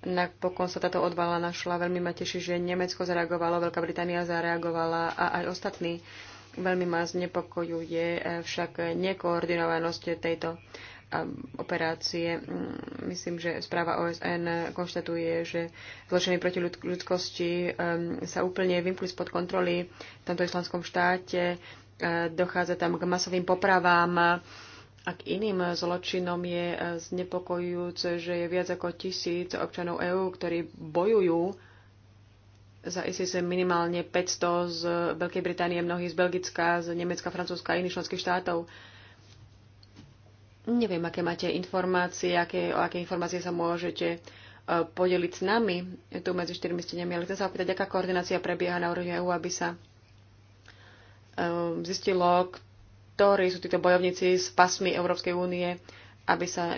S2: Napokon sa táto odvala našla. Veľmi ma teší, že Nemecko zareagovalo, Veľká Británia zareagovala a aj ostatní. Veľmi ma znepokojuje eh, však nekoordinovanosť tejto eh, operácie. Mm, myslím, že správa OSN konštatuje, že zločiny proti ľudskosti eh, sa úplne vymkli spod kontroly v tomto islamskom štáte. Dochádza tam k masovým popravám, a k iným zločinom je eh, znepokojujúce, že je viac ako tisíc občanov EÚ, ktorí bojujú za ISIS minimálne 500 z Veľkej Británie, mnohí z Belgicka, z Nemecka, Francúzska a iných členských štátov. Neviem, aké máte informácie, aké, o aké informácie sa môžete eh, podeliť s nami tu medzi štyrmi stenami, ale chcem sa opýtať, aká koordinácia prebieha na úrovni EU, aby sa eh, zistilo, ktorí sú títo bojovníci s pasmi Európskej únie, aby sa e,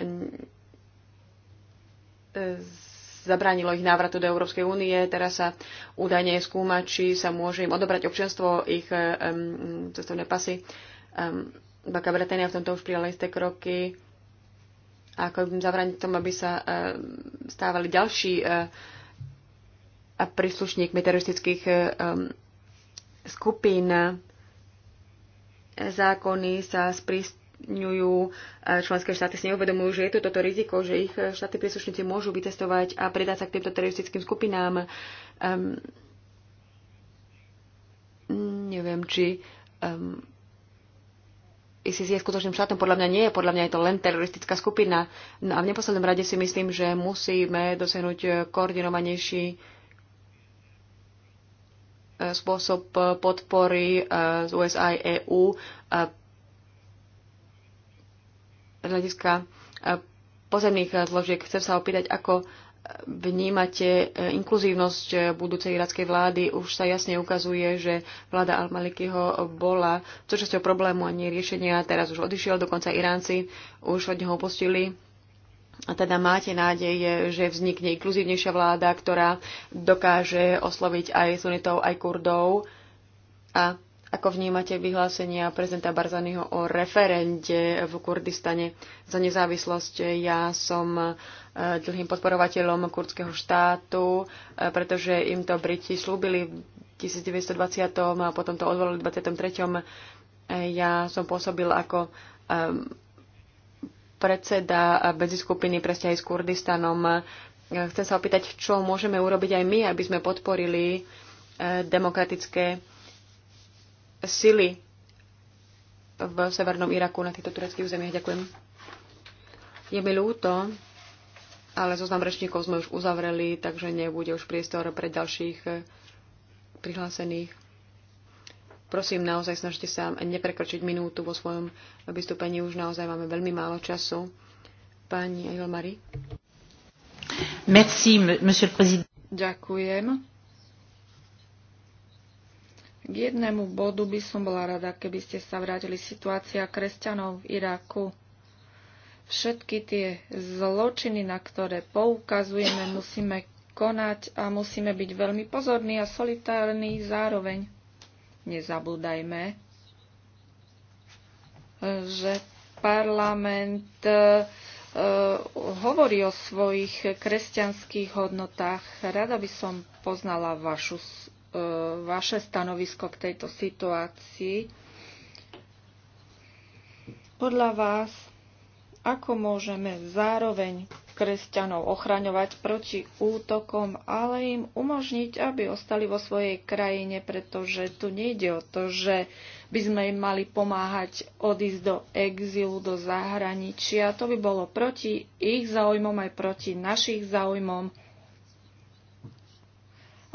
S2: zabránilo ich návratu do Európskej únie. Teraz sa údajne skúma, či sa môže im odobrať občianstvo, ich um, cestovné pasy. Um, Baka Bretania v tomto už prijala isté kroky, a ako im zabrániť tomu, aby sa uh, stávali ďalší uh, príslušníkmi teroristických um, skupín zákony sa sprísňujú, členské štáty si neuvedomujú, že je to toto riziko, že ich štáty príslušníci môžu vytestovať a predať sa k týmto teroristickým skupinám. Um, neviem, či um, ISIS je skutočným štátom, podľa mňa nie je, podľa mňa je to len teroristická skupina. No a v neposlednom rade si myslím, že musíme dosiahnuť koordinovanejší spôsob e, podpory e, z USA a EÚ e, z hľadiska pozemných zložiek. Chcem sa opýtať, ako vnímate inkluzívnosť budúcej irackej vlády. Už sa jasne ukazuje, že vláda Al-Malikiho bola súčasťou problému a nie riešenia. Teraz už odišiel, dokonca Iránci už od neho opustili a teda máte nádej, že vznikne inkluzívnejšia vláda, ktorá dokáže osloviť aj sunitov, aj kurdov. A ako vnímate vyhlásenia prezidenta Barzanyho o referende v Kurdistane za nezávislosť? Ja som e, dlhým podporovateľom kurdského štátu, e, pretože im to Briti slúbili v 1920. a potom to odvolili v 23. E, ja som pôsobil ako predseda medziskupiny pre vzťahy s Kurdistanom. Chcem sa opýtať, čo môžeme urobiť aj my, aby sme podporili e, demokratické sily v severnom Iraku na týchto tureckých územiach. Ďakujem. Je mi ľúto, ale zoznam rečníkov sme už uzavreli, takže nebude už priestor pre ďalších e, prihlásených. Prosím, naozaj snažte sa neprekročiť minútu vo svojom vystúpení. Už naozaj máme veľmi málo času. Pani Ajol
S3: Merci, monsieur le président.
S2: Ďakujem.
S3: K jednému bodu by som bola rada, keby ste sa vrátili situácia kresťanov v Iraku. Všetky tie zločiny, na ktoré poukazujeme, musíme konať a musíme byť veľmi pozorní a solitárni zároveň nezabúdajme, že parlament e, hovorí o svojich kresťanských hodnotách. Rada by som poznala vašu, e, vaše stanovisko k tejto situácii. Podľa vás, ako môžeme zároveň kresťanov ochraňovať proti útokom, ale im umožniť, aby ostali vo svojej krajine, pretože tu nejde o to, že by sme im mali pomáhať odísť do exilu, do zahraničia. To by bolo proti ich záujmom aj proti našich záujmom.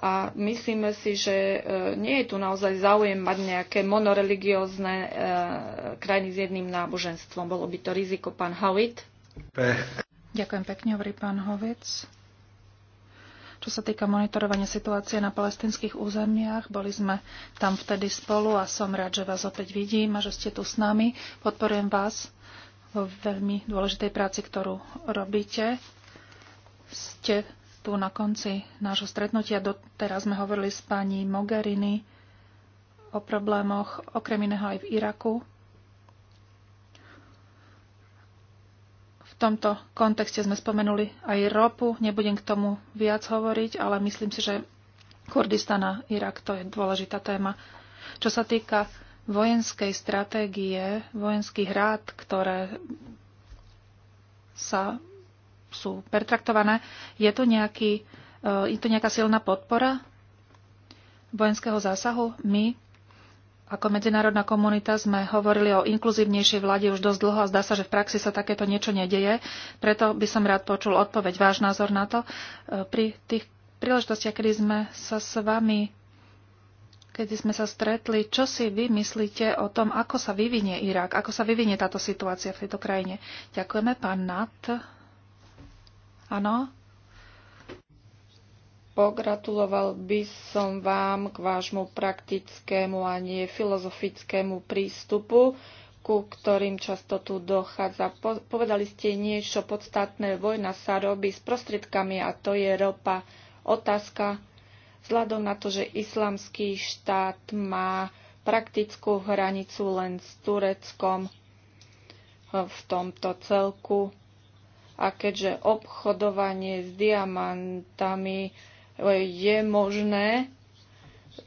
S3: A myslíme si, že e, nie je tu naozaj záujem mať nejaké monoreligiózne e, krajiny s jedným náboženstvom. Bolo by to riziko, pán Howitt. Ďakujem pekne, hovorí pán Hovec. Čo sa týka monitorovania situácie na palestinských územiach, boli sme tam vtedy spolu a som rád, že vás opäť vidím a že ste tu s nami. Podporujem vás vo veľmi dôležitej práci, ktorú robíte. Ste tu na konci nášho stretnutia. Teraz sme hovorili s pani Mogherini o problémoch okrem iného aj v Iraku V tomto kontexte sme spomenuli aj ropu, nebudem k tomu viac hovoriť, ale myslím si, že Kurdistan a Irak to je dôležitá téma. Čo sa týka vojenskej stratégie, vojenských rád, ktoré sa sú pertraktované, je to, nejaký, e, je tu nejaká silná podpora vojenského zásahu? My ako medzinárodná komunita sme hovorili o inkluzívnejšej vláde už dosť dlho a zdá sa, že v praxi sa takéto niečo nedieje. Preto by som rád počul odpoveď, váš názor na to. E, pri tých príležitostiach, kedy sme sa s vami kedy sme sa stretli, čo si vy myslíte o tom, ako sa vyvinie Irak, ako sa vyvinie táto situácia v tejto krajine. Ďakujeme, pán Nat. Áno, Pogratuloval by som vám k vášmu praktickému a nie filozofickému prístupu, ku ktorým často tu dochádza. Povedali ste niečo podstatné, vojna sa robí s prostriedkami a to je ropa. Otázka, vzhľadom na to, že islamský štát má praktickú hranicu len s Tureckom v tomto celku a keďže obchodovanie s diamantami je možné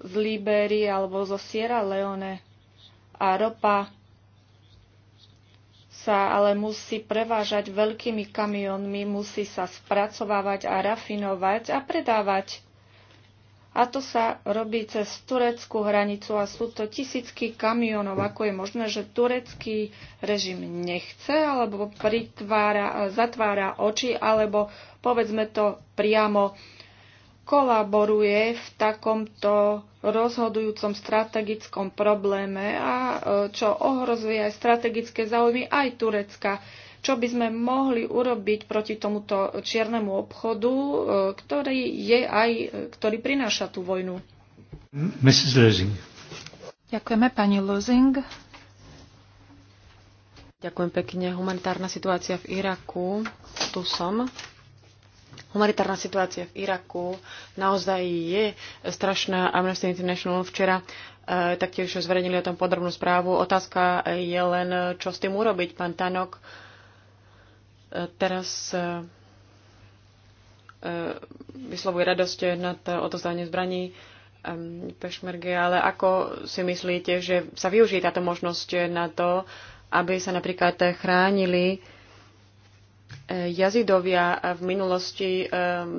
S3: z Libéry alebo zo Sierra Leone. A ropa sa ale musí prevážať veľkými kamionmi, musí sa spracovávať a rafinovať a predávať. A to sa robí cez tureckú hranicu a sú to tisícky kamionov. Ako je možné, že turecký režim nechce alebo pritvára, zatvára oči alebo povedzme to priamo kolaboruje v takomto rozhodujúcom strategickom probléme a e, čo ohrozuje aj strategické záujmy aj Turecka. Čo by sme mohli urobiť proti tomuto čiernemu obchodu, e, ktorý, je aj, e, ktorý prináša tú vojnu?
S1: Mrs. Losing.
S2: Ďakujeme, pani Losing. Ďakujem pekne. Humanitárna situácia v Iraku. Tu som. Humanitárna situácia v Iraku naozaj je strašná. Amnesty International včera e, taktiež zverejnili o tom podrobnú správu. Otázka je len, čo s tým urobiť, pán Tanok. E, teraz e, vyslovuje radosť nad odozdanie zbraní pešmerge, ale ako si myslíte, že sa využije táto možnosť na to, aby sa napríklad chránili E, jazidovia e, v minulosti e,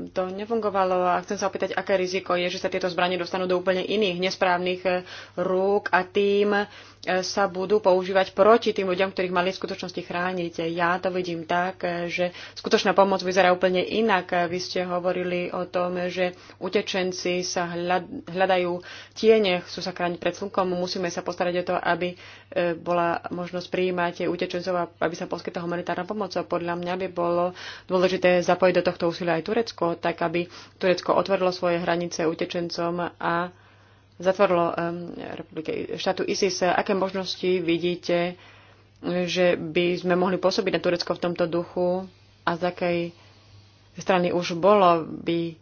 S2: to nefungovalo a chcem sa opýtať, aké riziko je, že sa tieto zbranie dostanú do úplne iných nesprávnych rúk a tým sa budú používať proti tým ľuďom, ktorých mali v skutočnosti chrániť. Ja to vidím tak, že skutočná pomoc vyzerá úplne inak. Vy ste hovorili o tom, že utečenci sa hľadajú tiene, chcú sa chrániť pred slnkom. Musíme sa postarať o to, aby bola možnosť prijímať utečencov, a aby sa poskytla humanitárna pomoc. Podľa mňa aby bolo dôležité zapojiť do tohto úsilia aj Turecko, tak aby Turecko otvorilo svoje hranice utečencom a zatvorilo um, republike, štátu ISIS. Aké možnosti vidíte, že by sme mohli pôsobiť na Turecko v tomto duchu a z akej strany už bolo by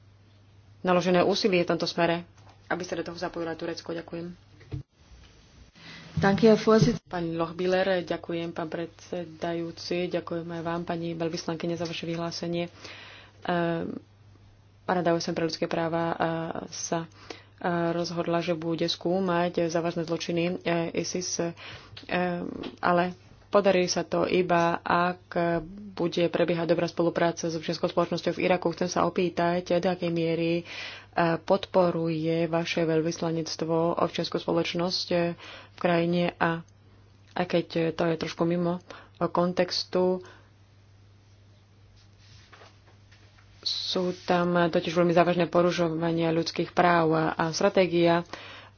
S2: naložené úsilie v tomto smere, aby sa do toho zapojilo Turecko? Ďakujem. Pani Lochbiller, ďakujem, pán predsedajúci, ďakujem aj vám, pani veľvyslankyne, za vaše vyhlásenie. Ehm, Rada OSN pre ľudské práva eh, sa eh, rozhodla, že bude skúmať eh, závažné zločiny ISIS, ale podarí sa to iba, ak bude prebiehať dobrá spolupráca s občianskou spoločnosťou v Iraku. Chcem sa opýtať, do akej miery podporuje vaše veľvyslanectvo, občianskú spoločnosť eh, v krajine a aj keď eh, to je trošku mimo eh, kontextu, sú tam totiž veľmi závažné porušovania ľudských práv a stratégia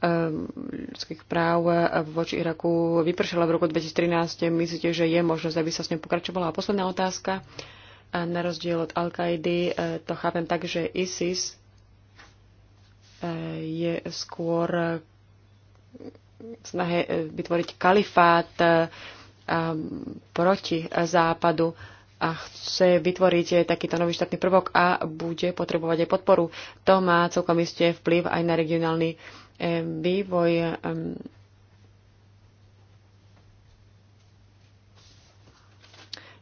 S2: ľudských práv voči Iraku vypršala v roku 2013. Myslíte, že je možnosť, aby sa s ňou pokračovala? A posledná otázka. Na rozdiel od Al-Kaidy to chápem tak, že ISIS je skôr snahe eh, vytvoriť kalifát eh, ehm, proti západu a chce vytvoriť eh, takýto nový štátny prvok a bude potrebovať aj podporu. To má celkom isté vplyv aj na regionálny vývoj. Ehm.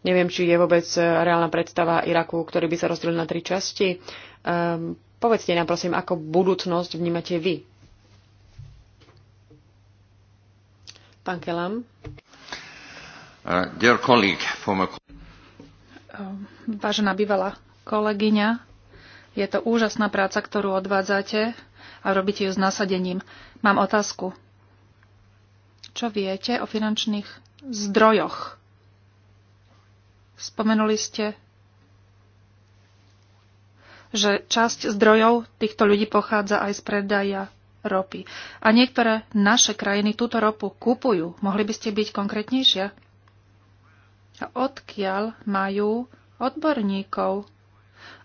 S2: Neviem, či je vôbec reálna predstava Iraku, ktorý by sa rozdelil na tri časti. Ehm, Povedzte nám prosím, ako budúcnosť vnímate vy. Pán Kelam.
S1: Uh, colleague, former...
S2: Um, vážená
S3: bývalá kolegyňa, je to úžasná práca, ktorú odvádzate a robíte ju s nasadením. Mám otázku. Čo viete o finančných zdrojoch? Spomenuli ste že časť zdrojov týchto ľudí pochádza aj z predaja ropy. A niektoré naše krajiny túto ropu kupujú. Mohli by ste byť konkrétnejšia? A odkiaľ majú odborníkov?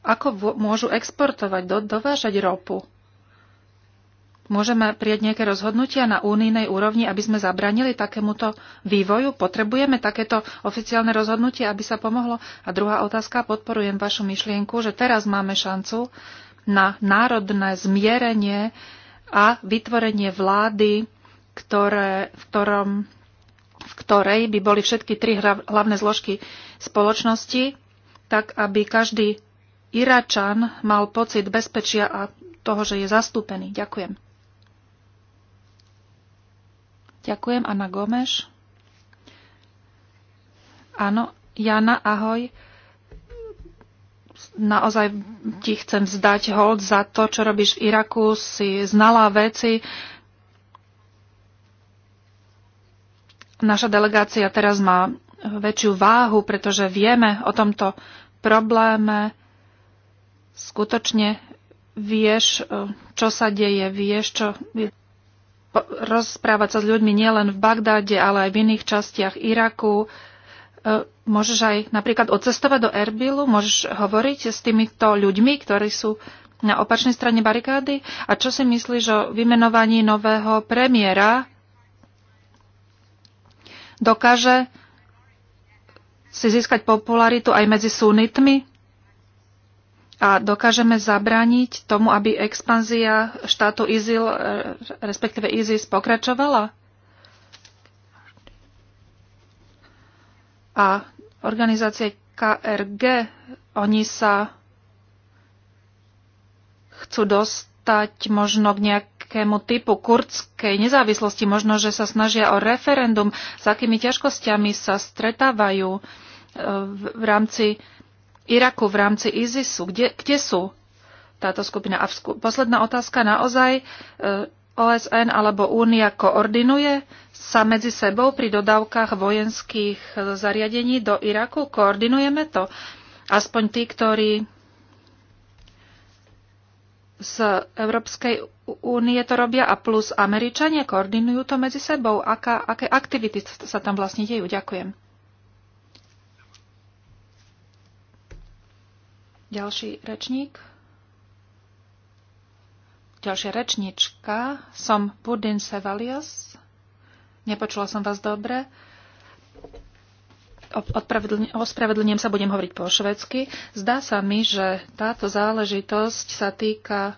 S3: Ako môžu exportovať, do- dovážať ropu? Môžeme prijať nejaké rozhodnutia na únijnej úrovni, aby sme zabranili takémuto vývoju? Potrebujeme takéto oficiálne rozhodnutie, aby sa pomohlo? A druhá otázka, podporujem vašu myšlienku, že teraz máme šancu na národné zmierenie a vytvorenie vlády, ktoré, v, ktorom, v ktorej by boli všetky tri hlavné zložky spoločnosti, tak aby každý Iračan mal pocit bezpečia a toho, že je zastúpený. Ďakujem. Ďakujem, Anna Gomeš. Áno, Jana, ahoj. Naozaj ti chcem zdať hold za to, čo robíš v Iraku. Si znala veci. Naša delegácia teraz má väčšiu váhu, pretože vieme o tomto probléme. Skutočne vieš, čo sa deje, vieš, čo rozprávať sa s ľuďmi nielen v Bagdáde, ale aj v iných častiach Iraku. E, môžeš aj napríklad odcestovať do Erbilu, môžeš hovoriť s týmito ľuďmi, ktorí sú na opačnej strane barikády? A čo si myslíš o vymenovaní nového premiéra? Dokáže si získať popularitu aj medzi sunitmi? a dokážeme zabrániť tomu, aby expanzia štátu ISIL, e, respektíve ISIS, pokračovala? A organizácie KRG, oni sa chcú dostať možno k nejakému typu kurdskej nezávislosti, možno, že sa snažia o referendum, s akými ťažkosťami sa stretávajú e, v rámci Iraku v rámci ISISu? Kde, kde sú táto skupina? A sku- posledná otázka naozaj. Eh, OSN alebo Únia koordinuje sa medzi sebou pri dodávkach vojenských eh, zariadení do Iraku? Koordinujeme to? Aspoň tí, ktorí z Európskej únie to robia a plus Američania koordinujú to medzi sebou. Aká, aké aktivity sa tam vlastne dejú? Ďakujem. Ďalší rečník. Ďalšia rečnička. Som Budin Sevalios. Nepočula som vás dobre. Ospravedlňujem sa, budem hovoriť po švedsky. Zdá sa mi, že táto záležitosť sa týka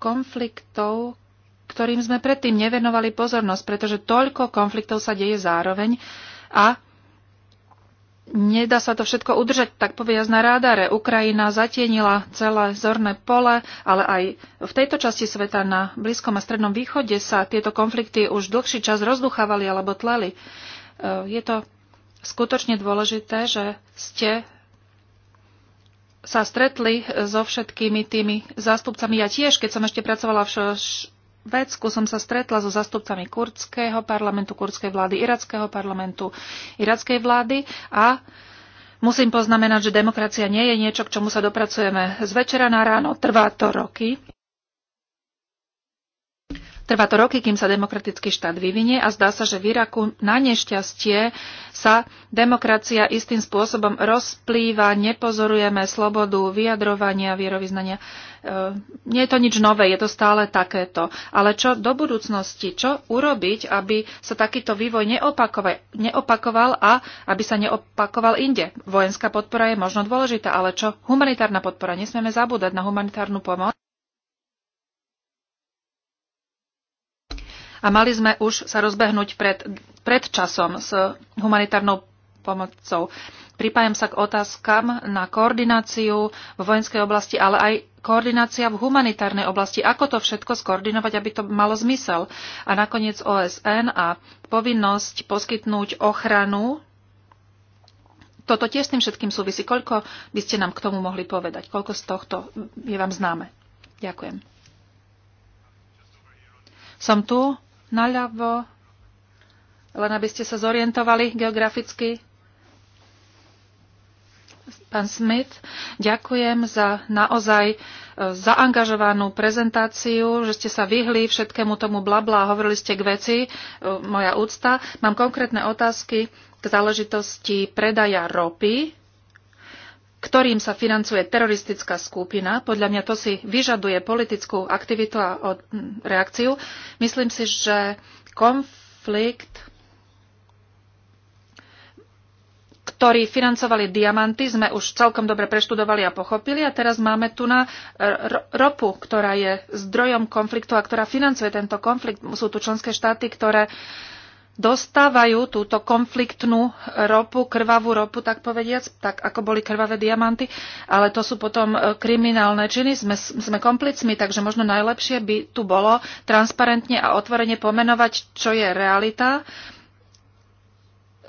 S3: konfliktov, ktorým sme predtým nevenovali pozornosť, pretože toľko konfliktov sa deje zároveň a Nedá sa to všetko udržať, tak povediať, na rádare. Ukrajina zatienila celé zorné pole, ale aj v tejto časti sveta na Blízkom a Strednom východe sa tieto konflikty už dlhší čas rozduchávali alebo tleli. E, je to skutočne dôležité, že ste sa stretli so všetkými tými zástupcami. Ja tiež, keď som ešte pracovala v Švédsku som sa stretla so zastupcami kurdského parlamentu, kurdskej vlády, irackého parlamentu, irackej vlády a musím poznamenať, že demokracia nie je niečo, k čomu sa dopracujeme z večera na ráno. Trvá to roky. Trvá to roky, kým sa demokratický štát vyvinie a zdá sa, že v Iraku na nešťastie sa demokracia istým spôsobom rozplýva, nepozorujeme slobodu vyjadrovania, vierovýznania. E, nie je to nič nové, je to stále takéto. Ale čo do budúcnosti, čo urobiť, aby sa takýto vývoj neopakoval, neopakoval a aby sa neopakoval inde? Vojenská podpora je možno dôležitá, ale čo humanitárna podpora? Nesmieme zabúdať na humanitárnu pomoc. A mali sme už sa rozbehnúť pred, pred časom s humanitárnou pomocou. Pripájam sa k otázkam na koordináciu v vojenskej oblasti, ale aj koordinácia v humanitárnej oblasti. Ako to všetko skoordinovať, aby to malo zmysel? A nakoniec OSN a povinnosť poskytnúť ochranu. Toto tiež s tým všetkým súvisí. Koľko by ste nám k tomu mohli povedať? Koľko z tohto je vám známe? Ďakujem. Som tu, naľavo, len aby ste sa zorientovali geograficky pán Smith. Ďakujem za naozaj e, zaangažovanú prezentáciu, že ste sa vyhli všetkému tomu blabla a hovorili ste k veci. E, moja úcta. Mám konkrétne otázky k záležitosti predaja ropy, ktorým sa financuje teroristická skupina. Podľa mňa to si vyžaduje politickú aktivitu a reakciu. Myslím si, že konflikt ktorí financovali diamanty, sme už celkom dobre preštudovali a pochopili. A teraz máme tu na e, ropu, ktorá je zdrojom konfliktu a ktorá financuje tento konflikt. Sú tu členské štáty, ktoré dostávajú túto konfliktnú ropu, krvavú ropu, tak povediac, tak ako boli krvavé diamanty, ale to sú potom e, kriminálne činy, sme, sme komplicmi, takže možno najlepšie by tu bolo transparentne a otvorene pomenovať, čo je realita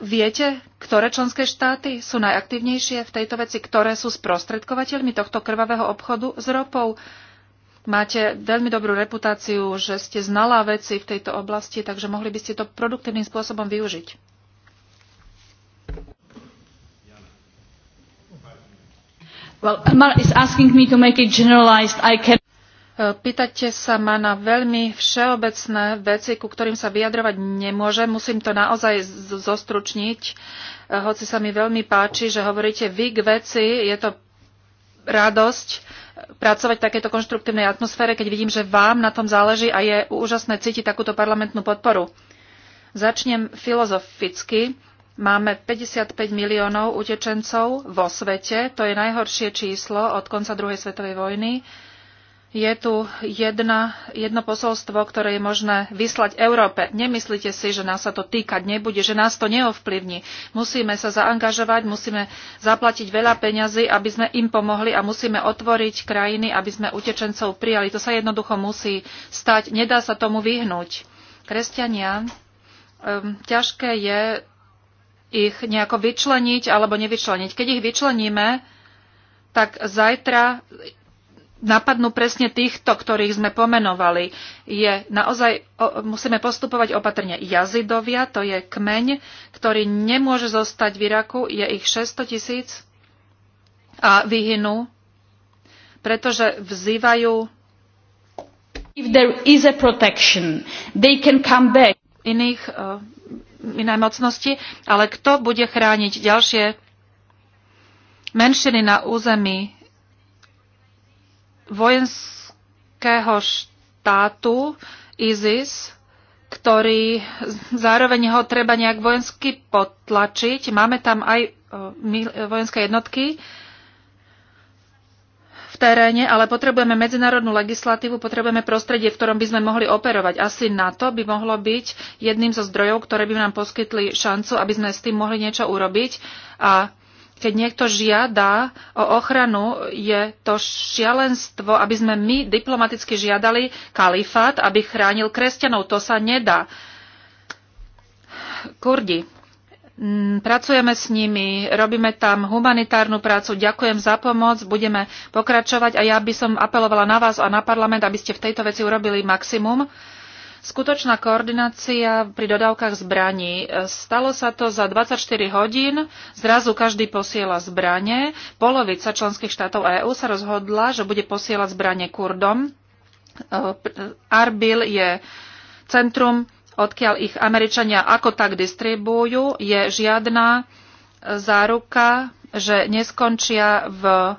S3: Viete, ktoré členské štáty sú najaktívnejšie v tejto veci, ktoré sú sprostredkovateľmi tohto krvavého obchodu s ropou? Máte veľmi dobrú reputáciu, že ste znalá veci v tejto oblasti, takže mohli by ste to produktívnym spôsobom využiť. Well, Amar is asking me to make it generalized. I can... Pýtate sa ma na veľmi všeobecné veci, ku ktorým sa vyjadrovať nemôžem. Musím to naozaj zostručniť, hoci sa mi veľmi páči, že hovoríte vy k veci. Je to radosť pracovať v takejto konštruktívnej atmosfére, keď vidím, že vám na tom záleží a je úžasné cítiť takúto parlamentnú podporu. Začnem filozoficky. Máme 55 miliónov utečencov vo svete, to je najhoršie číslo od konca druhej svetovej vojny je tu jedna, jedno posolstvo, ktoré je možné vyslať Európe. Nemyslite si, že nás sa to týkať nebude, že nás to neovplyvní. Musíme sa zaangažovať, musíme zaplatiť veľa peňazí, aby sme im pomohli a musíme otvoriť krajiny, aby sme utečencov prijali. To sa jednoducho musí stať. Nedá sa tomu vyhnúť. Kresťania, um, ťažké je ich nejako vyčleniť alebo nevyčleniť. Keď ich vyčleníme, tak zajtra napadnú presne týchto, ktorých sme pomenovali. Je naozaj, o, musíme postupovať opatrne. Jazidovia, to je kmeň, ktorý nemôže zostať v Iraku, je ich 600 tisíc a vyhynú, pretože vzývajú If there is a protection, they can come back. iných iné mocnosti, ale kto bude chrániť ďalšie menšiny na území vojenského štátu ISIS, ktorý zároveň ho treba nejak vojensky potlačiť. Máme tam aj e, e, vojenské jednotky v teréne, ale potrebujeme medzinárodnú legislatívu, potrebujeme prostredie, v ktorom by sme mohli operovať. Asi na to by mohlo byť jedným zo zdrojov, ktoré by nám poskytli šancu, aby sme s tým mohli niečo urobiť. A keď niekto žiada o ochranu, je to šialenstvo, aby sme my diplomaticky žiadali kalifát, aby chránil kresťanov. To sa nedá. Kurdi, mm, pracujeme s nimi, robíme tam humanitárnu prácu. Ďakujem za pomoc, budeme pokračovať a ja by som apelovala na vás a na parlament, aby ste v tejto veci urobili maximum skutočná koordinácia pri dodávkach zbraní. Stalo sa to za 24 hodín, zrazu každý posiela zbranie. Polovica členských štátov EÚ sa rozhodla, že bude posielať zbranie Kurdom. E, Arbil je centrum, odkiaľ ich Američania ako tak distribujú. Je žiadna záruka, že neskončia v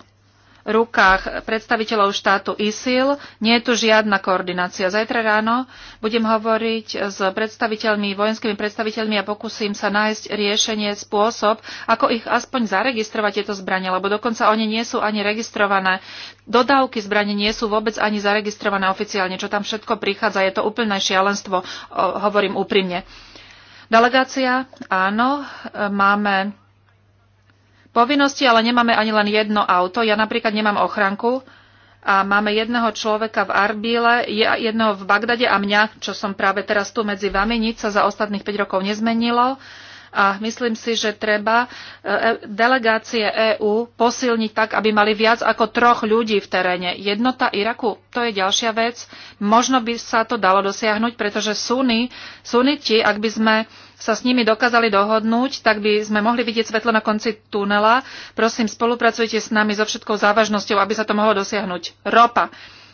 S3: rukách predstaviteľov štátu ISIL. Nie je tu žiadna koordinácia. Zajtra ráno budem hovoriť s predstaviteľmi, vojenskými predstaviteľmi a pokúsim sa nájsť riešenie, spôsob, ako ich aspoň zaregistrovať tieto zbranie, lebo dokonca oni nie sú ani registrované. Dodávky zbranie nie sú vôbec ani zaregistrované oficiálne, čo tam všetko prichádza. Je to úplné šialenstvo, hovorím úprimne. Delegácia, áno, e, máme povinnosti, ale nemáme ani len jedno auto. Ja napríklad nemám ochranku a máme jedného človeka v Arbíle, jedného v Bagdade a mňa, čo som práve teraz tu medzi vami. Nič sa za ostatných 5 rokov nezmenilo a myslím si, že treba e, delegácie EÚ posilniť tak, aby mali viac ako troch ľudí v teréne. Jednota Iraku, to je ďalšia vec. Možno by sa to dalo dosiahnuť, pretože Sunni, Sunniti, ak by sme sa s nimi dokázali dohodnúť, tak by sme mohli vidieť svetlo na konci tunela. Prosím, spolupracujte s nami so všetkou závažnosťou, aby sa to mohlo dosiahnuť. Ropa.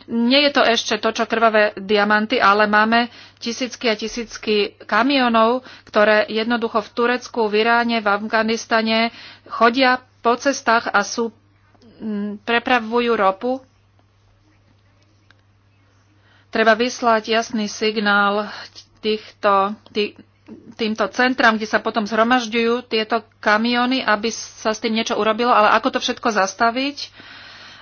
S3: Nie je to ešte to, čo krvavé diamanty, ale máme tisícky a tisícky kamionov, ktoré jednoducho v Turecku, v Iráne, v Afganistane chodia po cestách a sú, mm, prepravujú ropu treba vyslať jasný signál týchto, tých, týmto centram, kde sa potom zhromažďujú tieto kamiony, aby sa s tým niečo urobilo, ale ako to všetko zastaviť,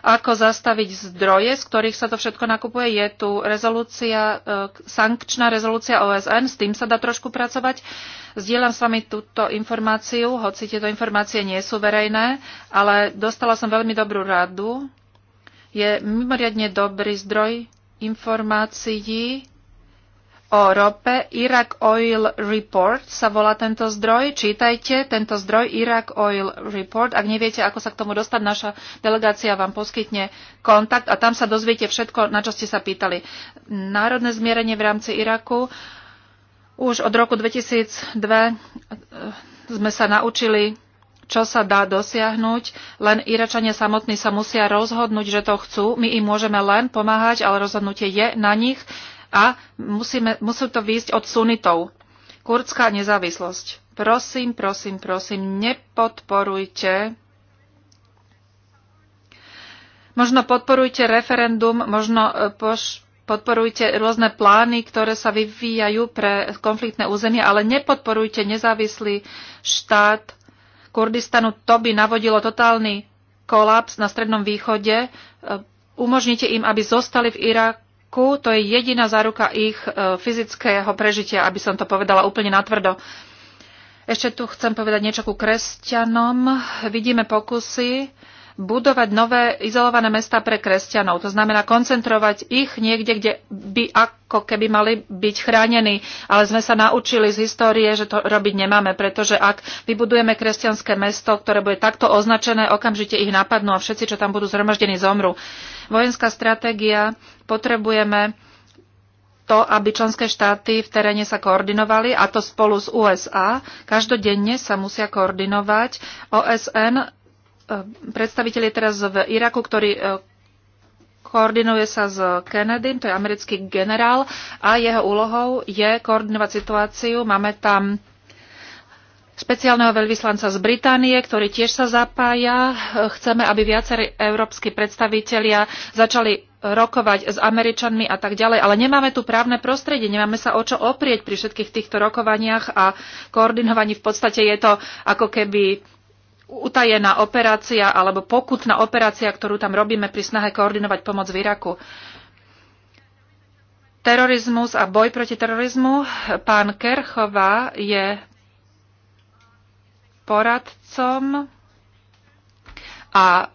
S3: ako zastaviť zdroje, z ktorých sa to všetko nakupuje. Je tu rezolúcia, e, sankčná rezolúcia OSN, s tým sa dá trošku pracovať. Zdieľam s vami túto informáciu, hoci tieto informácie nie sú verejné, ale dostala som veľmi dobrú radu. Je mimoriadne dobrý zdroj informácií o rope Iraq Oil Report sa volá tento zdroj. Čítajte tento zdroj Iraq Oil Report. Ak neviete, ako sa k tomu dostať, naša delegácia vám poskytne kontakt a tam sa dozviete všetko, na čo ste sa pýtali. Národné zmierenie v rámci Iraku. Už od roku 2002 eh, sme sa naučili čo sa dá dosiahnuť, len Iračania samotní sa musia rozhodnúť, že to chcú. My im môžeme len pomáhať, ale rozhodnutie je na nich a musíme, musí to výjsť od sunitov. Kurdská nezávislosť. Prosím, prosím, prosím, nepodporujte. Možno podporujte referendum, možno e, poš- podporujte rôzne plány, ktoré sa vyvíjajú pre konfliktné územie, ale nepodporujte nezávislý štát Kurdistanu. To by navodilo totálny kolaps na Strednom východe. E, umožnite im, aby zostali v Iraku majetku, to je jediná záruka ich e, fyzického prežitia, aby som to povedala úplne natvrdo. Ešte tu chcem povedať niečo ku kresťanom. Vidíme pokusy budovať nové izolované mesta pre kresťanov. To znamená koncentrovať ich niekde, kde by ako keby mali byť chránení. Ale sme sa naučili z histórie, že to robiť nemáme, pretože ak vybudujeme kresťanské mesto, ktoré bude takto označené, okamžite ich napadnú a všetci, čo tam budú zhromaždení, zomru. Vojenská stratégia potrebujeme to, aby členské štáty v teréne sa koordinovali, a to spolu s USA. Každodenne sa musia koordinovať. OSN E, predstaviteľ je teraz v Iraku, ktorý e, koordinuje sa s Kennedy, to je americký generál, a jeho úlohou je koordinovať situáciu. Máme tam špeciálneho veľvyslanca z Británie, ktorý tiež sa zapája. E, chceme, aby viacerí európsky predstavitelia začali rokovať s Američanmi a tak ďalej, ale nemáme tu právne prostredie, nemáme sa o čo oprieť pri všetkých týchto rokovaniach a koordinovaní. V podstate je to ako keby utajená operácia alebo pokutná operácia, ktorú tam robíme pri snahe koordinovať pomoc v Iraku. Terorizmus a boj proti terorizmu. Pán Kerchová je poradcom a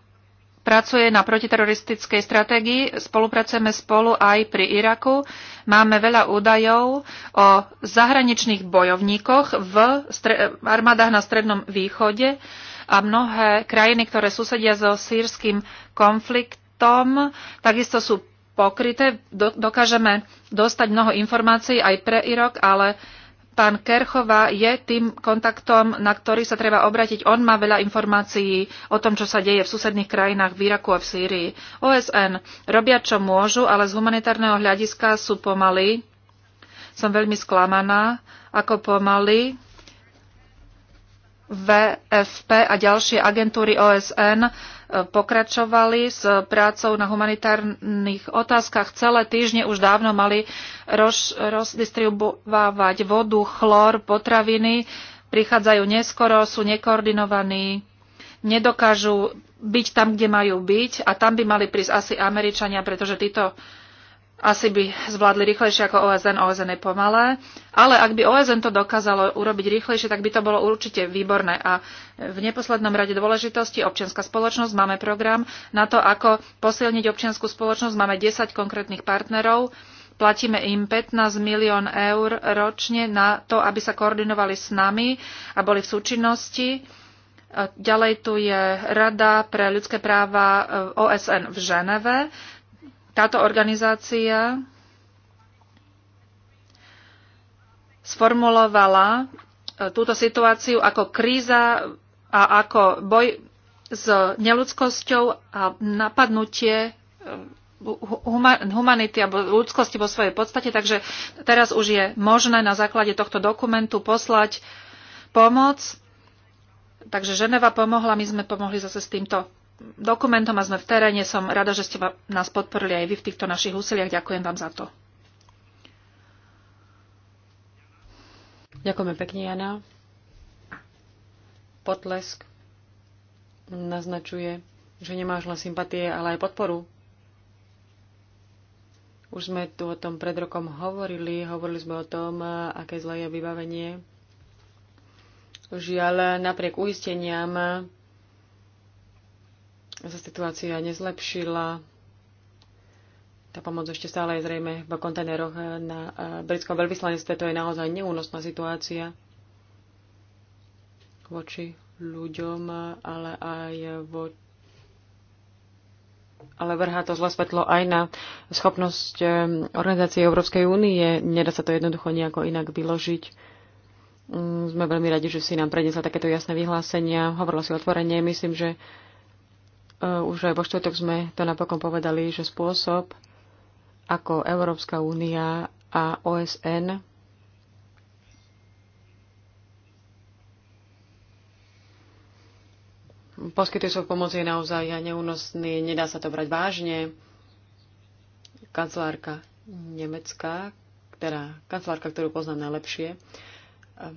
S3: pracuje na protiteroristickej stratégii. Spolupracujeme spolu aj pri Iraku. Máme veľa údajov o zahraničných bojovníkoch v armádach na Strednom východe a mnohé krajiny, ktoré susedia so sírským konfliktom, takisto sú pokryté. Dokážeme dostať mnoho informácií aj pre Irok, ale Pán Kerchova je tým kontaktom, na ktorý sa treba obratiť. On má veľa informácií o tom, čo sa deje v susedných krajinách, v Iraku a v Sýrii. OSN robia, čo môžu, ale z humanitárneho hľadiska sú pomaly. Som veľmi sklamaná, ako pomaly VFP a ďalšie agentúry OSN pokračovali s prácou na humanitárnych otázkach. Celé týždne už dávno mali roz, rozdistribuovať vodu, chlor, potraviny. Prichádzajú neskoro, sú nekoordinovaní, nedokážu byť tam, kde majú byť a tam by mali prísť asi Američania, pretože títo asi by zvládli rýchlejšie ako OSN, OSN je pomalé, ale ak by OSN to dokázalo urobiť rýchlejšie, tak by to bolo určite výborné. A v neposlednom rade dôležitosti občianská spoločnosť, máme program na to, ako posilniť občianskú spoločnosť, máme 10 konkrétnych partnerov, platíme im 15 milión eur ročne na to, aby sa koordinovali s nami a boli v súčinnosti. Ďalej tu je Rada pre ľudské práva e, OSN v Ženeve táto organizácia sformulovala e, túto situáciu ako kríza a ako boj s neludskosťou a napadnutie e, humanity alebo ľudskosti vo svojej podstate. Takže teraz už je možné na základe tohto dokumentu poslať pomoc. Takže Ženeva pomohla, my sme pomohli zase s týmto dokumentom a sme v teréne. Som rada, že ste nás podporili aj vy v týchto našich úsiliach. Ďakujem vám za to.
S2: Ďakujeme pekne, Jana. Potlesk naznačuje, že nemáš len sympatie, ale aj podporu. Už sme tu o tom pred rokom hovorili, hovorili sme o tom, aké zlé je vybavenie. Žiaľ, napriek uisteniam sa situácia nezlepšila. Tá pomoc ešte stále je zrejme v kontajneroch na e, britskom veľvyslanectve. To je naozaj neúnosná situácia voči ľuďom, ale aj vo... ale vrhá to zle svetlo aj na schopnosť e, organizácie Európskej únie. Nedá sa to jednoducho nejako inak vyložiť. Mm, sme veľmi radi, že si nám prednesla takéto jasné vyhlásenia. Hovorilo si otvorenie. Myslím, že Eh, už aj vo štvrtok sme to napokon povedali, že spôsob, ako Európska únia a OSN poskytujú svoju pomoc je naozaj neúnosný, nedá sa to brať vážne. Kancelárka nemecká, ktorá, kancelárka, ktorú poznám najlepšie, eh,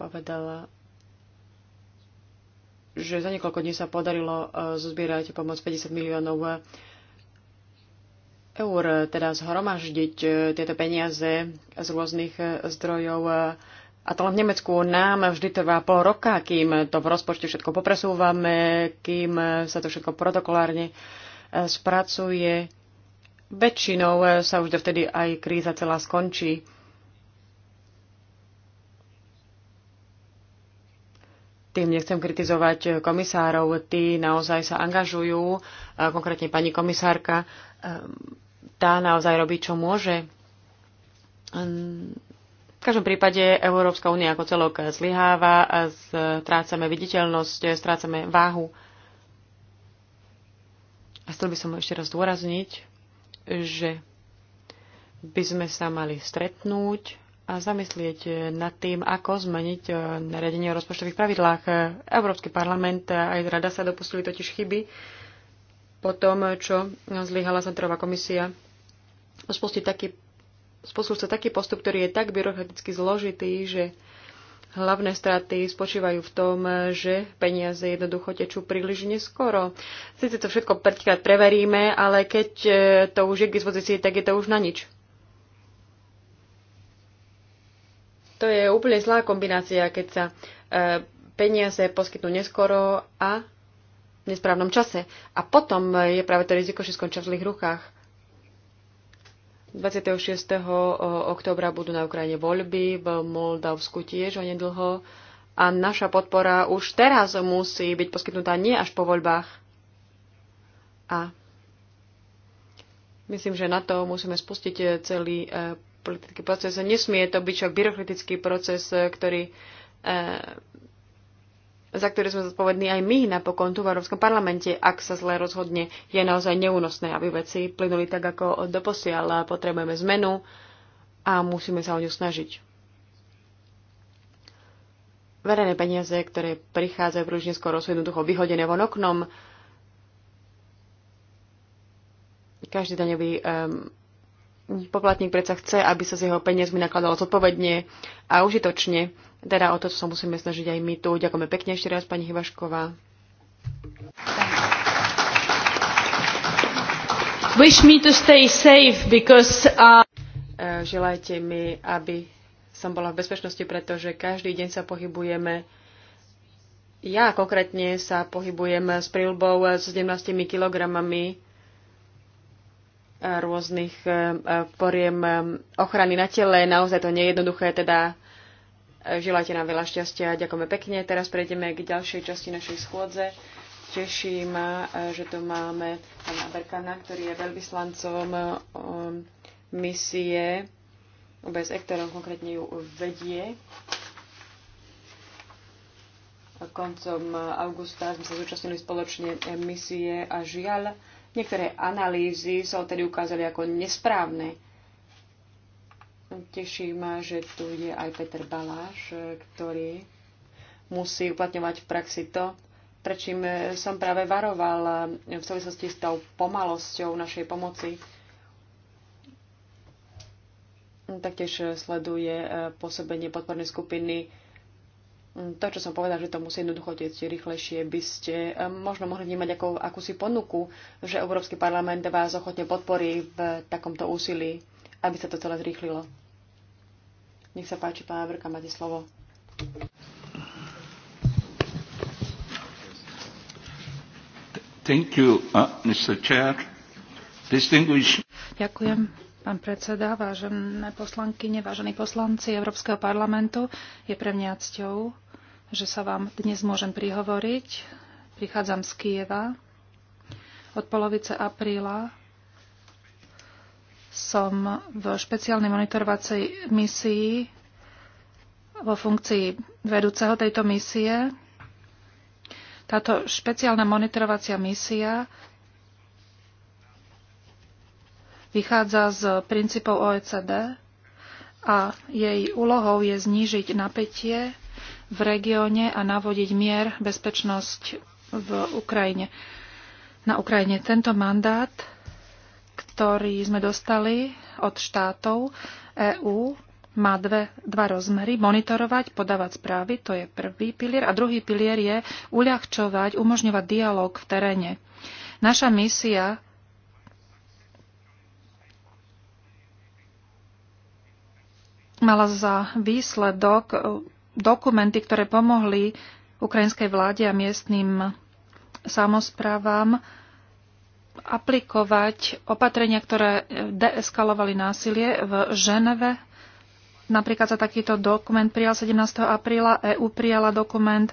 S2: povedala, že za niekoľko dní sa podarilo e, zozbierať pomoc 50 miliónov eur, teda zhromaždiť e, tieto peniaze z rôznych e, zdrojov. A to len v Nemecku nám vždy trvá pol roka, kým to v rozpočte všetko popresúvame, kým sa to všetko protokolárne spracuje. Väčšinou sa už dovtedy aj kríza celá skončí. Tým nechcem kritizovať komisárov, tí naozaj sa angažujú, konkrétne pani komisárka, tá naozaj robí, čo môže. Hm, v každom prípade Európska únia ako celok zlyháva, a strácame viditeľnosť, strácame váhu. A chcel by som ešte raz dôrazniť, že by sme sa mali stretnúť a zamyslieť nad tým, ako zmeniť e, nariadenie o rozpočtových pravidlách. Európsky parlament a aj rada sa dopustili totiž chyby po tom, čo zlyhala Centrová komisia spustiť taký, spustil sa taký postup, ktorý je tak byrokraticky zložitý, že hlavné straty spočívajú v tom, že peniaze jednoducho tečú príliš neskoro. Sice to všetko prvýkrát preveríme, ale keď e, to už je k dispozícii, tak je to už na nič. To je úplne zlá kombinácia, keď sa e, peniaze poskytnú neskoro a v nesprávnom čase. A potom je práve to riziko, že skončia v zlých rukách. 26. októbra budú na Ukrajine voľby, v Moldavsku tiež nedlho. A naša podpora už teraz musí byť poskytnutá nie až po voľbách. A myslím, že na to musíme spustiť e, celý e, politický proces. Nesmie to byť však byrokratický proces, e, ktorý, e, za ktorý sme zodpovední aj my napokon tu v Európskom parlamente, ak sa zle rozhodne, je naozaj neúnosné, aby veci plynuli tak, ako doposiaľ. Potrebujeme zmenu a musíme sa o ňu snažiť. Verejné peniaze, ktoré prichádzajú ružne skoro sú jednoducho vyhodené von oknom. Každý daňový um, poplatník predsa chce, aby sa s jeho peniazmi nakladalo zodpovedne a užitočne. Teda o to sa musíme snažiť aj my tu. Ďakujeme pekne ešte raz, pani Hybašková. Wish me to stay safe because, uh... E, želajte mi, aby som bola v bezpečnosti, pretože každý deň sa pohybujeme. Ja konkrétne sa pohybujem s prílbou s 17 kilogramami rôznych e, poriem e, ochrany na tele. Naozaj to nie je jednoduché, teda e, želáte nám veľa šťastia. Ďakujeme pekne. Teraz prejdeme k ďalšej časti našej schôdze. Teší ma, že tu máme pána Berkana, ktorý je veľvyslancom misie OBSE, ktorom konkrétne ju vedie. Koncom augusta sme sa zúčastnili spoločne misie a žiaľ, Niektoré analýzy sa odtedy ukázali ako nesprávne. Teší ma, že tu je aj Peter Baláš, ktorý musí uplatňovať v praxi to, prečím som práve varoval v súvislosti s tou pomalosťou našej pomoci. Taktiež sleduje pôsobenie podpornej skupiny to, čo som povedal, že to musí jednoducho tieť rýchlejšie, by ste eh, možno mohli vnímať ako akúsi ponuku, že Európsky parlament vás ochotne podporí v takomto úsilí, aby sa to celé zrýchlilo. Nech sa páči, pán Vrka, máte slovo.
S1: Thank you, uh, Mr. Chair. Distinguished...
S3: Ďakujem, Pán predseda, vážené poslankyne, vážení poslanci Európskeho parlamentu, je pre mňa cťou že sa vám dnes môžem prihovoriť. Prichádzam z Kieva. Od polovice apríla som v špeciálnej monitorovacej misii vo funkcii vedúceho tejto misie. Táto špeciálna monitorovacia misia vychádza z princípov OECD a jej úlohou je znížiť napätie v regióne a navodiť mier, bezpečnosť v Ukrajine. Na Ukrajine tento mandát, ktorý sme dostali od štátov EÚ, má dve, dva rozmery. Monitorovať, podávať správy, to je prvý pilier. A druhý pilier je uľahčovať, umožňovať dialog v teréne. Naša misia mala za výsledok dokumenty, ktoré pomohli ukrajinskej vláde a miestnym samozprávam aplikovať opatrenia, ktoré deeskalovali násilie v Ženeve. Napríklad sa takýto dokument prijal 17. apríla, EU prijala dokument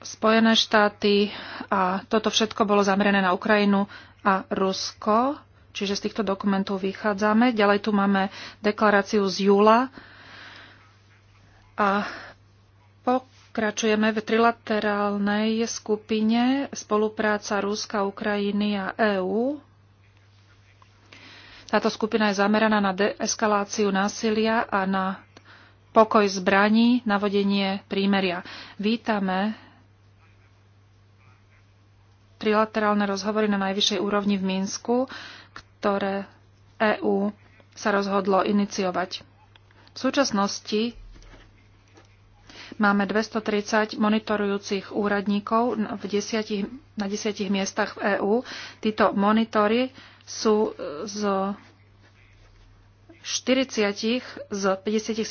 S3: Spojené štáty a toto všetko bolo zamerané na Ukrajinu a Rusko. Čiže z týchto dokumentov vychádzame. Ďalej tu máme deklaráciu z júla a pokračujeme v trilaterálnej skupine spolupráca Ruska, Ukrajiny a EÚ. Táto skupina je zameraná na deeskaláciu násilia a na pokoj zbraní, navodenie prímeria. Vítame trilaterálne rozhovory na najvyššej úrovni v Minsku, ktoré EÚ sa rozhodlo iniciovať. V súčasnosti Máme 230 monitorujúcich úradníkov v desiatich, na desiatich miestach v EÚ. Títo monitory sú z 40 z 57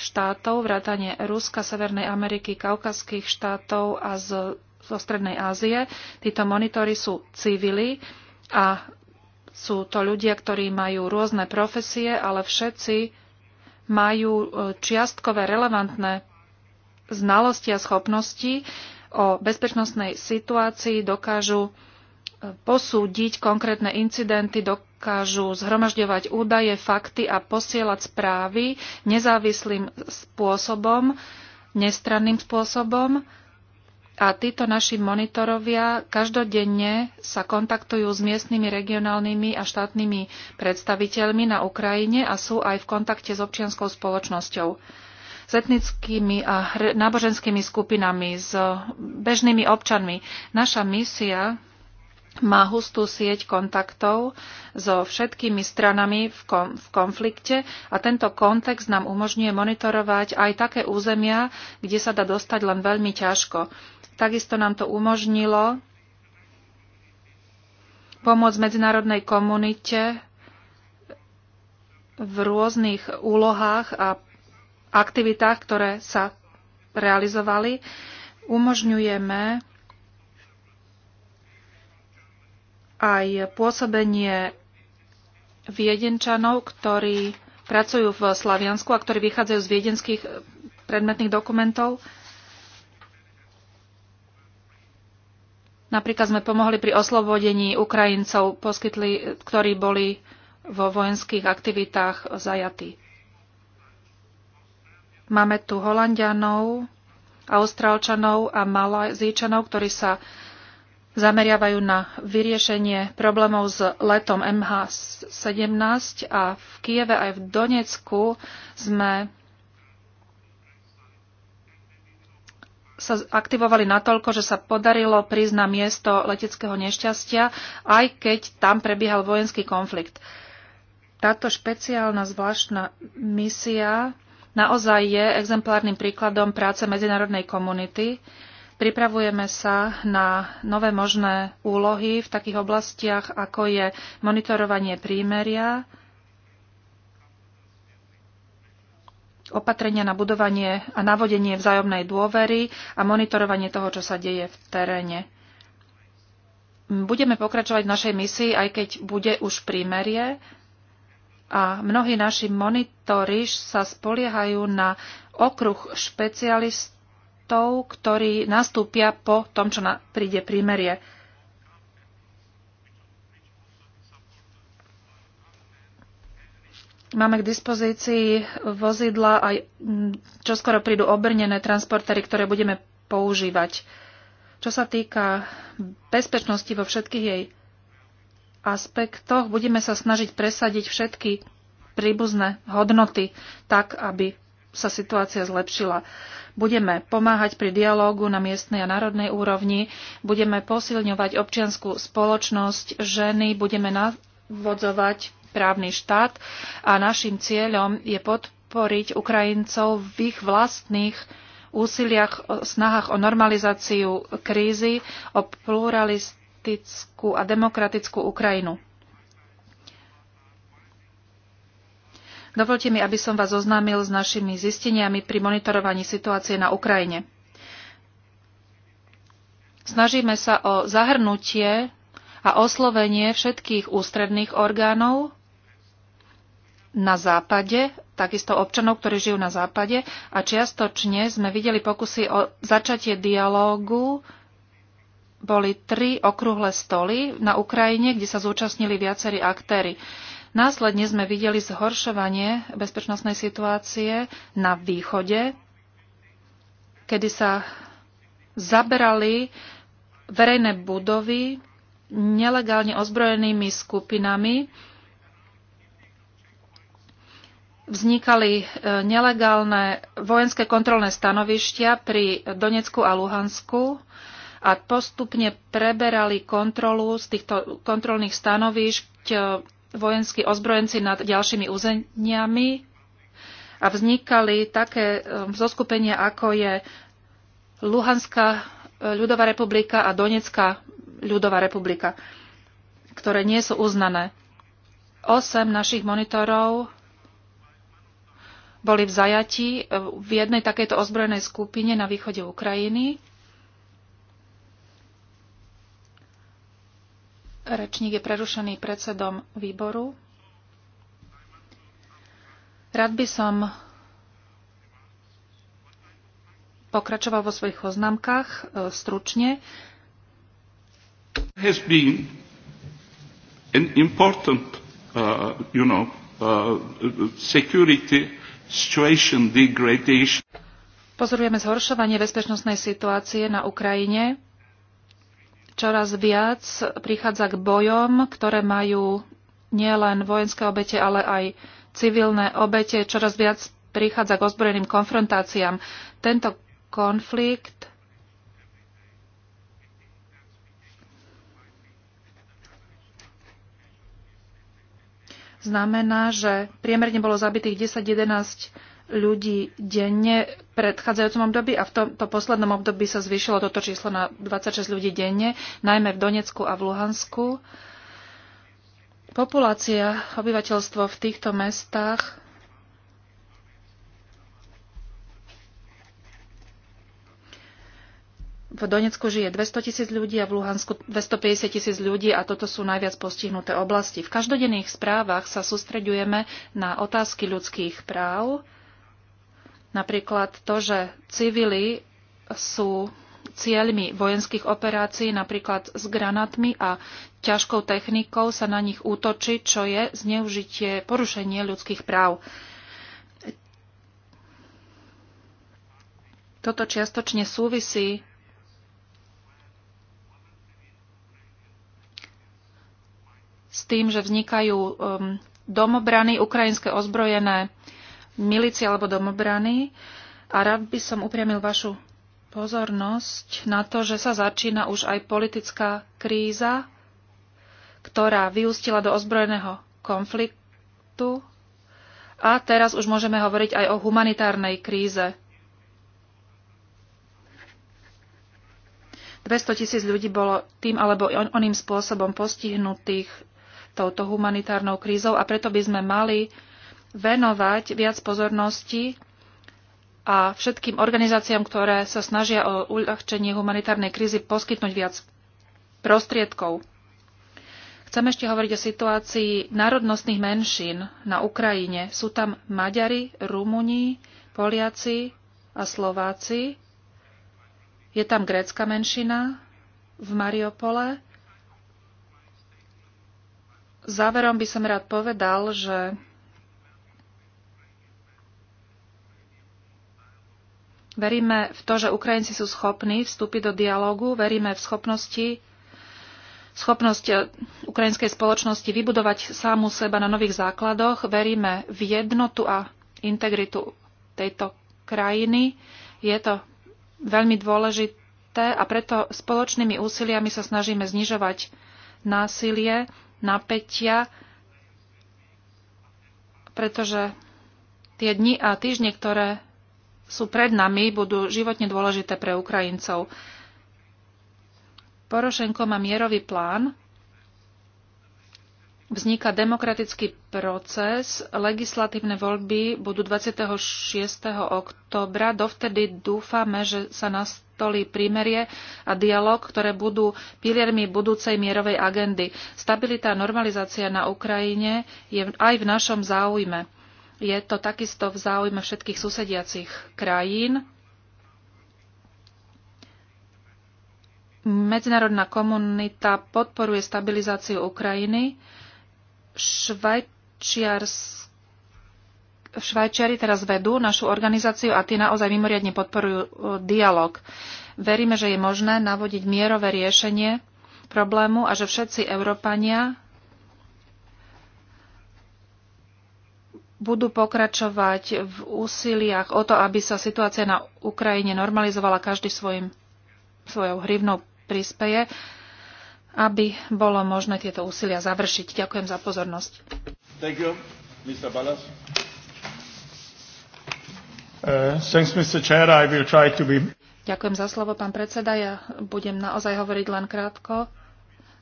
S3: štátov, vrátane Ruska, Severnej Ameriky, Kaukazských štátov a z, zo Strednej Ázie. Títo monitory sú civili a sú to ľudia, ktorí majú rôzne profesie, ale všetci majú e, čiastkové relevantné znalosti a schopnosti o bezpečnostnej situácii, dokážu e, posúdiť konkrétne incidenty, dokážu zhromažďovať údaje, fakty a posielať správy nezávislým spôsobom, nestranným spôsobom a títo naši monitorovia každodenne sa kontaktujú s miestnymi, regionálnymi a štátnymi predstaviteľmi na Ukrajine a sú aj v kontakte s občianskou spoločnosťou s etnickými a náboženskými skupinami, s bežnými občanmi. Naša misia má hustú sieť kontaktov so všetkými stranami v, kom- v konflikte a tento kontext nám umožňuje monitorovať aj také územia, kde sa dá dostať len veľmi ťažko. Takisto nám to umožnilo pomôcť medzinárodnej komunite v rôznych úlohách a aktivitách, ktoré sa realizovali. Umožňujeme aj pôsobenie viedenčanov, ktorí pracujú v Slaviansku a ktorí vychádzajú z viedenských eh, predmetných dokumentov. Napríklad sme pomohli pri oslobodení Ukrajincov, poskytli, ktorí boli vo vojenských aktivitách zajatí. Máme tu Holandianov, Austrálčanov a Malajzíčanov, ktorí sa zameriavajú na vyriešenie problémov s letom MH17 a v Kieve aj v Donecku sme sa aktivovali natoľko, že sa podarilo prísť na miesto leteckého nešťastia, aj keď tam prebiehal vojenský konflikt. Táto špeciálna zvláštna misia naozaj je exemplárnym príkladom práce medzinárodnej komunity Pripravujeme sa na nové možné úlohy v takých oblastiach, ako je monitorovanie prímeria, opatrenia na budovanie a navodenie vzájomnej dôvery a monitorovanie toho, čo sa deje v teréne. Budeme pokračovať v našej misii, aj keď bude už prímerie, a mnohí naši monitori sa spoliehajú na okruh špecialistov, konfliktov, ktorí nastúpia po tom, čo na, príde prímerie. Máme k dispozícii vozidla čo čoskoro prídu obrnené transportéry, ktoré budeme používať. Čo sa týka bezpečnosti vo všetkých jej aspektoch, budeme sa snažiť presadiť všetky príbuzné hodnoty tak, aby sa situácia zlepšila. Budeme pomáhať pri dialógu na miestnej a národnej úrovni, budeme posilňovať občianskú spoločnosť ženy, budeme navodzovať právny štát a našim cieľom je podporiť Ukrajincov v ich vlastných úsiliach, o snahách o normalizáciu krízy, o pluralistickú a demokratickú Ukrajinu. Dovolte mi, aby som vás oznámil s našimi zisteniami pri monitorovaní situácie na Ukrajine. Snažíme sa o zahrnutie a oslovenie všetkých ústredných orgánov na západe, takisto občanov, ktorí žijú na západe a čiastočne sme videli pokusy o začatie dialógu. Boli tri okrúhle stoly na Ukrajine, kde sa zúčastnili viacerí aktéry. Následne sme videli zhoršovanie bezpečnostnej situácie na východe, kedy sa zaberali verejné budovy nelegálne ozbrojenými skupinami, vznikali e, nelegálne vojenské kontrolné stanovištia pri Donecku a Luhansku a postupne preberali kontrolu z týchto kontrolných stanovišť e, vojenskí ozbrojenci nad ďalšími územiami a vznikali také um, zoskupenia, ako je Luhanská eh, ľudová republika a Donetská ľudová republika, ktoré nie sú uznané. Osem našich monitorov boli v zajati eh, v jednej takejto ozbrojenej skupine na východe Ukrajiny Rečník je prerušený predsedom výboru. Rád by som pokračoval vo svojich oznámkach e, stručne.
S1: Has been an important, uh, you know, uh,
S3: Pozorujeme zhoršovanie bezpečnostnej situácie na Ukrajine čoraz viac prichádza k bojom, ktoré majú nielen vojenské obete, ale aj civilné obete. Čoraz viac prichádza k ozbrojeným konfrontáciám. Tento konflikt znamená, že priemerne bolo zabitých 10-11 ľudí denne v predchádzajúcom období a v tomto poslednom období sa zvýšilo toto číslo na 26 ľudí denne, najmä v Donecku a v Luhansku. Populácia, obyvateľstvo v týchto mestách V Donecku žije 200 tisíc ľudí a v Luhansku 250 tisíc ľudí a toto sú najviac postihnuté oblasti. V každodenných správach sa sústreďujeme na otázky ľudských práv, Napríklad to, že civili sú cieľmi vojenských operácií, napríklad s granátmi a ťažkou technikou sa na nich útočí, čo je zneužitie, porušenie ľudských práv. Toto čiastočne súvisí s tým, že vznikajú um, domobrany ukrajinské ozbrojené milície alebo domobrany. A rád by som upriamil vašu pozornosť na to, že sa začína už aj politická kríza, ktorá vyústila do ozbrojeného konfliktu. A teraz už môžeme hovoriť aj o humanitárnej kríze. 200 tisíc ľudí bolo tým alebo oným spôsobom postihnutých touto humanitárnou krízou a preto by sme mali venovať viac pozornosti a všetkým organizáciám, ktoré sa snažia o uľahčenie humanitárnej krízy, poskytnúť viac prostriedkov. Chcem ešte hovoriť o situácii národnostných menšín na Ukrajine. Sú tam Maďari, Rumuni, Poliaci a Slováci. Je tam grécka menšina v Mariopole. Záverom by som rád povedal, že Veríme v to, že Ukrajinci sú schopní vstúpiť do dialogu, veríme v schopnosti schopnosť eh, ukrajinskej spoločnosti vybudovať sámu seba na nových základoch. Veríme v jednotu a integritu tejto krajiny. Je to veľmi dôležité a preto spoločnými úsiliami sa snažíme znižovať násilie, napätia, pretože tie dni a týždne, ktoré sú pred nami, budú životne dôležité pre Ukrajincov. Porošenko má mierový plán, vzniká demokratický proces, legislatívne voľby budú 26. oktobra. Dovtedy dúfame, že sa nastolí prímerie a dialog, ktoré budú piliermi budúcej mierovej agendy. Stabilita a normalizácia na Ukrajine je aj v našom záujme. Je to takisto v záujme všetkých susediacich krajín. Medzinárodná komunita podporuje stabilizáciu Ukrajiny. Švajčiars... Švajčiari teraz vedú našu organizáciu a tí naozaj mimoriadne podporujú e, dialog. Veríme, že je možné navodiť mierové riešenie problému a že všetci Európania budú pokračovať v úsiliach o to, aby sa situácia na Ukrajine normalizovala, každý svojim, svojou hrivnou prispeje, aby bolo možné tieto úsilia završiť. Ďakujem za pozornosť.
S1: Thank you, Mr. Ballas. Uh, thanks, Mr. Chair. I will try to be...
S3: Ďakujem za slovo, pán predseda. Ja budem naozaj hovoriť len krátko.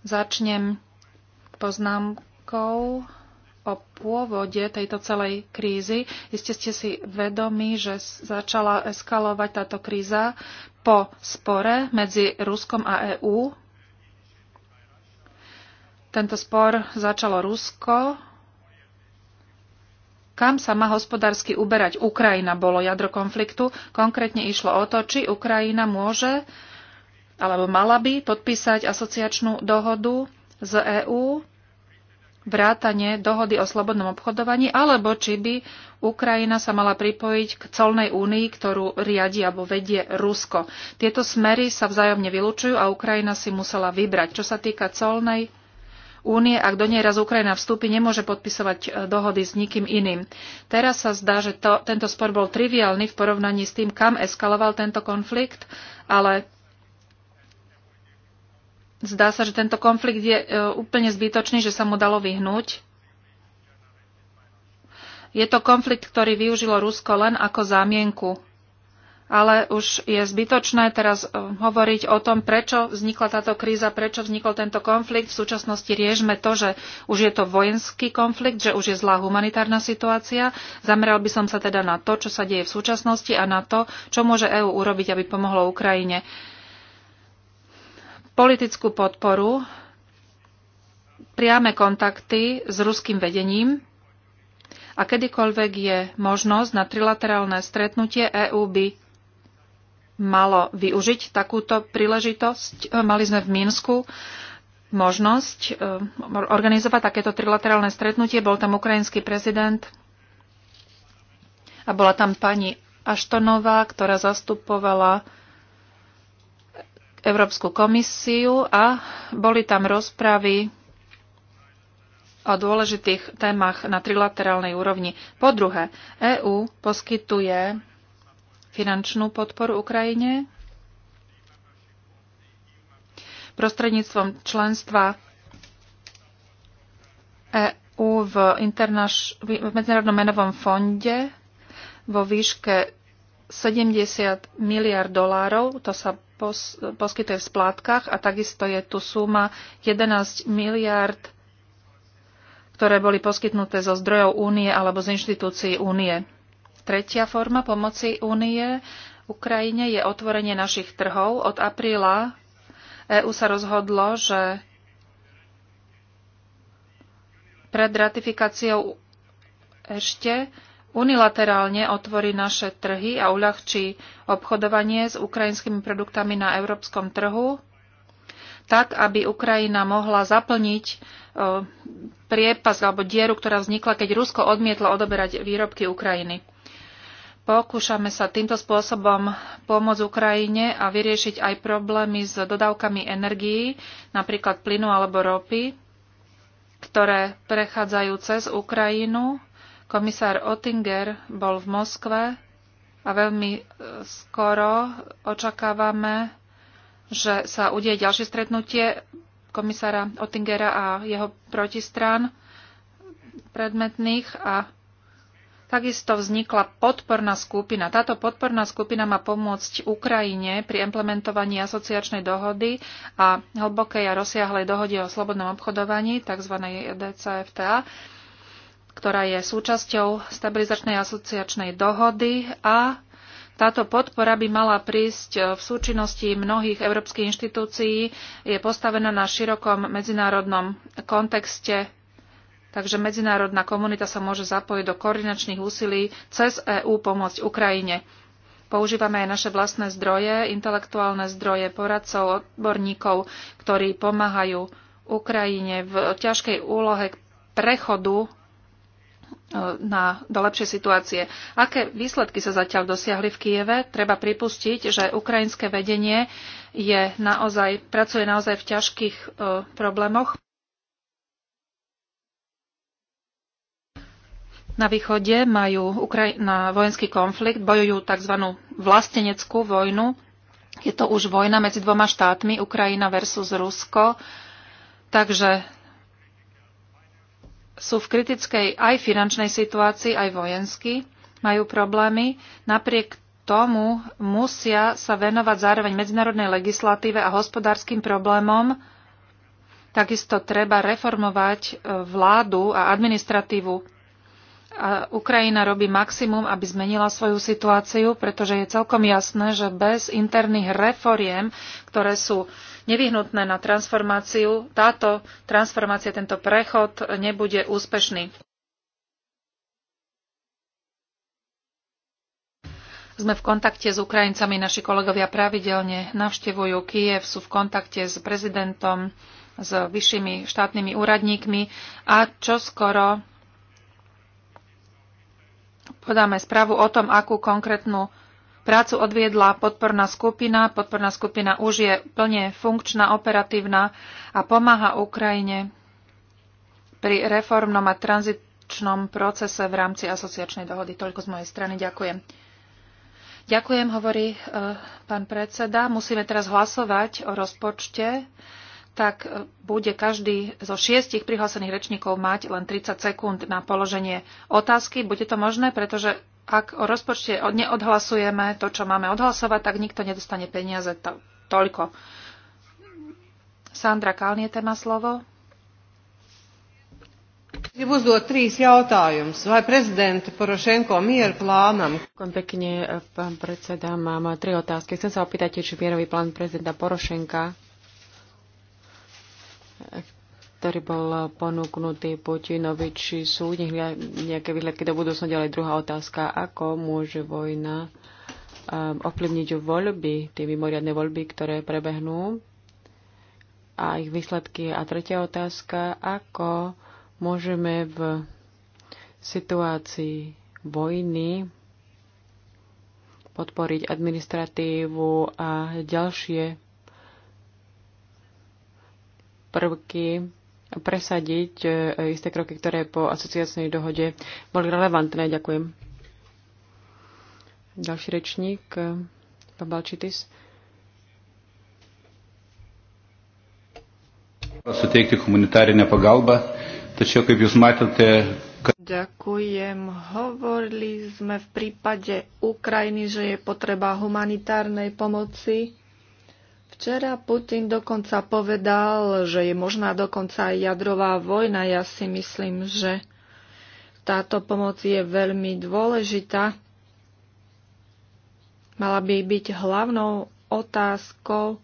S3: Začnem poznámkou o pôvode tejto celej krízy. Iste ste si vedomi, že začala eskalovať táto kríza po spore medzi Ruskom a EÚ. Tento spor začalo Rusko. Kam sa má hospodársky uberať Ukrajina, bolo jadro konfliktu. Konkrétne išlo o to, či Ukrajina môže alebo mala by podpísať asociačnú dohodu z EÚ vrátane dohody o slobodnom obchodovaní, alebo či by Ukrajina sa mala pripojiť k colnej únii, ktorú riadi alebo vedie Rusko. Tieto smery sa vzájomne vylúčujú a Ukrajina si musela vybrať. Čo sa týka colnej únie, ak do nej raz Ukrajina vstúpi, nemôže podpisovať e, dohody s nikým iným. Teraz sa zdá, že to, tento spor bol triviálny v porovnaní s tým, kam eskaloval tento konflikt, ale Zdá sa, že tento konflikt je e, úplne zbytočný, že sa mu dalo vyhnúť. Je to konflikt, ktorý využilo Rusko len ako zámienku. Ale už je zbytočné teraz e, hovoriť o tom, prečo vznikla táto kríza, prečo vznikol tento konflikt. V súčasnosti riešme to, že už je to vojenský konflikt, že už je zlá humanitárna situácia. Zameral by som sa teda na to, čo sa deje v súčasnosti a na to, čo môže EÚ urobiť, aby pomohlo Ukrajine politickú podporu, priame kontakty s ruským vedením a kedykoľvek je možnosť na trilaterálne stretnutie EÚ by malo využiť takúto príležitosť. Mali sme v Minsku možnosť e, organizovať takéto trilaterálne stretnutie. Bol tam ukrajinský prezident a bola tam pani Aštonová, ktorá zastupovala Európsku komisiu a boli tam rozpravy o dôležitých témach na trilaterálnej úrovni. Po druhé, EÚ poskytuje finančnú podporu Ukrajine prostredníctvom členstva EÚ v, v Medzinárodnom menovom fonde vo výške 70 miliard dolárov, to sa pos, poskytuje v splátkach a takisto je tu suma 11 miliard, ktoré boli poskytnuté zo zdrojov únie alebo z inštitúcií únie. Tretia forma pomoci únie Ukrajine je otvorenie našich trhov. Od apríla EÚ sa rozhodlo, že pred ratifikáciou ešte unilaterálne otvorí naše trhy a uľahčí obchodovanie s ukrajinskými produktami na európskom trhu, tak, aby Ukrajina mohla zaplniť e, priepas alebo dieru, ktorá vznikla, keď Rusko odmietlo odoberať výrobky Ukrajiny. Pokúšame sa týmto spôsobom pomôcť Ukrajine a vyriešiť aj problémy s dodávkami energií, napríklad plynu alebo ropy, ktoré prechádzajú cez Ukrajinu Komisár Oettinger bol v Moskve a veľmi e, skoro očakávame, že sa udie ďalšie stretnutie komisára Oettingera a jeho protistrán predmetných a Takisto vznikla podporná skupina. Táto podporná skupina má pomôcť Ukrajine pri implementovaní asociačnej dohody a hlbokej a rozsiahlej dohode o slobodnom obchodovaní, tzv. E DCFTA ktorá je súčasťou stabilizačnej asociačnej dohody a táto podpora by mala prísť v súčinnosti mnohých európskych inštitúcií, je postavená na širokom medzinárodnom kontexte, takže medzinárodná komunita sa môže zapojiť do koordinačných úsilí cez EÚ pomôcť Ukrajine. Používame aj naše vlastné zdroje, intelektuálne zdroje poradcov, odborníkov, ktorí pomáhajú Ukrajine v ťažkej úlohe prechodu E, na, do lepšej situácie. Aké výsledky sa zatiaľ dosiahli v Kieve? Treba pripustiť, že ukrajinské vedenie je naozaj, pracuje naozaj v ťažkých e, problémoch. Na východe majú Ukraj- na vojenský konflikt, bojujú tzv. vlasteneckú vojnu. Je to už vojna medzi dvoma štátmi, Ukrajina versus Rusko. Takže sú v kritickej aj finančnej situácii, aj vojensky, majú problémy. Napriek tomu musia sa venovať zároveň medzinárodnej legislatíve a hospodárskym problémom. Takisto treba reformovať e, vládu a administratívu. A Ukrajina robí maximum, aby zmenila svoju situáciu, pretože je celkom jasné, že bez interných reforiem, ktoré sú nevyhnutné na transformáciu, táto transformácia, tento prechod nebude úspešný. Sme v kontakte s Ukrajincami, naši kolegovia pravidelne navštevujú Kiev, sú v kontakte s prezidentom, s vyššími štátnymi úradníkmi a čo skoro podáme správu o tom, akú konkrétnu Prácu odviedla podporná skupina. Podporná skupina už je plne funkčná, operatívna a pomáha Ukrajine pri reformnom a tranzičnom procese v rámci asociačnej dohody. Toľko z mojej strany. Ďakujem. Ďakujem, hovorí e, pán predseda. Musíme teraz hlasovať o rozpočte tak e, bude každý zo šiestich prihlásených rečníkov mať len 30 sekúnd na položenie otázky. Bude to možné, pretože ak o rozpočte neodhlasujeme to, čo máme odhlasovať, tak nikto nedostane peniaze to, toľko. Sandra Kalniete má slovo.
S2: Gribu uzdot trīs jautājumus. Vai prezidenta Porošenko mieru plānam? Ďakujem pekne, pán predseda. Mám tri otázky. Chcem sa opýtať, či mierový plán prezidenta Porošenka ktorý bol ponúknutý Putinovi, či sú nejaké výhľadky do budúcna. Ďalej druhá otázka, ako môže vojna um, ovplyvniť voľby, tie mimoriadne voľby, ktoré prebehnú a ich výsledky. A tretia otázka, ako môžeme v situácii vojny podporiť administratívu a ďalšie prvky presadiť e, isté kroky, ktoré po asociačnej dohode boli relevantné. Ďakujem. Ďalší rečník, e, Pabalčitis.
S1: suteikti humanitarinę pagalbą, tačiau kaip jūs matote,
S3: Ďakujem. Hovorili sme v prípade Ukrajiny, že je potreba humanitárnej pomoci Včera Putin dokonca povedal, že je možná dokonca aj jadrová vojna. Ja si myslím, že táto pomoc je veľmi dôležitá. Mala by byť hlavnou otázkou.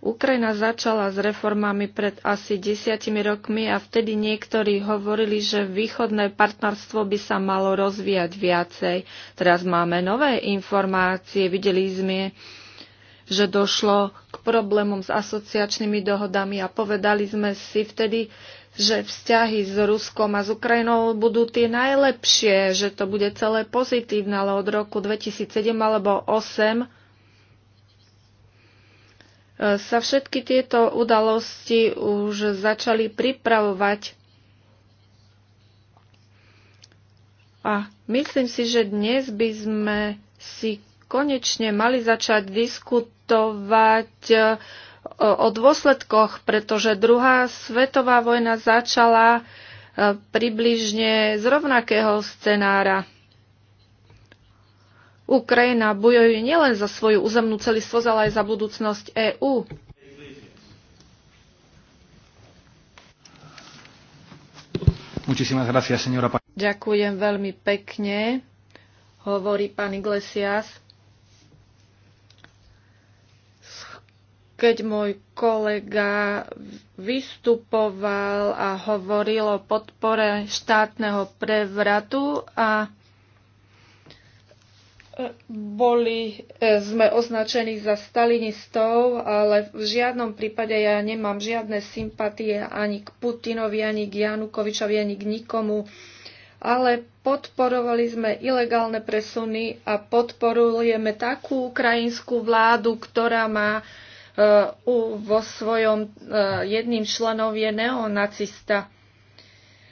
S3: Ukrajina začala s reformami pred asi desiatimi rokmi a vtedy niektorí hovorili, že východné partnerstvo by sa malo rozvíjať viacej. Teraz máme nové informácie, videli sme, že došlo k problémom s asociačnými dohodami a povedali sme si vtedy, že vzťahy s Ruskom a s Ukrajinou budú tie najlepšie, že to bude celé pozitívne, ale od roku 2007 alebo 2008 e, sa všetky tieto udalosti už začali pripravovať. A myslím si, že dnes by sme si konečne mali začať diskutovať diskutovať e, o dôsledkoch, pretože druhá svetová vojna začala e, približne z rovnakého scenára. Ukrajina bojuje nielen za svoju územnú celistvosť, ale aj za budúcnosť EÚ. Ďakujem veľmi pekne, hovorí pán Iglesias. keď môj kolega vystupoval a hovoril o podpore štátneho prevratu a e, boli, e, sme označení za stalinistov, ale v žiadnom prípade ja nemám žiadne sympatie ani k Putinovi, ani k Janukovičovi, ani k nikomu. Ale podporovali sme ilegálne presuny a podporujeme takú ukrajinskú vládu, ktorá má vo svojom e, jedným členom je neonacista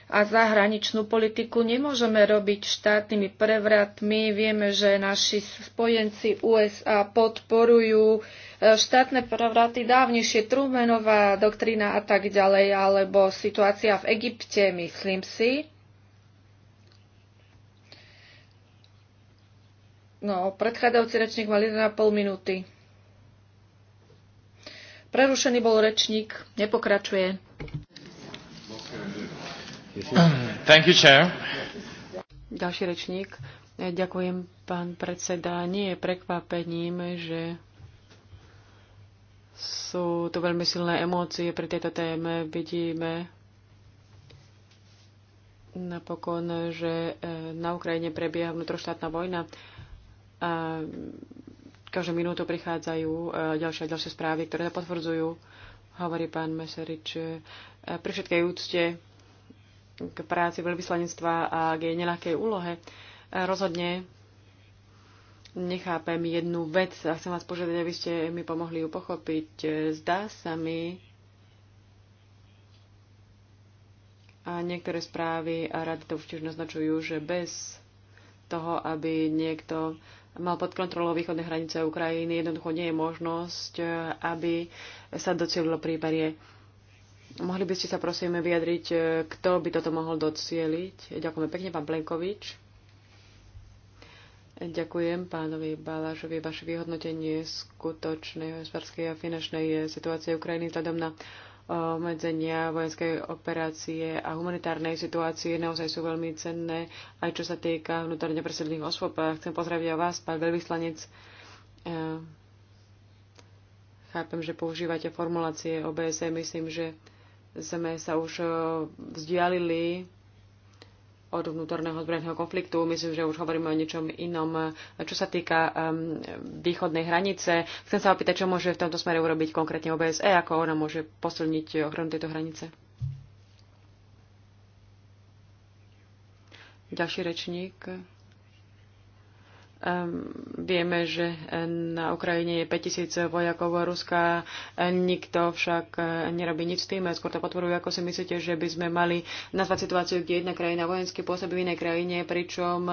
S3: a zahraničnú politiku nemôžeme robiť štátnymi prevratmi. Vieme, že naši spojenci USA podporujú e, štátne prevraty dávnejšie, Trumanová doktrina a tak ďalej, alebo situácia v Egypte, myslím si. No, predchádzajúci rečník mal 1,5 minúty. Prerušený bol
S2: rečník, nepokračuje.
S1: Thank you, chair.
S2: Ďalší rečník. Ďakujem, pán predseda. Nie je prekvapením, že sú tu veľmi silné emócie pri tejto téme. Vidíme napokon, že eh, na Ukrajine prebieha vnútroštátna vojna. A každú minútu prichádzajú e, ďalšie a ďalšie správy, ktoré to potvrdzujú, hovorí pán Meserič. E, pri všetkej úcte k práci veľvyslanectva a k jej nelahkej úlohe e, rozhodne nechápem jednu vec a chcem vás požiadať, aby ste mi pomohli ju pochopiť. Zdá sa mi, a niektoré správy a rady to už tiež naznačujú, že bez toho, aby niekto mal pod kontrolou východné hranice Ukrajiny. Jednoducho nie je možnosť, eh, aby sa docielilo príparie. Mohli by ste sa prosím vyjadriť, eh, kto by toto mohol docieliť? Ďakujeme pekne, pán Blenkovič. Ďakujem pánovi Balážovi. Vaše vyhodnotenie skutočnej hospodárskej a finančnej eh, situácie Ukrajiny vzhľadom na obmedzenia vojenskej operácie a humanitárnej situácie naozaj sú veľmi cenné, aj čo sa týka vnútorne presedlých osôb. chcem pozdraviť vás, pán veľvyslanec. E, chápem, že používate formulácie OBS, e. Myslím, že sme sa už e, vzdialili od vnútorného zbraného konfliktu. Myslím, že už hovoríme o niečom inom. Čo sa týka um, východnej hranice, chcem sa opýtať, čo môže v tomto smere urobiť konkrétne OBSE, ako ona môže posilniť ochranu tejto hranice. Ďalší rečník. Vieme, že eh, na Ukrajine je 5000 vojakov Ruska, nikto však eh, nerobí nič s tým, eh, skôr to potvorujú, ako si myslíte, že by sme mali nazvať situáciu, kde jedna krajina vojensky pôsobí v inej krajine, pričom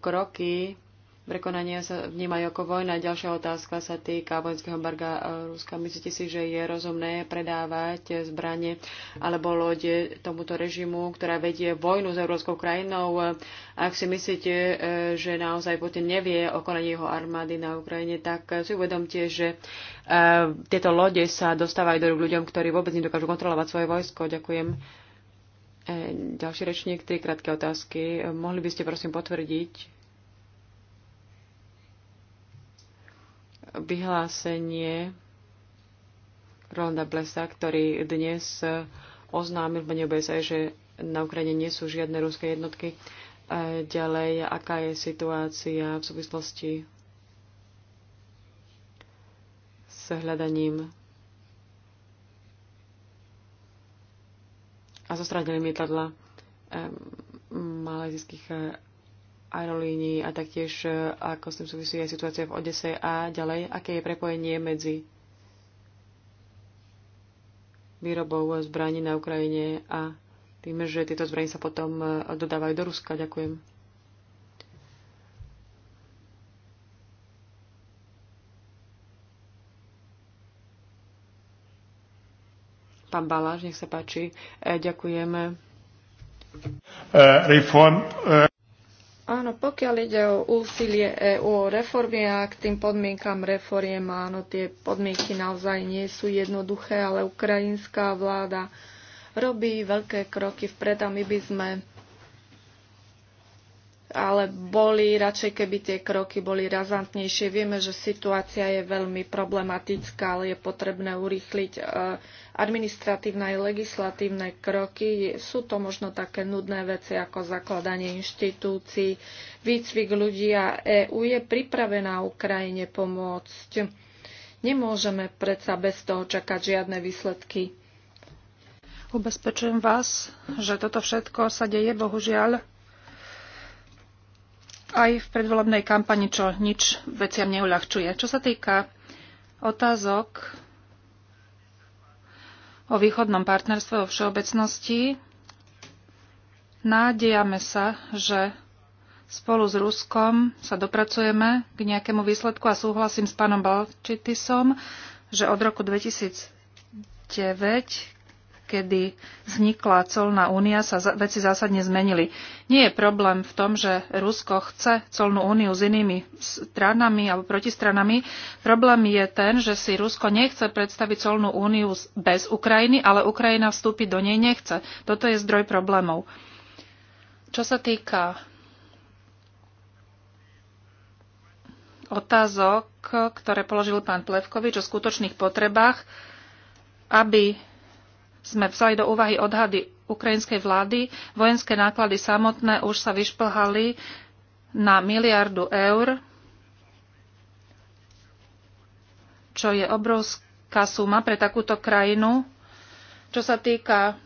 S2: kroky prekonania sa vnímajú ako vojna. Ďalšia otázka sa týka vojenského embarga Ruska. Myslíte si, že je rozumné predávať zbranie alebo lode tomuto režimu, ktorá vedie vojnu s európskou krajinou? Ak si myslíte, e, že naozaj Putin nevie o konaní jeho armády na Ukrajine, tak si uvedomte, že e, tieto lode sa dostávajú do rúk ľuďom, ktorí vôbec nedokážu kontrolovať svoje vojsko. Ďakujem. E, ďalší rečník, tri krátke otázky. Mohli by ste prosím potvrdiť, vyhlásenie Rolanda Blesa, ktorý dnes oznámil v NBSA, e, že na Ukrajine nie sú žiadne ruské jednotky. E, ďalej, aká je situácia v súvislosti s hľadaním a zostradili mietadla e, malajzijských aerolínií a taktiež e, ako s tým súvisí aj situácia v Odese a ďalej, aké je prepojenie medzi výrobou zbraní na Ukrajine a tým, že tieto zbraní sa potom e, dodávajú do Ruska. Ďakujem. Pán Baláš, nech sa páči. E, Ďakujeme. Reform, Áno, pokiaľ ide o úsilie EÚ
S3: o reformy a k tým podmienkam reforiem, áno, tie podmienky naozaj nie sú jednoduché, ale ukrajinská vláda robí veľké kroky vpred a my by sme ale boli radšej, keby tie kroky boli razantnejšie. Vieme, že situácia je veľmi problematická, ale je potrebné urýchliť e, administratívne aj legislatívne kroky. Sú to možno také nudné veci ako zakladanie inštitúcií, výcvik ľudí a EÚ je pripravená Ukrajine pomôcť. Nemôžeme predsa bez toho čakať žiadne výsledky. Ubezpečujem vás, že toto všetko sa deje bohužiaľ aj v predvolebnej kampani, čo nič veciam neuľahčuje. Čo sa týka otázok o východnom partnerstve vo všeobecnosti, nádejame sa, že spolu s Ruskom sa dopracujeme k nejakému výsledku a súhlasím s pánom Balčitisom, že od roku 2009, odkedy vznikla colná únia, sa veci zásadne zmenili. Nie je problém v tom, že Rusko chce colnú úniu s inými stranami alebo protistranami. Problém je ten, že si Rusko nechce predstaviť colnú úniu bez Ukrajiny, ale Ukrajina vstúpiť do nej nechce. Toto je zdroj problémov. Čo sa týka otázok, ktoré položil pán Plevkovič o skutočných potrebách, aby sme vzali do úvahy odhady ukrajinskej vlády, vojenské náklady samotné už sa vyšplhali na miliardu eur, čo je obrovská suma pre takúto krajinu. Čo sa týka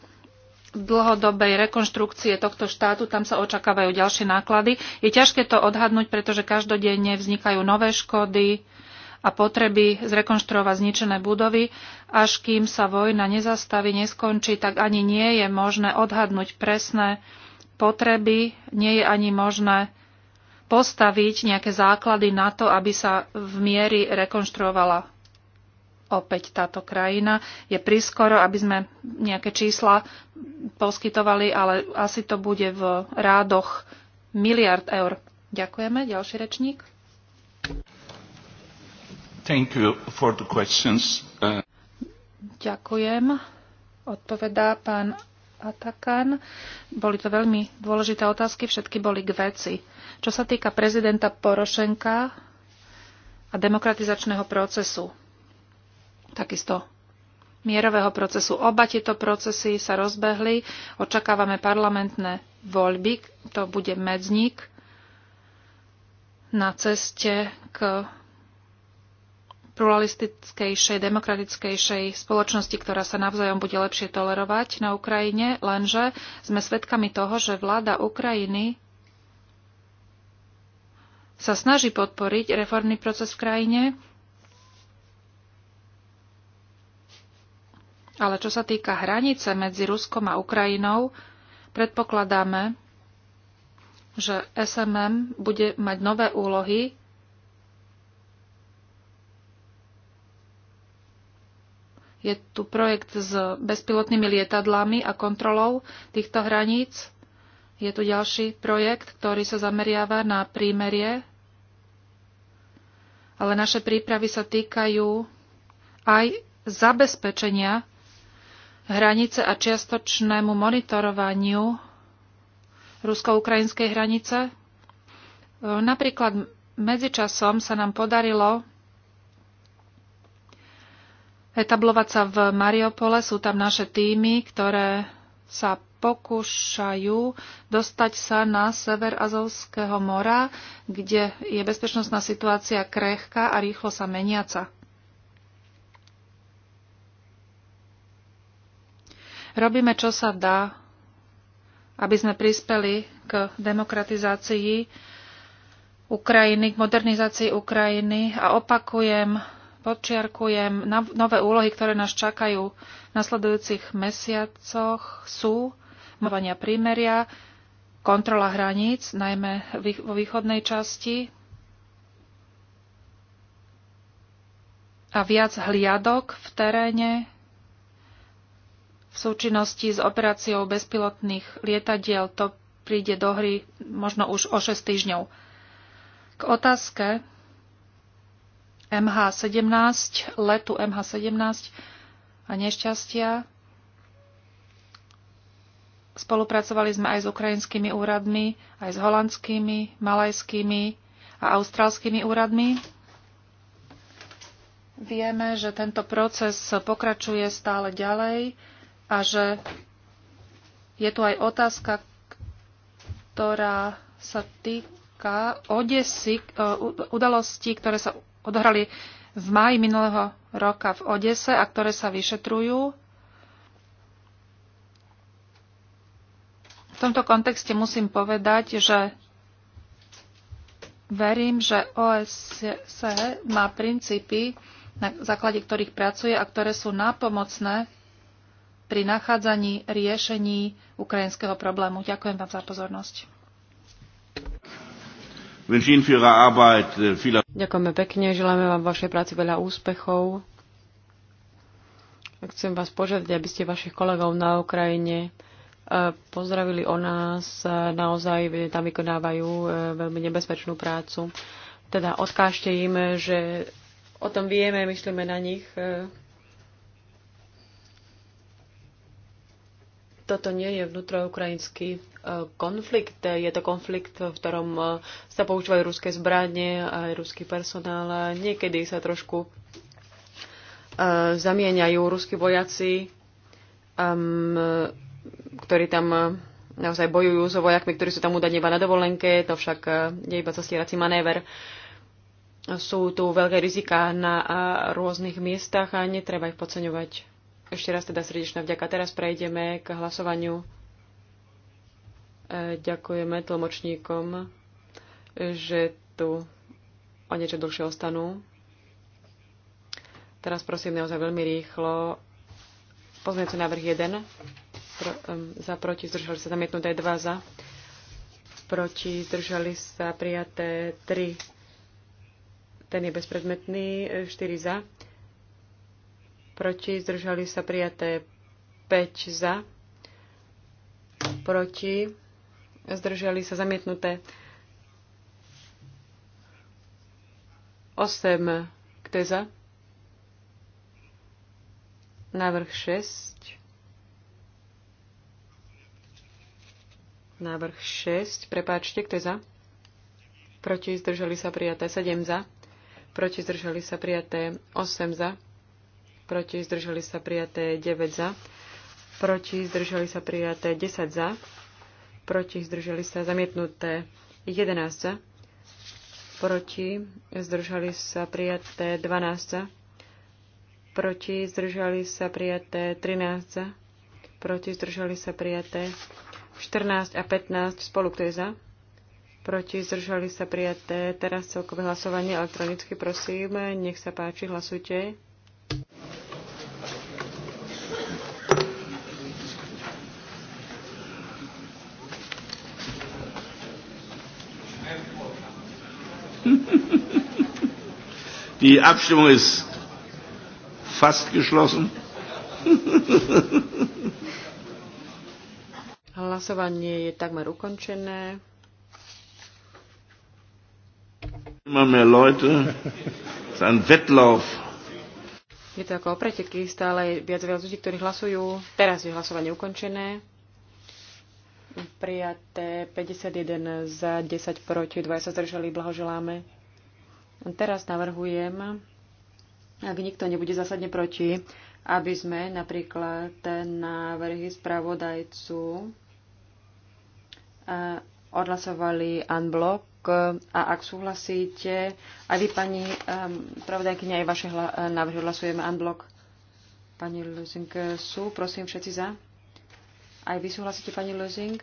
S3: dlhodobej rekonštrukcie tohto štátu, tam sa očakávajú ďalšie náklady. Je ťažké to odhadnúť, pretože každodenne vznikajú nové škody, a potreby zrekonštruovať zničené budovy, až kým sa vojna nezastaví, neskončí, tak ani nie je možné odhadnúť presné potreby, nie je ani možné postaviť nejaké základy na to, aby sa v miery rekonštruovala opäť táto krajina. Je priskoro, aby sme nejaké čísla poskytovali, ale asi to bude v rádoch miliard eur. Ďakujeme. Ďalší rečník.
S1: Thank you for the questions. Uh,
S3: Ďakujem. Odpovedá pán Atakan. Boli to veľmi dôležité otázky, všetky boli k veci. Čo sa týka prezidenta Porošenka a demokratizačného procesu, takisto mierového procesu. Oba tieto procesy sa rozbehli. Očakávame parlamentné voľby. To bude medzník na ceste k pluralistickejšej, demokratickejšej spoločnosti, ktorá sa navzájom bude lepšie tolerovať na Ukrajine, lenže sme svedkami toho, že vláda Ukrajiny sa snaží podporiť reformný proces v krajine, ale čo sa týka hranice medzi Ruskom a Ukrajinou, predpokladáme, že SMM bude mať nové úlohy Je tu projekt s bezpilotnými lietadlami a kontrolou týchto hraníc. Je tu ďalší projekt, ktorý sa zameriava na prímerie, ale naše prípravy sa týkajú aj zabezpečenia hranice a čiastočnému monitorovaniu rusko-ukrajinskej hranice. Napríklad medzičasom sa nám podarilo etablovať sa v Mariopole. Sú tam naše týmy, ktoré sa pokúšajú dostať sa na sever Azovského mora, kde je bezpečnostná situácia krehká a rýchlo sa meniaca. Robíme, čo sa dá, aby sme prispeli k demokratizácii Ukrajiny, k modernizácii Ukrajiny a opakujem, podčiarkujem, nové úlohy, ktoré nás čakajú v nasledujúcich mesiacoch sú movania prímeria, kontrola hraníc, najmä vo východnej časti a viac hliadok v teréne v súčinnosti s operáciou bezpilotných lietadiel. To príde do hry možno už o 6 týždňov. K otázke MH17, letu MH17 a nešťastia. Spolupracovali sme aj s ukrajinskými úradmi, aj s holandskými, malajskými a austrálskymi úradmi. Vieme, že tento proces pokračuje stále ďalej a že je tu aj otázka, ktorá sa týka Odesy, e, udalostí, ktoré sa odohrali v máji minulého roka v Odese a ktoré sa vyšetrujú. V tomto kontexte musím povedať, že verím, že OSCE má princípy, na základe ktorých pracuje a ktoré sú nápomocné pri nachádzaní riešení ukrajinského problému. Ďakujem vám
S2: za pozornosť.
S1: Äh,
S2: Ďakujeme pekne, želáme vám vašej práci veľa úspechov. Chcem vás požiadať, aby ste vašich kolegov na Ukrajine e, pozdravili o nás. Naozaj tam vykonávajú e, veľmi nebezpečnú prácu. Teda odkážte im, že o tom vieme, myslíme na nich. E, toto nie je vnútroukrajinský e, konflikt. Je to konflikt, v ktorom e, sa používajú ruské zbranie a aj ruský personál. niekedy sa trošku e, zamieňajú ruskí vojaci, ktorí tam naozaj bojujú so vojakmi, ktorí sú tam údajne iba na dovolenke, to však je iba zastierací manéver. Sú tu veľké rizika na rôznych miestach a netreba ich podceňovať. Ešte raz teda srdečná vďaka. Teraz prejdeme k hlasovaniu. E, ďakujeme tlmočníkom, že tu o niečo dlhšie ostanú. Teraz prosím naozaj veľmi rýchlo. Pozmeňujúci návrh 1. Pro, um, za proti zdržali sa zamietnuté 2 za. Proti zdržali sa prijaté 3. Ten je bezpredmetný. 4 za proti, zdržali sa prijaté 5 za, proti, zdržali sa zamietnuté 8, kto je za? Návrh 6. Návrh 6. Prepáčte, kto je za? Proti zdržali sa prijaté 7 za. Proti zdržali sa prijaté 8 za proti zdržali sa prijaté 9 za, proti zdržali sa prijaté 10 za, proti zdržali sa zamietnuté 11 za, proti zdržali sa prijaté 12 za, proti zdržali sa prijaté 13 za, proti zdržali sa prijaté 14 a 15 spolu, kto je za? Proti zdržali sa prijaté. Teraz celkové hlasovanie elektronicky, prosím. Nech sa páči, hlasujte.
S1: [LAUGHS] Die Abstimmung ist fast geschlossen. [LAUGHS]
S2: Hlasovanie je takmer ukončené.
S1: Immer mehr Leute. Es ist ein Wettlauf.
S2: Je to ako o preteky, stále viac a viac ľudí, ktorí hlasujú. Teraz je hlasovanie ukončené. Prijaté 51 za 10 proti, 20 zdržali, blahoželáme. Teraz navrhujem, ak nikto nebude zásadne proti, aby sme napríklad návrhy spravodajcu eh, odhlasovali unblock a ak súhlasíte, aj vy, pani eh, spravodajkyňa, aj vaše eh, návrhy odhlasujeme unblock. Pani Lusing, sú, prosím, všetci za? Aj vy súhlasíte, pani Lusing?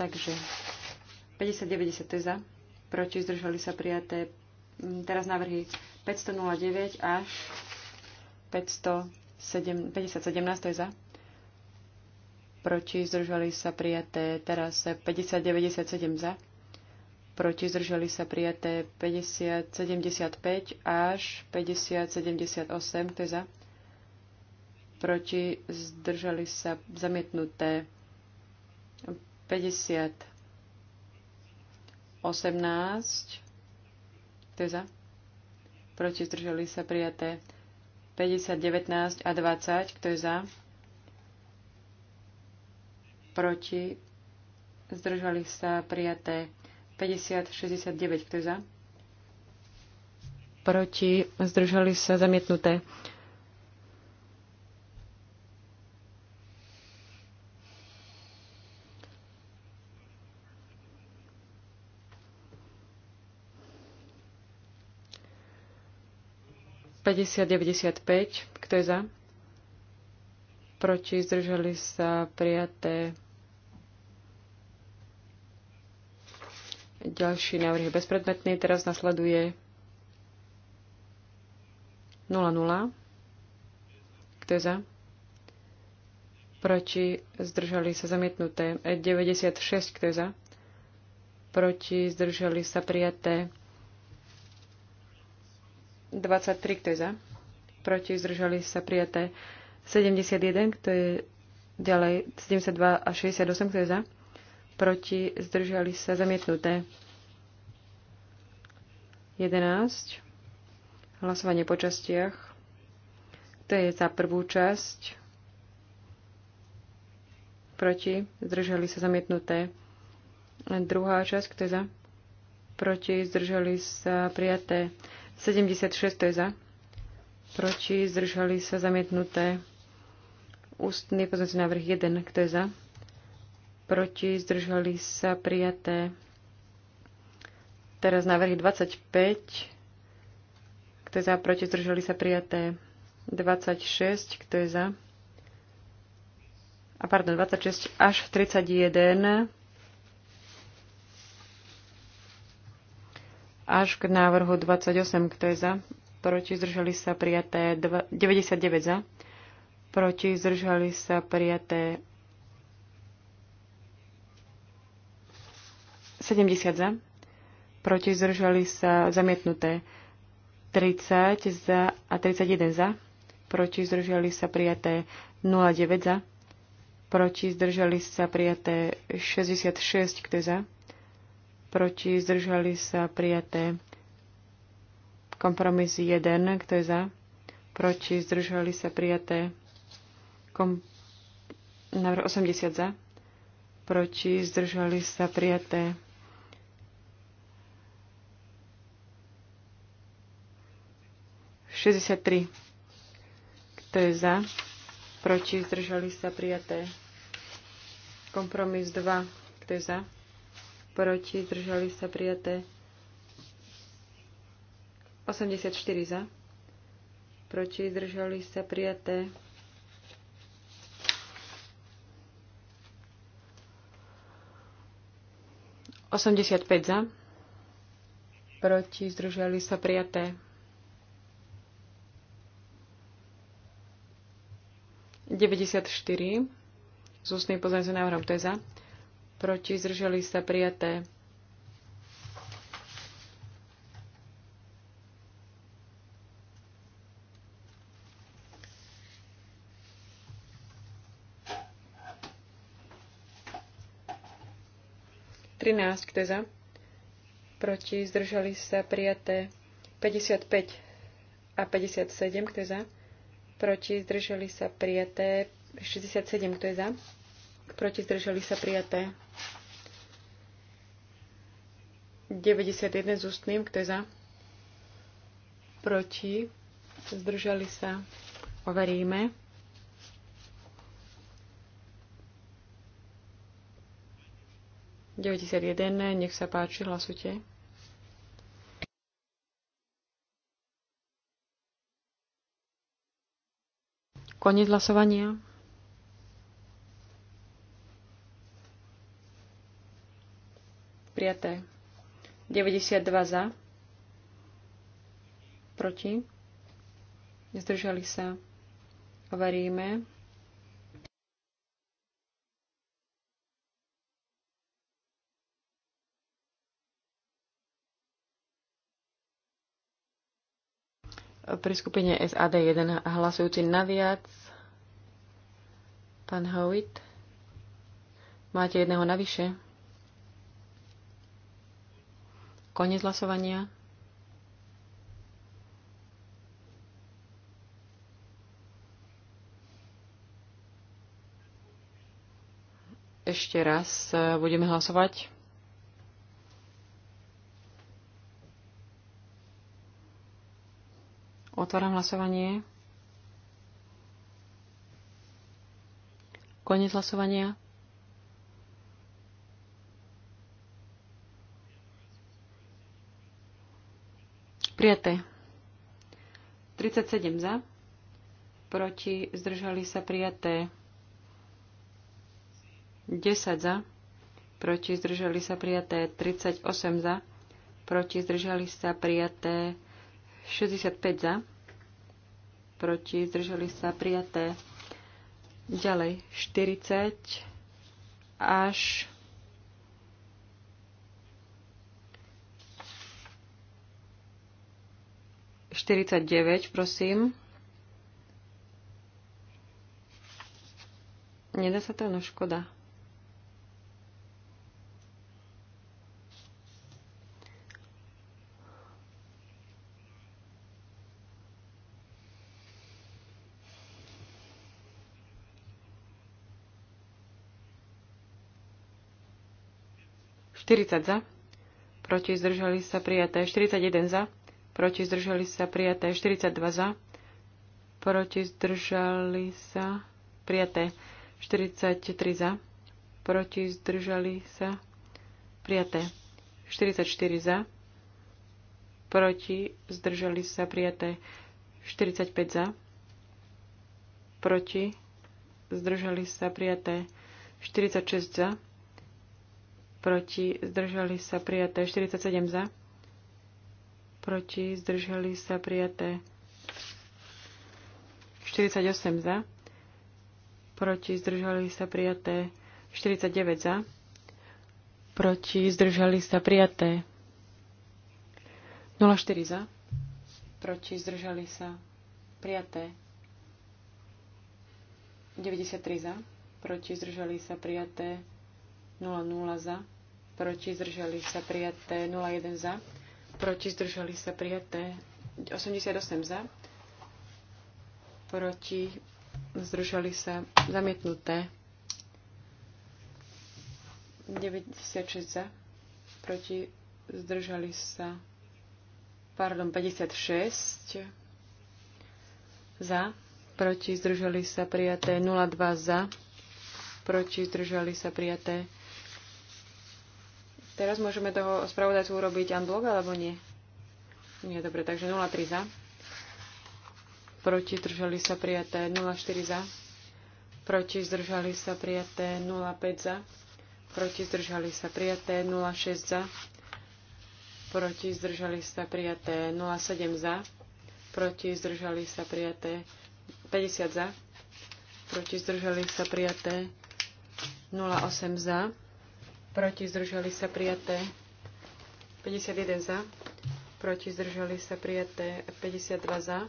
S2: Takže 5090 90 mm, je za, proti zdržali sa prijaté. Teraz návrhy 509 až 517 teza. je za. Proti zdržali sa prijaté teraz 5097 za. Proti zdržali sa prijaté 5075 až 5078 to je za. Proti zdržali sa zamietnuté 50 18. teza, je za. Proti zdržali sa prijaté. 50, 19 a 20. Kto je za? Proti zdržali sa prijaté. 50, 69. Kto je za? Proti zdržali sa zamietnuté. 95, kto je za? Proti zdržali sa prijaté. Ďalší návrh je bezpredmetný. Teraz nasleduje 0-0. Kto je za? Proti zdržali sa zamietnuté. 96. E, kto je za? Proti zdržali sa prijaté. 23, kto je za? Proti, zdržali sa prijaté 71, kto je ďalej 72 a 68, kto je za? Proti, zdržali sa zamietnuté 11. Hlasovanie po častiach. Kto je za prvú časť? Proti, zdržali sa zamietnuté. druhá časť, kto je za? Proti, zdržali sa prijaté 76, to je za. Proti, zdržali sa zamietnuté. Ústny pozmeňujúci návrh 1, kto je za. Proti, zdržali sa prijaté. Teraz návrhy 25, kto je za, proti, zdržali sa prijaté. 26, kto je za. A pardon, 26 až 31 až k návrhu 28, kto je za, proti zdržali sa prijaté 99 za, proti zdržali sa prijaté 70 za, proti zdržali sa zamietnuté 30 za a 31 za, proti zdržali sa prijaté 09 za, proti zdržali sa prijaté 66 kto je za, proti, zdržali sa prijaté. Kompromis 1, kto je za, proti, zdržali sa prijaté. Kom... Návrh 80 za, proti, zdržali sa prijaté. Šesťdesiat tri. Kto je za? Proti zdržali sa prijaté. Kompromis 2. Kto je za? proti, zdržali sa prijaté 84 za, proti, zdržali sa prijaté 85 za, proti, zdržali sa prijaté 94 s ústnym pozemným návrhom, to je za proti, zdrželi sa prijaté. Trináct, kto je za? Proti, zdrželi sa prijaté. 55 a 57, kto je za? Proti, zdrželi sa prijaté. 67, kto je za? proti zdržali sa prijaté. 91 z ústným, kto je za? Proti, zdržali sa, overíme. jeden, nech sa páči, hlasujte. Koniec hlasovania. prijaté. 92 za, proti, zdržali sa, Hovoríme. Pri skupine SAD 1 hlasujúci naviac. Pán Howitt, máte jedného navyše? Konec hlasovania. Ešte raz e, budeme hlasovať. Otváram hlasovanie. Konec hlasovania. Prijaté. 37 za. Proti zdržali sa prijaté. 10 za. Proti zdržali sa prijaté. 38 za. Proti zdržali sa prijaté. 65 za. Proti zdržali sa prijaté. Ďalej 40 až 49, prosím. Nedá sa to, no škoda. Štyridsať za. Proti zdržali sa prijaté. 41 za proti zdržali sa prijaté 42 za, proti zdržali sa prijaté 43 za, proti zdržali sa prijaté 44 za, proti zdržali sa prijaté 45 za, proti zdržali sa prijaté 46 za, proti zdržali sa prijaté 47 za, proti, zdržali sa prijaté. 48 za, proti, zdržali sa prijaté. 49 za, proti, zdržali sa prijaté. 04 za, proti, zdržali sa prijaté. 93 za, proti, zdržali sa prijaté. 00 za, proti, zdržali sa prijaté. 01 za proti zdržali sa prijaté 88 za, proti zdržali sa zamietnuté 96 za, proti zdržali sa, pardon, 56 za, proti zdržali sa prijaté 02 za, proti zdržali sa prijaté Teraz môžeme toho spravodajcu urobiť unblock, alebo nie? Nie, dobre, takže 0,3 za. Proti zdržali sa prijaté 0,4 za. Proti zdržali sa prijaté 0,5 za. Proti zdržali sa prijaté 0,6 za. Proti zdržali sa prijaté 0,7 za. Proti zdržali sa prijaté 50 za. Proti zdržali sa prijaté 0,8 za proti zdržali sa prijaté 51 za, proti zdržali sa prijaté 52 za,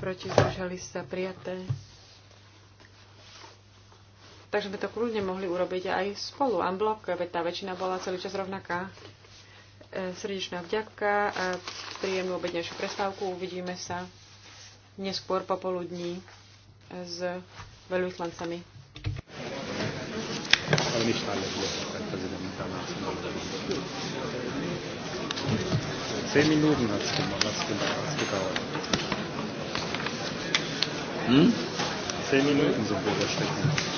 S2: proti zdržali sa prijaté. Takže by to kľudne mohli urobiť aj spolu, unblock, veď tá väčšina bola celý čas rovnaká. E, srdečná vďaka, príjemnú obednejšiu prestávku, uvidíme sa neskôr popoludní s veľvyslancami.
S1: Ale nič Zehn Minuten hat es gedauert. Hm? Zehn Minuten sind wir überschritten.